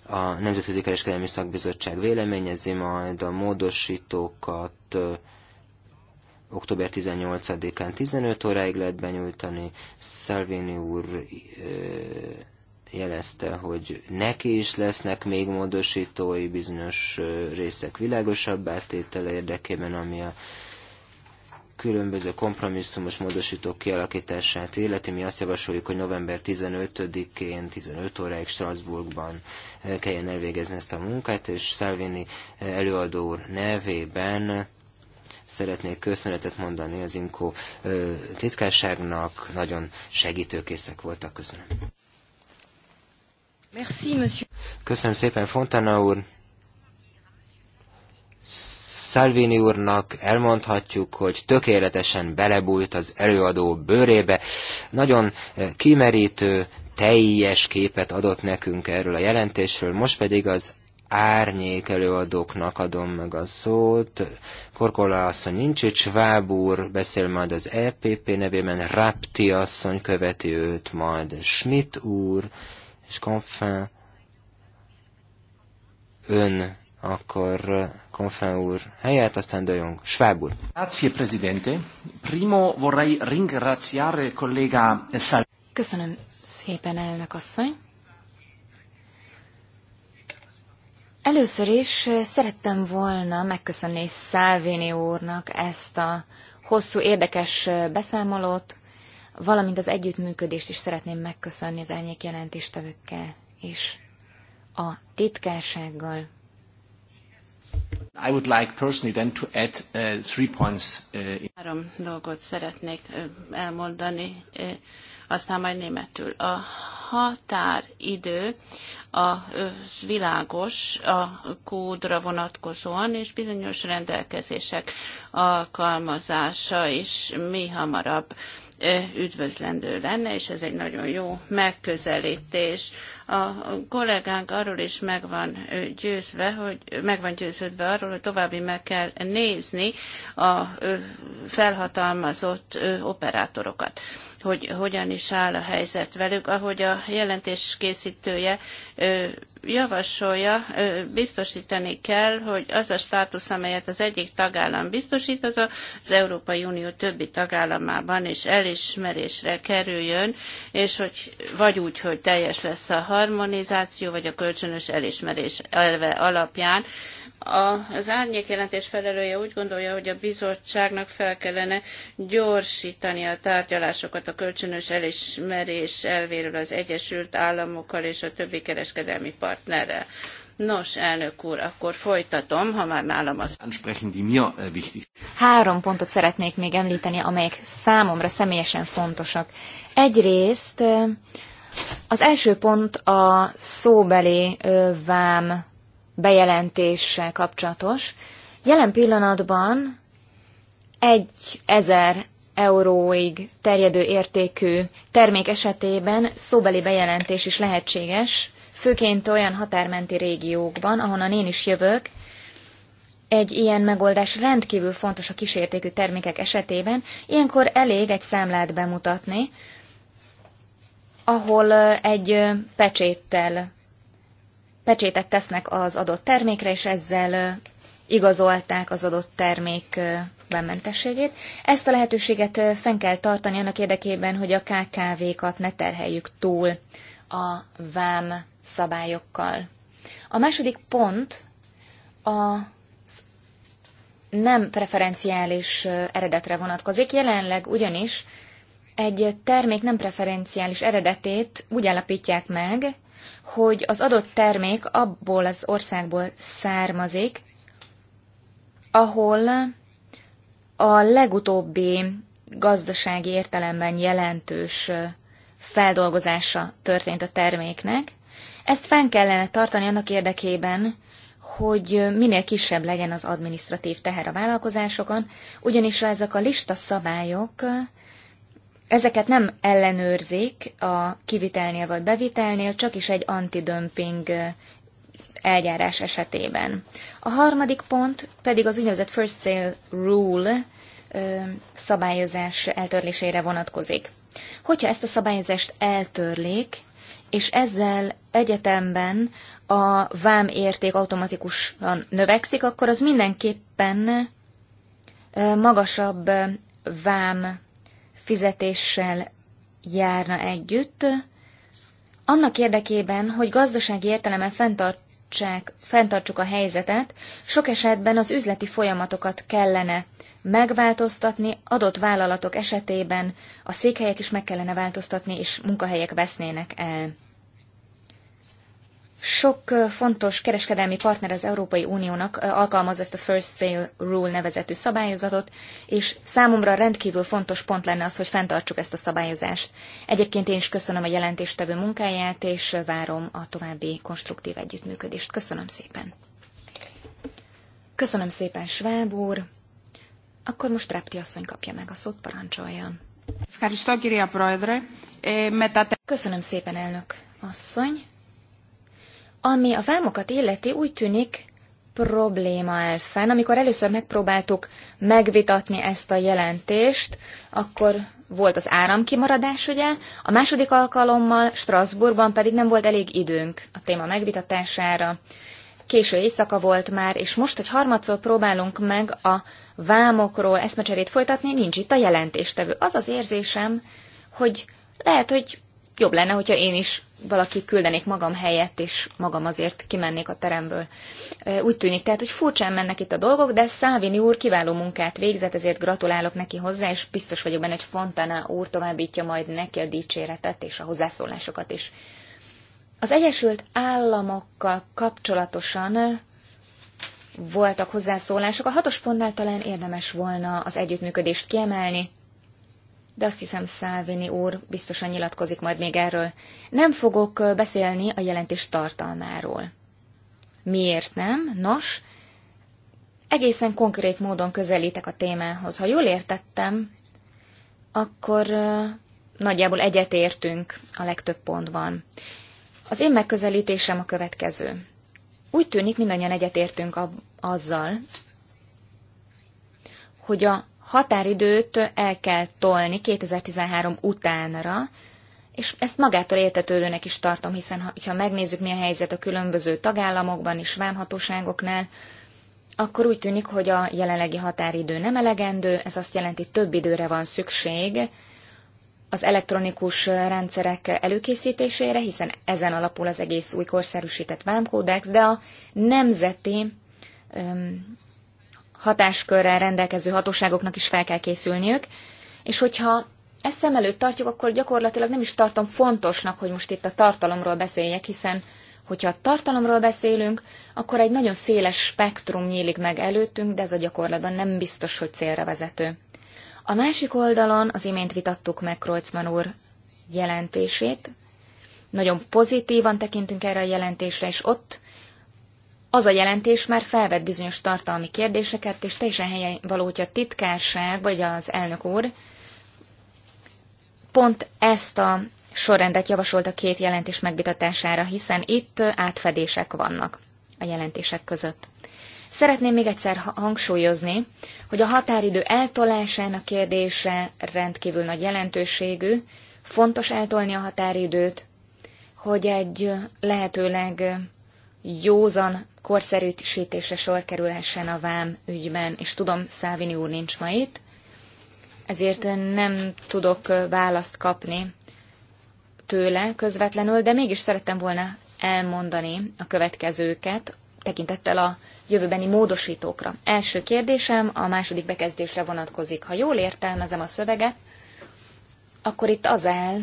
a Nemzetközi Kereskedelmi Szakbizottság véleményezi majd a módosítókat október 18-án 15 óráig lehet benyújtani. Salvini úr jelezte, hogy neki is lesznek még módosítói bizonyos részek világosabb áttétele érdekében, ami a különböző kompromisszumos módosítók kialakítását illeti. Mi azt javasoljuk, hogy november 15-én 15 óráig Strasbourgban kelljen elvégezni ezt a munkát, és Salvini előadó úr nevében szeretnék köszönetet mondani az Inkó titkárságnak, nagyon segítőkészek voltak, köszönöm. Merci, monsieur. Köszönöm szépen, Fontana úr. Salvini úrnak elmondhatjuk, hogy tökéletesen belebújt az előadó bőrébe. Nagyon eh, kimerítő, teljes képet adott nekünk erről a jelentésről, most pedig az árnyék előadóknak adom meg a szót. Korkola asszony nincs itt, Schwab úr beszél majd az EPP nevében, Rapti asszony követi őt majd, Schmidt úr, és Confin ön, akkor Confin úr helyett, aztán De Jong. Schwab úr. Grazie, Presidente. Primo vorrei ringraziare collega Sal. Köszönöm szépen, elnök asszony. Először is eh, szerettem volna megköszönni Szálvéni úrnak ezt a hosszú, érdekes eh, beszámolót, valamint az együttműködést is szeretném megköszönni az elnyék jelentéstevőkkel és a titkársággal. I would like personally then to add uh, three points. Uh, Három dolgot szeretnék elmondani, aztán majd németül. A határidő a világos a kódra vonatkozóan, és bizonyos rendelkezések alkalmazása is mi hamarabb E, üdvözlendő lenne, és ez egy nagyon jó megközelítés a kollégánk arról is meg van győzve, hogy megvan győződve arról, hogy további meg kell nézni a felhatalmazott operátorokat hogy hogyan is áll a helyzet velük. Ahogy a jelentés készítője javasolja, biztosítani kell, hogy az a státusz, amelyet az egyik tagállam biztosít, az az Európai Unió többi tagállamában is elismerésre kerüljön, és hogy vagy úgy, hogy teljes lesz a harmonizáció vagy a kölcsönös elismerés elve alapján. A, az jelentés felelője úgy gondolja, hogy a bizottságnak fel kellene gyorsítani a tárgyalásokat a kölcsönös elismerés elvéről az Egyesült Államokkal és a többi kereskedelmi partnerrel. Nos, elnök úr, akkor folytatom, ha már nálam az. Äh, Három pontot szeretnék még említeni, amelyek számomra személyesen fontosak. Egyrészt az első pont a szóbeli vám bejelentéssel kapcsolatos. Jelen pillanatban egy ezer euróig terjedő értékű termék esetében szóbeli bejelentés is lehetséges, főként olyan határmenti régiókban, ahonnan én is jövök, egy ilyen megoldás rendkívül fontos a kísértékű termékek esetében, ilyenkor elég egy számlát bemutatni, ahol egy pecséttel, pecsétet tesznek az adott termékre, és ezzel igazolták az adott termék mentességét. Ezt a lehetőséget fenn kell tartani annak érdekében, hogy a KKV-kat ne terheljük túl a vám szabályokkal. A második pont a nem preferenciális eredetre vonatkozik. Jelenleg ugyanis egy termék nem preferenciális eredetét úgy állapítják meg, hogy az adott termék abból az országból származik, ahol a legutóbbi gazdasági értelemben jelentős feldolgozása történt a terméknek. Ezt fenn kellene tartani annak érdekében, hogy minél kisebb legyen az administratív teher a vállalkozásokon, ugyanis ezek a lista szabályok Ezeket nem ellenőrzik a kivitelnél vagy bevitelnél, csak is egy antidömping eljárás esetében. A harmadik pont pedig az úgynevezett First Sale Rule szabályozás eltörlésére vonatkozik. Hogyha ezt a szabályozást eltörlik, és ezzel egyetemben a vám érték automatikusan növekszik, akkor az mindenképpen magasabb vám fizetéssel járna együtt, annak érdekében, hogy gazdasági értelemben fenntartsák, fenntartsuk a helyzetet, sok esetben az üzleti folyamatokat kellene megváltoztatni, adott vállalatok esetében a székhelyet is meg kellene változtatni, és munkahelyek vesznének el. Sok fontos kereskedelmi partner az Európai Uniónak alkalmaz ezt a First Sale Rule nevezetű szabályozatot, és számomra rendkívül fontos pont lenne az, hogy fenntartsuk ezt a szabályozást. Egyébként én is köszönöm a jelentéstevő munkáját, és várom a további konstruktív együttműködést. Köszönöm szépen. Köszönöm szépen, Schwab úr. Akkor most Repti asszony kapja meg a szót, parancsoljon. Köszönöm szépen, elnök asszony. Ami a vámokat illeti, úgy tűnik probléma áll fenn. Amikor először megpróbáltuk megvitatni ezt a jelentést, akkor volt az áramkimaradás, ugye, a második alkalommal Strasbourgban pedig nem volt elég időnk a téma megvitatására. Késő éjszaka volt már, és most, hogy harmadszor próbálunk meg a vámokról eszmecserét folytatni, nincs itt a jelentéstevő. Az az érzésem, hogy lehet, hogy jobb lenne, hogyha én is valaki küldenék magam helyett, és magam azért kimennék a teremből. Úgy tűnik tehát, hogy furcsán mennek itt a dolgok, de Szávini úr kiváló munkát végzett, ezért gratulálok neki hozzá, és biztos vagyok benne, hogy Fontana úr továbbítja majd neki a dicséretet és a hozzászólásokat is. Az Egyesült Államokkal kapcsolatosan voltak hozzászólások. A hatos pontnál talán érdemes volna az együttműködést kiemelni de azt hiszem Szálvini úr biztosan nyilatkozik majd még erről. Nem fogok beszélni a jelentés tartalmáról. Miért nem? Nos, egészen konkrét módon közelítek a témához. Ha jól értettem, akkor nagyjából egyetértünk a legtöbb pontban. Az én megközelítésem a következő. Úgy tűnik, mindannyian egyetértünk azzal, hogy a határidőt el kell tolni 2013 utánra, és ezt magától értetődőnek is tartom, hiszen ha, ha megnézzük, mi a helyzet a különböző tagállamokban és vámhatóságoknál, akkor úgy tűnik, hogy a jelenlegi határidő nem elegendő, ez azt jelenti, több időre van szükség az elektronikus rendszerek előkészítésére, hiszen ezen alapul az egész új korszerűsített vámkódex, de a nemzeti öm, hatáskörrel rendelkező hatóságoknak is fel kell készülniük, és hogyha ezt szem előtt tartjuk, akkor gyakorlatilag nem is tartom fontosnak, hogy most itt a tartalomról beszéljek, hiszen hogyha a tartalomról beszélünk, akkor egy nagyon széles spektrum nyílik meg előttünk, de ez a gyakorlatban nem biztos, hogy célra vezető. A másik oldalon az imént vitattuk meg Kreuzmann úr jelentését. Nagyon pozitívan tekintünk erre a jelentésre, és ott az a jelentés már felvet bizonyos tartalmi kérdéseket, és teljesen helyen való, hogy a titkárság vagy az elnök úr pont ezt a sorrendet javasolt a két jelentés megvitatására, hiszen itt átfedések vannak a jelentések között. Szeretném még egyszer hangsúlyozni, hogy a határidő eltolásának kérdése rendkívül nagy jelentőségű, fontos eltolni a határidőt, hogy egy lehetőleg józan korszerűsítésre sor kerülhessen a vám ügyben, és tudom, Szávini úr nincs ma itt, ezért nem tudok választ kapni tőle közvetlenül, de mégis szerettem volna elmondani a következőket, tekintettel a jövőbeni módosítókra. Első kérdésem a második bekezdésre vonatkozik. Ha jól értelmezem a szöveget, akkor itt az áll,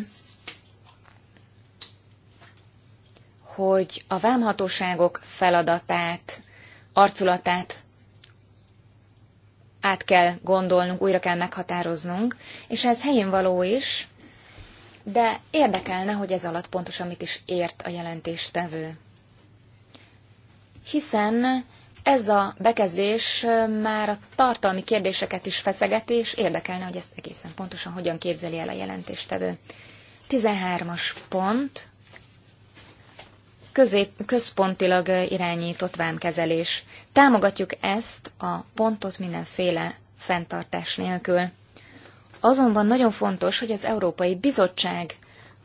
hogy a vámhatóságok feladatát, arculatát át kell gondolnunk, újra kell meghatároznunk, és ez helyén való is, de érdekelne, hogy ez alatt pontosan mit is ért a jelentéstevő. Hiszen ez a bekezdés már a tartalmi kérdéseket is feszegeti, és érdekelne, hogy ezt egészen pontosan hogyan képzeli el a jelentéstevő. 13-as pont közép, központilag irányított vámkezelés. Támogatjuk ezt a pontot mindenféle fenntartás nélkül. Azonban nagyon fontos, hogy az Európai Bizottság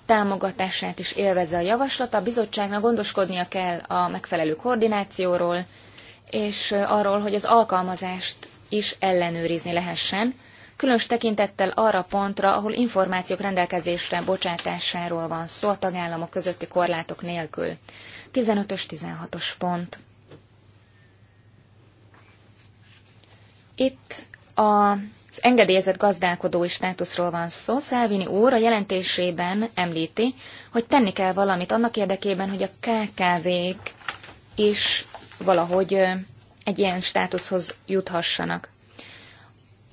támogatását is élvezze a javaslat. A bizottságnak gondoskodnia kell a megfelelő koordinációról, és arról, hogy az alkalmazást is ellenőrizni lehessen, különös tekintettel arra pontra, ahol információk rendelkezésre bocsátásáról van szó a tagállamok közötti korlátok nélkül. 15-ös, 16-os pont. Itt a az engedélyezett gazdálkodói státuszról van szó. Szávini úr a jelentésében említi, hogy tenni kell valamit annak érdekében, hogy a KKV-k is valahogy egy ilyen státuszhoz juthassanak.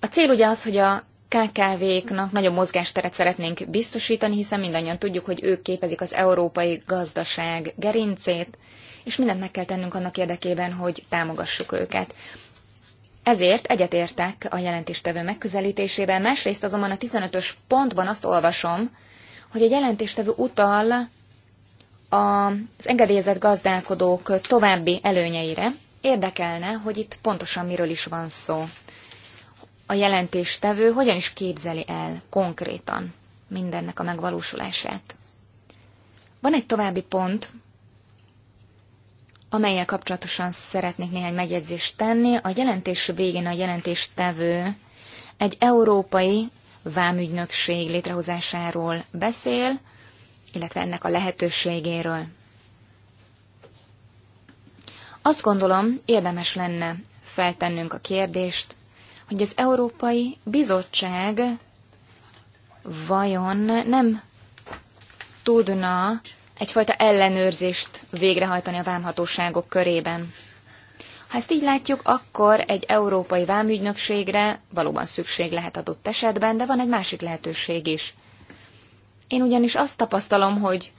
A cél ugye az, hogy a KKV-knak nagyobb mozgásteret szeretnénk biztosítani, hiszen mindannyian tudjuk, hogy ők képezik az európai gazdaság gerincét, és mindent meg kell tennünk annak érdekében, hogy támogassuk őket. Ezért egyetértek a jelentéstevő megközelítésében, másrészt azonban a 15-ös pontban azt olvasom, hogy a jelentéstevő utal az engedélyezett gazdálkodók további előnyeire. Érdekelne, hogy itt pontosan miről is van szó a jelentéstevő hogyan is képzeli el konkrétan mindennek a megvalósulását. Van egy további pont, amelyel kapcsolatosan szeretnék néhány megjegyzést tenni. A jelentés végén a jelentéstevő egy európai vámügynökség létrehozásáról beszél, illetve ennek a lehetőségéről. Azt gondolom, érdemes lenne feltennünk a kérdést, hogy az Európai Bizottság vajon nem tudna egyfajta ellenőrzést végrehajtani a vámhatóságok körében. Ha ezt így látjuk, akkor egy európai vámügynökségre valóban szükség lehet adott esetben, de van egy másik lehetőség is. Én ugyanis azt tapasztalom, hogy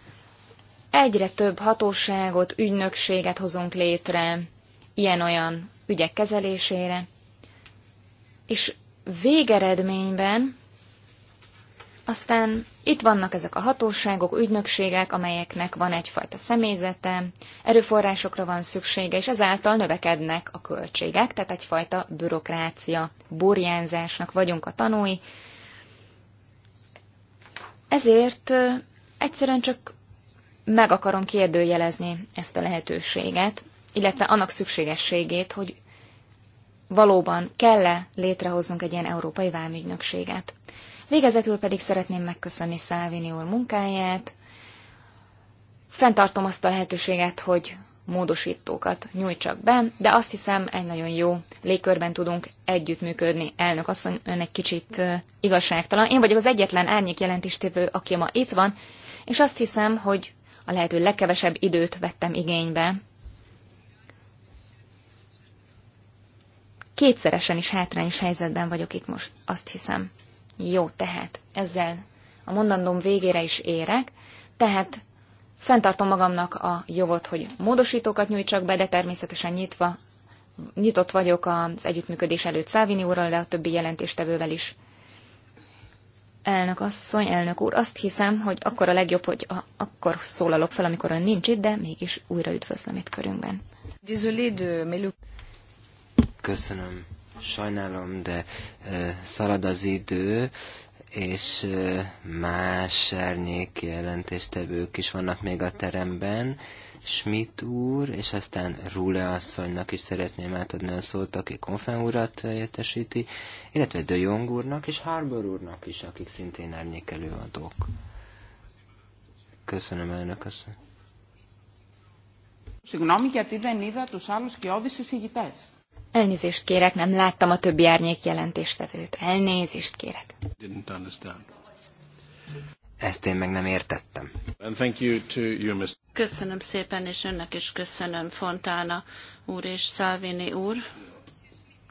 egyre több hatóságot, ügynökséget hozunk létre ilyen-olyan ügyek kezelésére, és végeredményben aztán itt vannak ezek a hatóságok, ügynökségek, amelyeknek van egyfajta személyzete, erőforrásokra van szüksége, és ezáltal növekednek a költségek, tehát egyfajta bürokrácia, burjánzásnak vagyunk a tanúi. Ezért egyszerűen csak meg akarom kérdőjelezni ezt a lehetőséget, illetve annak szükségességét, hogy valóban kell-e létrehoznunk egy ilyen európai vámügynökséget. Végezetül pedig szeretném megköszönni Szálvini úr munkáját. Fentartom azt a lehetőséget, hogy módosítókat nyújtsak be, de azt hiszem egy nagyon jó légkörben tudunk együttműködni. Elnök asszony, ön egy kicsit igazságtalan. Én vagyok az egyetlen árnyék jelentéstévő, aki ma itt van, és azt hiszem, hogy a lehető legkevesebb időt vettem igénybe kétszeresen is hátrányos helyzetben vagyok itt most, azt hiszem. Jó, tehát ezzel a mondandóm végére is érek, tehát fenntartom magamnak a jogot, hogy módosítókat nyújtsak be, de természetesen nyitva, nyitott vagyok az együttműködés előtt Szávini úrral, de a többi jelentéstevővel is. Elnök asszony, elnök úr, azt hiszem, hogy akkor a legjobb, hogy a, akkor szólalok fel, amikor ön nincs itt, de mégis újra üdvözlöm itt körünkben. Köszönöm. Sajnálom, de szalad az idő, és más árnyék jelentéstevők is vannak még a teremben. Schmidt úr, és aztán Rule asszonynak is szeretném átadni a szót, aki Konfen urat értesíti, illetve De Jong úrnak és Harbour úrnak is, akik szintén árnyék előadók. Köszönöm elnök asszony. Συγγνώμη γιατί δεν είδα τους άλλους και όδησης ηγητές. Elnézést kérek, nem láttam a többi árnyék jelentéstevőt. Elnézést kérek. Ezt én meg nem értettem. Köszönöm szépen, és önnek is köszönöm, Fontána úr és Salvini úr.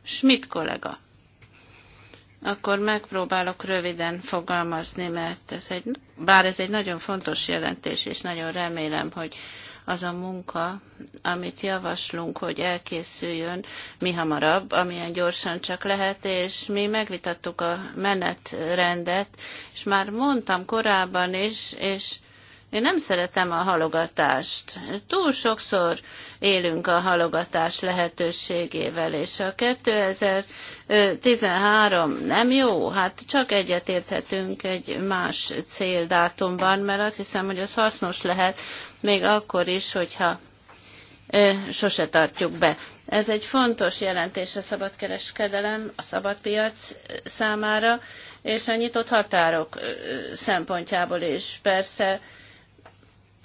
Schmidt kollega. Akkor megpróbálok röviden fogalmazni, mert ez egy, bár ez egy nagyon fontos jelentés, és nagyon remélem, hogy az a munka, amit javaslunk, hogy elkészüljön mi hamarabb, amilyen gyorsan csak lehet, és mi megvitattuk a menetrendet, és már mondtam korábban is, és én nem szeretem a halogatást. Túl sokszor élünk a halogatás lehetőségével, és a 2013 nem jó. Hát csak egyetérthetünk egy más céldátumban, mert azt hiszem, hogy az hasznos lehet, még akkor is, hogyha sose tartjuk be. Ez egy fontos jelentés a szabadkereskedelem, a szabadpiac számára, és a nyitott határok szempontjából is. Persze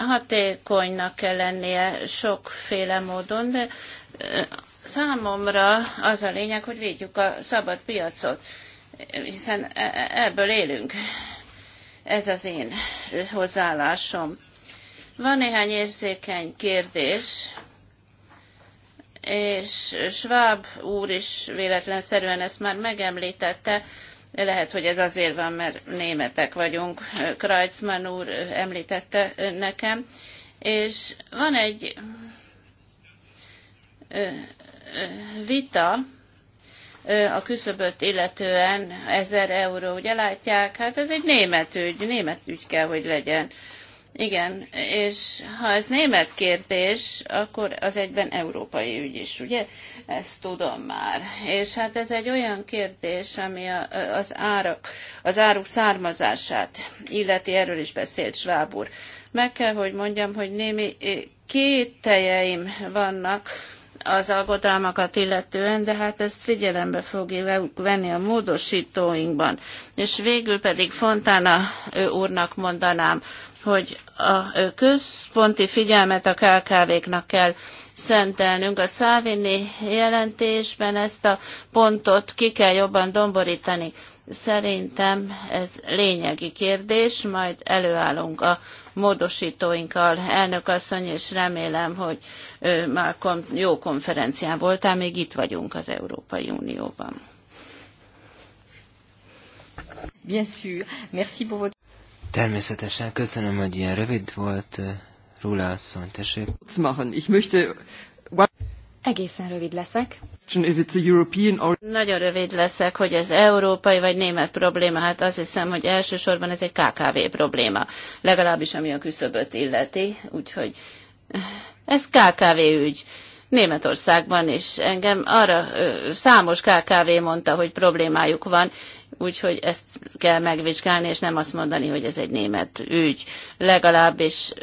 hatékonynak kell lennie sokféle módon, de számomra az a lényeg, hogy védjük a szabad piacot, hiszen e, e, ebből élünk. Ez az én hozzáállásom. Van néhány érzékeny kérdés, és Schwab úr is véletlenszerűen ezt már megemlítette, lehet, hogy ez azért van, mert németek vagyunk, Krajcman úr említette nekem. És van egy vita a küszöböt illetően, 1000 euró, ugye látják, hát ez egy német ügy, német ügy kell, hogy legyen igen, és ha ez német kérdés, akkor az egyben európai ügy is, ugye? Ezt tudom már. És hát ez egy olyan kérdés, ami a, az, árak, az áruk származását illeti, erről is beszélt Schwab úr. Meg kell, hogy mondjam, hogy némi eh, két tejeim vannak, az aggodalmakat illetően, de hát ezt figyelembe fogjuk venni a módosítóinkban. És végül pedig fontana úrnak mondanám, hogy a központi figyelmet a KKV-knak kell szentelnünk. A Szávini jelentésben ezt a pontot ki kell jobban domborítani. Szerintem ez lényegi kérdés, majd előállunk a módosítóinkkal, elnök asszony, és remélem, hogy már jó konferencián voltál, még itt vagyunk az Európai Unióban. Bien sûr. Merci pour votre... Természetesen köszönöm, hogy ilyen rövid volt. Rula asszony, tessék. Ich möchte Egészen rövid leszek. Nagyon rövid leszek, hogy ez európai vagy német probléma, hát azt hiszem, hogy elsősorban ez egy KKV probléma, legalábbis ami a küszöböt illeti, úgyhogy eh, ez KKV ügy. Németországban is engem arra számos KKV mondta, hogy problémájuk van, úgyhogy ezt kell megvizsgálni, és nem azt mondani, hogy ez egy német ügy. Legalábbis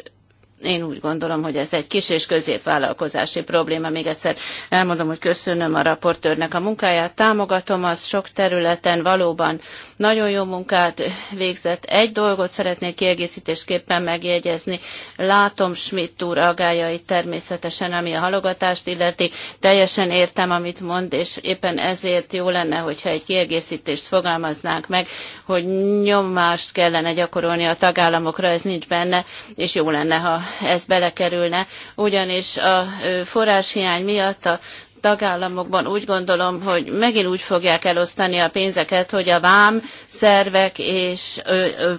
én úgy gondolom, hogy ez egy kis és középvállalkozási probléma. Még egyszer elmondom, hogy köszönöm a raportőrnek a munkáját, támogatom az sok területen valóban nagyon jó munkát végzett. Egy dolgot szeretnék kiegészítésképpen megjegyezni. Látom Schmidt úr agájait természetesen, ami a halogatást illeti. Teljesen értem, amit mond, és éppen ezért jó lenne, hogyha egy kiegészítést fogalmaznánk meg, hogy nyomást kellene gyakorolni a tagállamokra, ez nincs benne, és jó lenne, ha ez belekerülne, ugyanis a forráshiány miatt a tagállamokban úgy gondolom, hogy megint úgy fogják elosztani a pénzeket, hogy a vám szervek és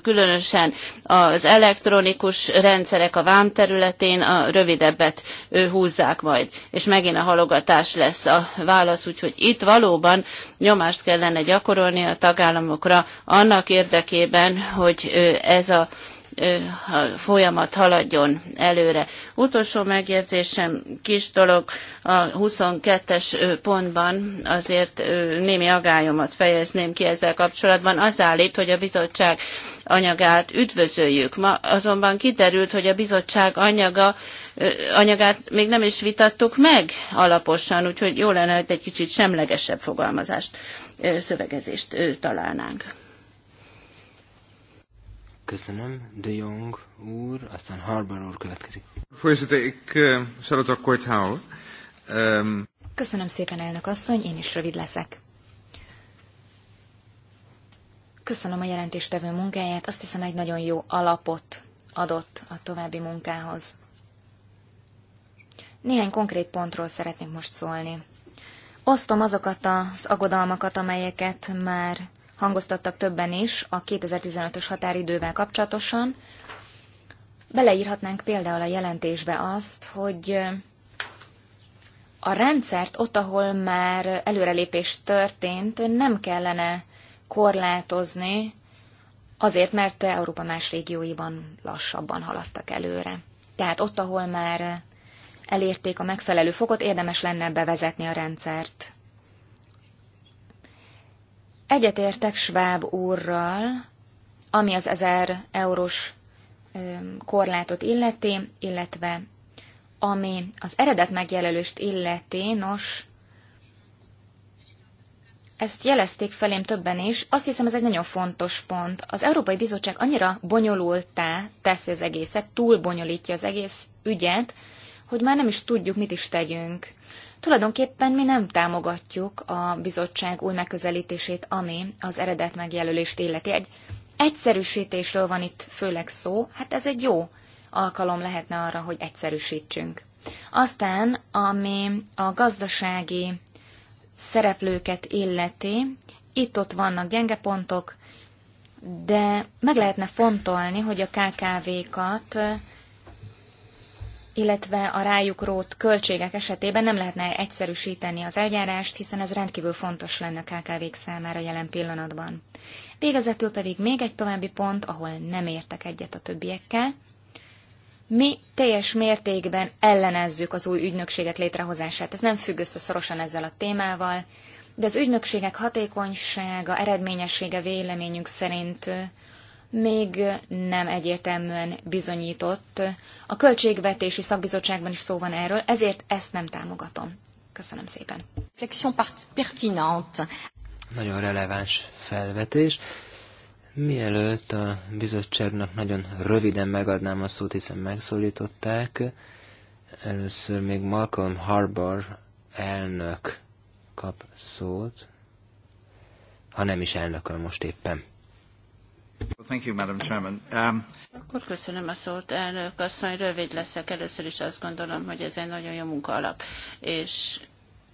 különösen az elektronikus rendszerek a vám területén a rövidebbet húzzák majd, és megint a halogatás lesz a válasz, úgyhogy itt valóban nyomást kellene gyakorolni a tagállamokra annak érdekében, hogy ez a folyamat haladjon előre. Utolsó megjegyzésem, kis dolog, a 22-es pontban azért némi agályomat fejezném ki ezzel kapcsolatban. Az állít, hogy a bizottság anyagát üdvözöljük. Ma azonban kiderült, hogy a bizottság anyaga, anyagát még nem is vitattuk meg alaposan, úgyhogy jó lenne, hogy egy kicsit semlegesebb fogalmazást, szövegezést találnánk. Köszönöm. De Jong úr, aztán Harbour úr következik. Köszönöm szépen, elnök asszony, én is rövid leszek. Köszönöm a jelentéstevő munkáját, azt hiszem egy nagyon jó alapot adott a további munkához. Néhány konkrét pontról szeretnék most szólni. Osztom azokat az agodalmakat, amelyeket már hangoztattak többen is a 2015-ös határidővel kapcsolatosan. Beleírhatnánk például a jelentésbe azt, hogy a rendszert ott, ahol már előrelépés történt, nem kellene korlátozni, azért, mert Európa más régióiban lassabban haladtak előre. Tehát ott, ahol már elérték a megfelelő fokot, érdemes lenne bevezetni a rendszert. Egyetértek Schwab úrral, ami az 1000 eurós korlátot illeti, illetve ami az eredet megjelölést illeti, nos, ezt jelezték felém többen is. Azt hiszem, ez egy nagyon fontos pont. Az Európai Bizottság annyira bonyolultá teszi az egészet, túl bonyolítja az egész ügyet, hogy már nem is tudjuk, mit is tegyünk. Tulajdonképpen mi nem támogatjuk a bizottság új megközelítését, ami az eredet megjelölést illeti. Egy egyszerűsítésről van itt főleg szó, hát ez egy jó alkalom lehetne arra, hogy egyszerűsítsünk. Aztán, ami a gazdasági szereplőket illeti, itt-ott vannak gyenge pontok, de meg lehetne fontolni, hogy a KKV-kat illetve a rájuk rót költségek esetében nem lehetne egyszerűsíteni az eljárást, hiszen ez rendkívül fontos lenne a KKV-k számára jelen pillanatban. Végezetül pedig még egy további pont, ahol nem értek egyet a többiekkel. Mi teljes mértékben ellenezzük az új ügynökséget létrehozását. Ez nem függ össze szorosan ezzel a témával, de az ügynökségek hatékonysága, eredményessége véleményünk szerint még nem egyértelműen bizonyított. A költségvetési szakbizottságban is szó van erről, ezért ezt nem támogatom. Köszönöm szépen. Nagyon releváns felvetés. Mielőtt a bizottságnak nagyon röviden megadnám a szót, hiszen megszólították, először még Malcolm Harbour elnök kap szót, ha nem is elnököl most éppen. Thank you, Madam Chairman. Um... Akkor köszönöm a szót, elnök asszony, rövid leszek. Először is azt gondolom, hogy ez egy nagyon jó munkaalap, és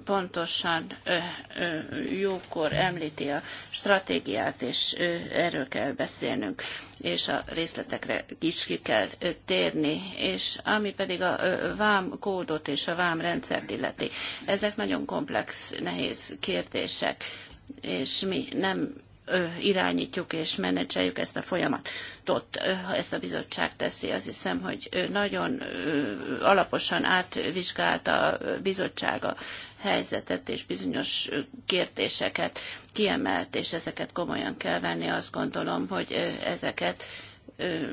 pontosan ö, ö, jókor említi a stratégiát, és ö, erről kell beszélnünk, és a részletekre is ki kell ö, térni, és ami pedig a ö, vám kódot és a vám rendszert illeti. Ezek nagyon komplex, nehéz kérdések, és mi nem irányítjuk és menedzseljük ezt a folyamatot, ha ezt a bizottság teszi. Azt hiszem, hogy nagyon alaposan átvizsgálta a bizottsága helyzetet és bizonyos kértéseket kiemelt, és ezeket komolyan kell venni. Azt gondolom, hogy ezeket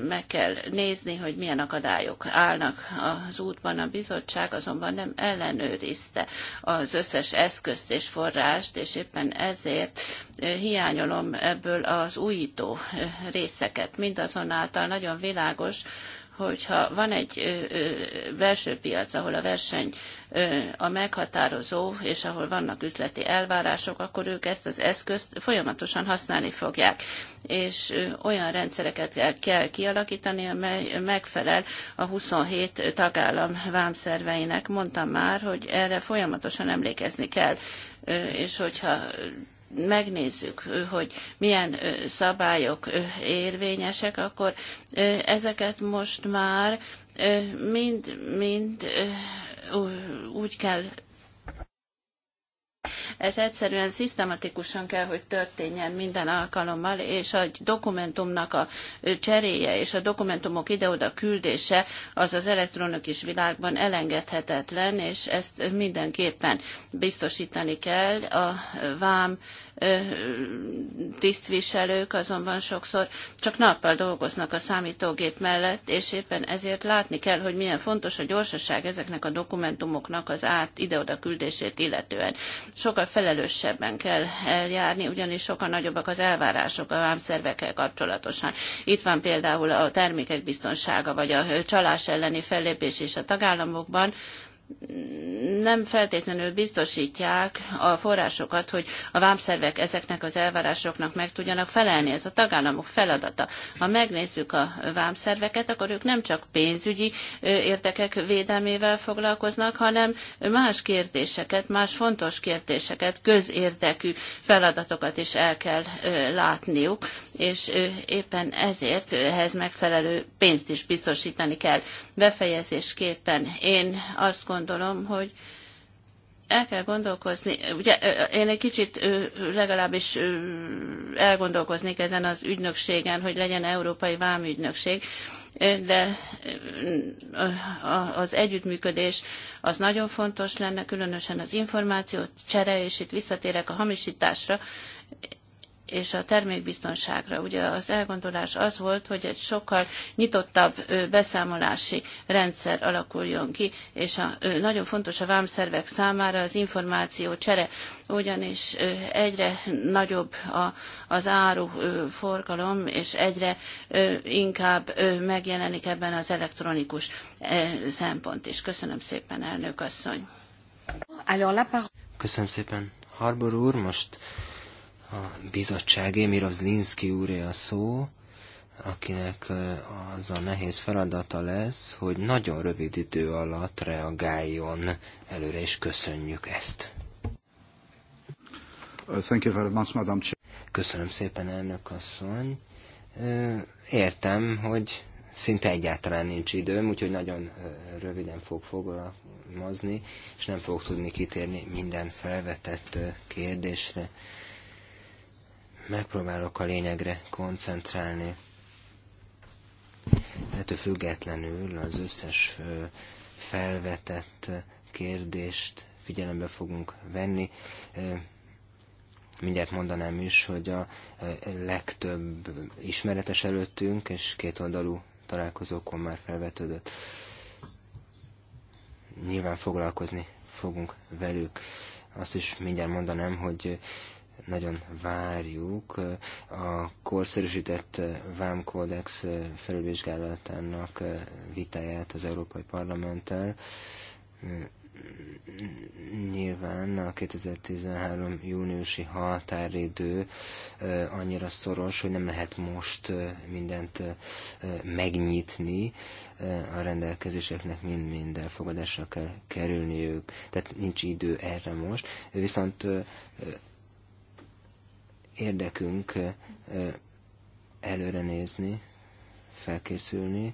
meg kell nézni, hogy milyen akadályok állnak az útban. A bizottság azonban nem ellenőrizte az összes eszközt és forrást, és éppen ezért hiányolom ebből az újító részeket. Mindazonáltal nagyon világos, hogyha van egy belső piac, ahol a verseny a meghatározó, és ahol vannak üzleti elvárások, akkor ők ezt az eszközt folyamatosan használni fogják. És olyan rendszereket kell kialakítani, amely megfelel a 27 tagállam vámszerveinek. Mondtam már, hogy erre folyamatosan emlékezni kell, és hogyha megnézzük, hogy milyen szabályok érvényesek, akkor ezeket most már mind, mind úgy kell ez egyszerűen szisztematikusan kell, hogy történjen minden alkalommal, és a dokumentumnak a cseréje és a dokumentumok ide-oda küldése az az elektronikus világban elengedhetetlen, és ezt mindenképpen biztosítani kell a vám tisztviselők azonban sokszor csak nappal dolgoznak a számítógép mellett, és éppen ezért látni kell, hogy milyen fontos a gyorsaság ezeknek a dokumentumoknak az át ide-oda küldését illetően. Sokkal felelősebben kell eljárni, ugyanis sokkal nagyobbak az elvárások a vámszervekkel kapcsolatosan. Itt van például a termékek biztonsága, vagy a csalás elleni fellépés is a tagállamokban, nem feltétlenül biztosítják a forrásokat, hogy a vámszervek ezeknek az elvárásoknak meg tudjanak felelni. Ez a tagállamok feladata. Ha megnézzük a vámszerveket, akkor ők nem csak pénzügyi érdekek védelmével foglalkoznak, hanem más kérdéseket, más fontos kérdéseket, közérdekű feladatokat is el kell látniuk és éppen ezért ehhez megfelelő pénzt is biztosítani kell. Befejezésképpen én azt gondolom, hogy el kell gondolkozni, ugye én egy kicsit legalábbis elgondolkoznék ezen az ügynökségen, hogy legyen európai vámügynökség, de az együttműködés az nagyon fontos lenne, különösen az információ csere, és itt visszatérek a hamisításra, és a termékbiztonságra. Ugye az elgondolás az volt, hogy egy sokkal nyitottabb beszámolási rendszer alakuljon ki, és a, nagyon fontos a vámszervek számára az információ csere, ugyanis egyre nagyobb a, az áru forgalom, és egyre inkább megjelenik ebben az elektronikus szempont is. Köszönöm szépen, elnök asszony. Köszönöm szépen. Harbor úr, most a bizottság Emirov Zlinszki úré a szó, akinek az a nehéz feladata lesz, hogy nagyon rövid idő alatt reagáljon előre, és köszönjük ezt. Uh, thank you very much, Madam Köszönöm szépen, elnök asszony. Értem, hogy szinte egyáltalán nincs időm, úgyhogy nagyon röviden fog foglalmazni, és nem fog tudni kitérni minden felvetett kérdésre megpróbálok a lényegre koncentrálni. Ettől függetlenül az összes felvetett kérdést figyelembe fogunk venni. Mindjárt mondanám is, hogy a legtöbb ismeretes előttünk, és két oldalú találkozókon már felvetődött. Nyilván foglalkozni fogunk velük. Azt is mindjárt mondanám, hogy nagyon várjuk a korszerűsített vámkódex felülvizsgálatának vitáját az Európai Parlamenttel. Nyilván a 2013. júniusi határidő annyira szoros, hogy nem lehet most mindent megnyitni, a rendelkezéseknek mind-mind elfogadásra kell kerülniük, tehát nincs idő erre most, viszont érdekünk előre nézni, felkészülni,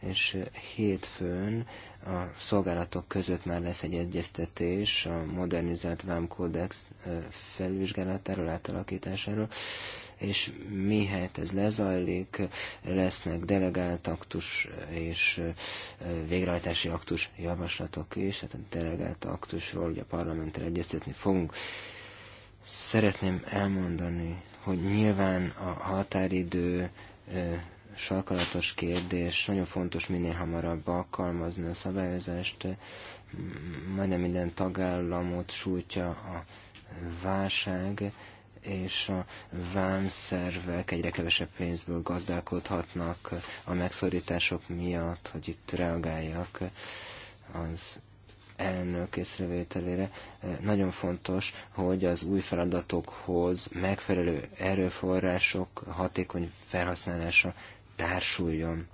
és hétfőn a szolgálatok között már lesz egy egyeztetés a modernizált vámkódex felvizsgálatáról, átalakításáról, és mihelyt ez lezajlik, lesznek delegált aktus és végrehajtási aktus javaslatok is, tehát a delegált aktusról ugye a parlamentre egyeztetni fogunk. Szeretném elmondani, hogy nyilván a határidő sarkalatos kérdés, nagyon fontos minél hamarabb alkalmazni a szabályozást, majdnem minden tagállamot sújtja a válság, és a vámszervek egyre kevesebb pénzből gazdálkodhatnak a megszorítások miatt, hogy itt reagáljak az elnök észrevételére eh, nagyon fontos, hogy az új feladatokhoz megfelelő erőforrások hatékony felhasználása társuljon.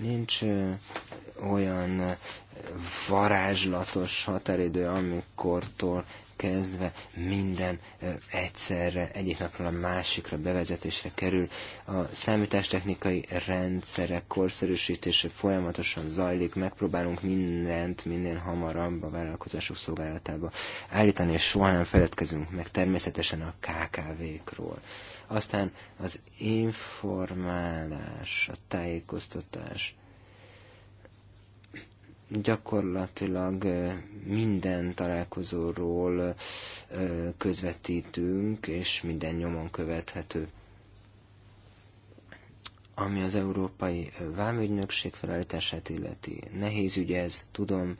Nincs eh, olyan eh, varázslatos határidő, amikortól kezdve minden egyszerre, egyik napról a másikra bevezetésre kerül. A számítástechnikai rendszerek korszerűsítése folyamatosan zajlik, megpróbálunk mindent minél hamarabb a vállalkozások szolgálatába állítani, és soha nem feledkezünk meg természetesen a KKV-król. Aztán az informálás, a tájékoztatás, gyakorlatilag minden találkozóról közvetítünk, és minden nyomon követhető. Ami az Európai Vámügynökség felállítását illeti, nehéz ügy ez, tudom,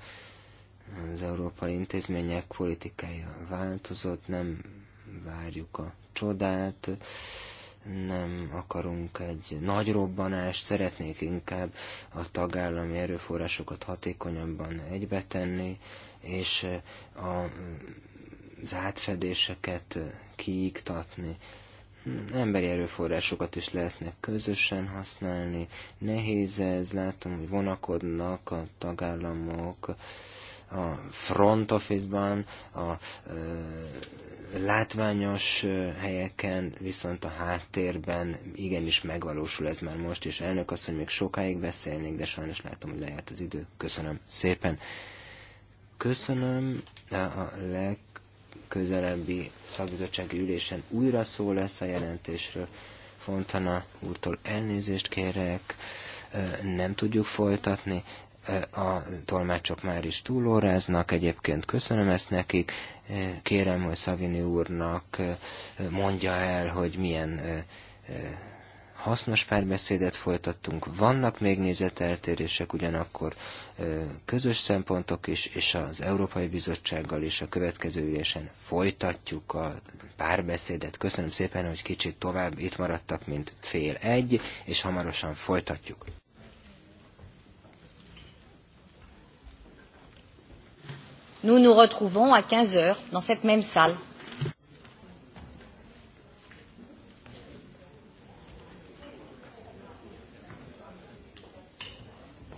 az európai intézmények politikája változott, nem várjuk a csodát, nem akarunk egy nagy robbanást, szeretnék inkább a tagállami erőforrásokat hatékonyabban egybetenni, és eh, a, az átfedéseket eh, kiiktatni. Emberi erőforrásokat is lehetnek közösen használni. Nehéz ez, látom, hogy vonakodnak a tagállamok a front office-ban, a eh, látványos helyeken, viszont a háttérben igenis megvalósul ez már most, és elnök azt, hogy még sokáig beszélnék, de sajnos látom, hogy lejárt az idő. Köszönöm szépen. Köszönöm a legközelebbi szakbizottsági ülésen újra szó lesz a jelentésről. Fontana úrtól elnézést kérek, nem tudjuk folytatni, Eh, a tolmácsok már is túlóráznak, egyébként köszönöm ezt nekik, eh, kérem, hogy Szavini úrnak eh, mondja el, hogy milyen hasznos párbeszédet folytattunk, vannak még nézeteltérések, ugyanakkor közös szempontok is, és az Európai Bizottsággal is a következő ülésen folytatjuk a párbeszédet. Köszönöm szépen, hogy kicsit tovább itt maradtak, mint fél egy, és hamarosan folytatjuk. Nous nous retrouvons à quinze heures dans cette même salle.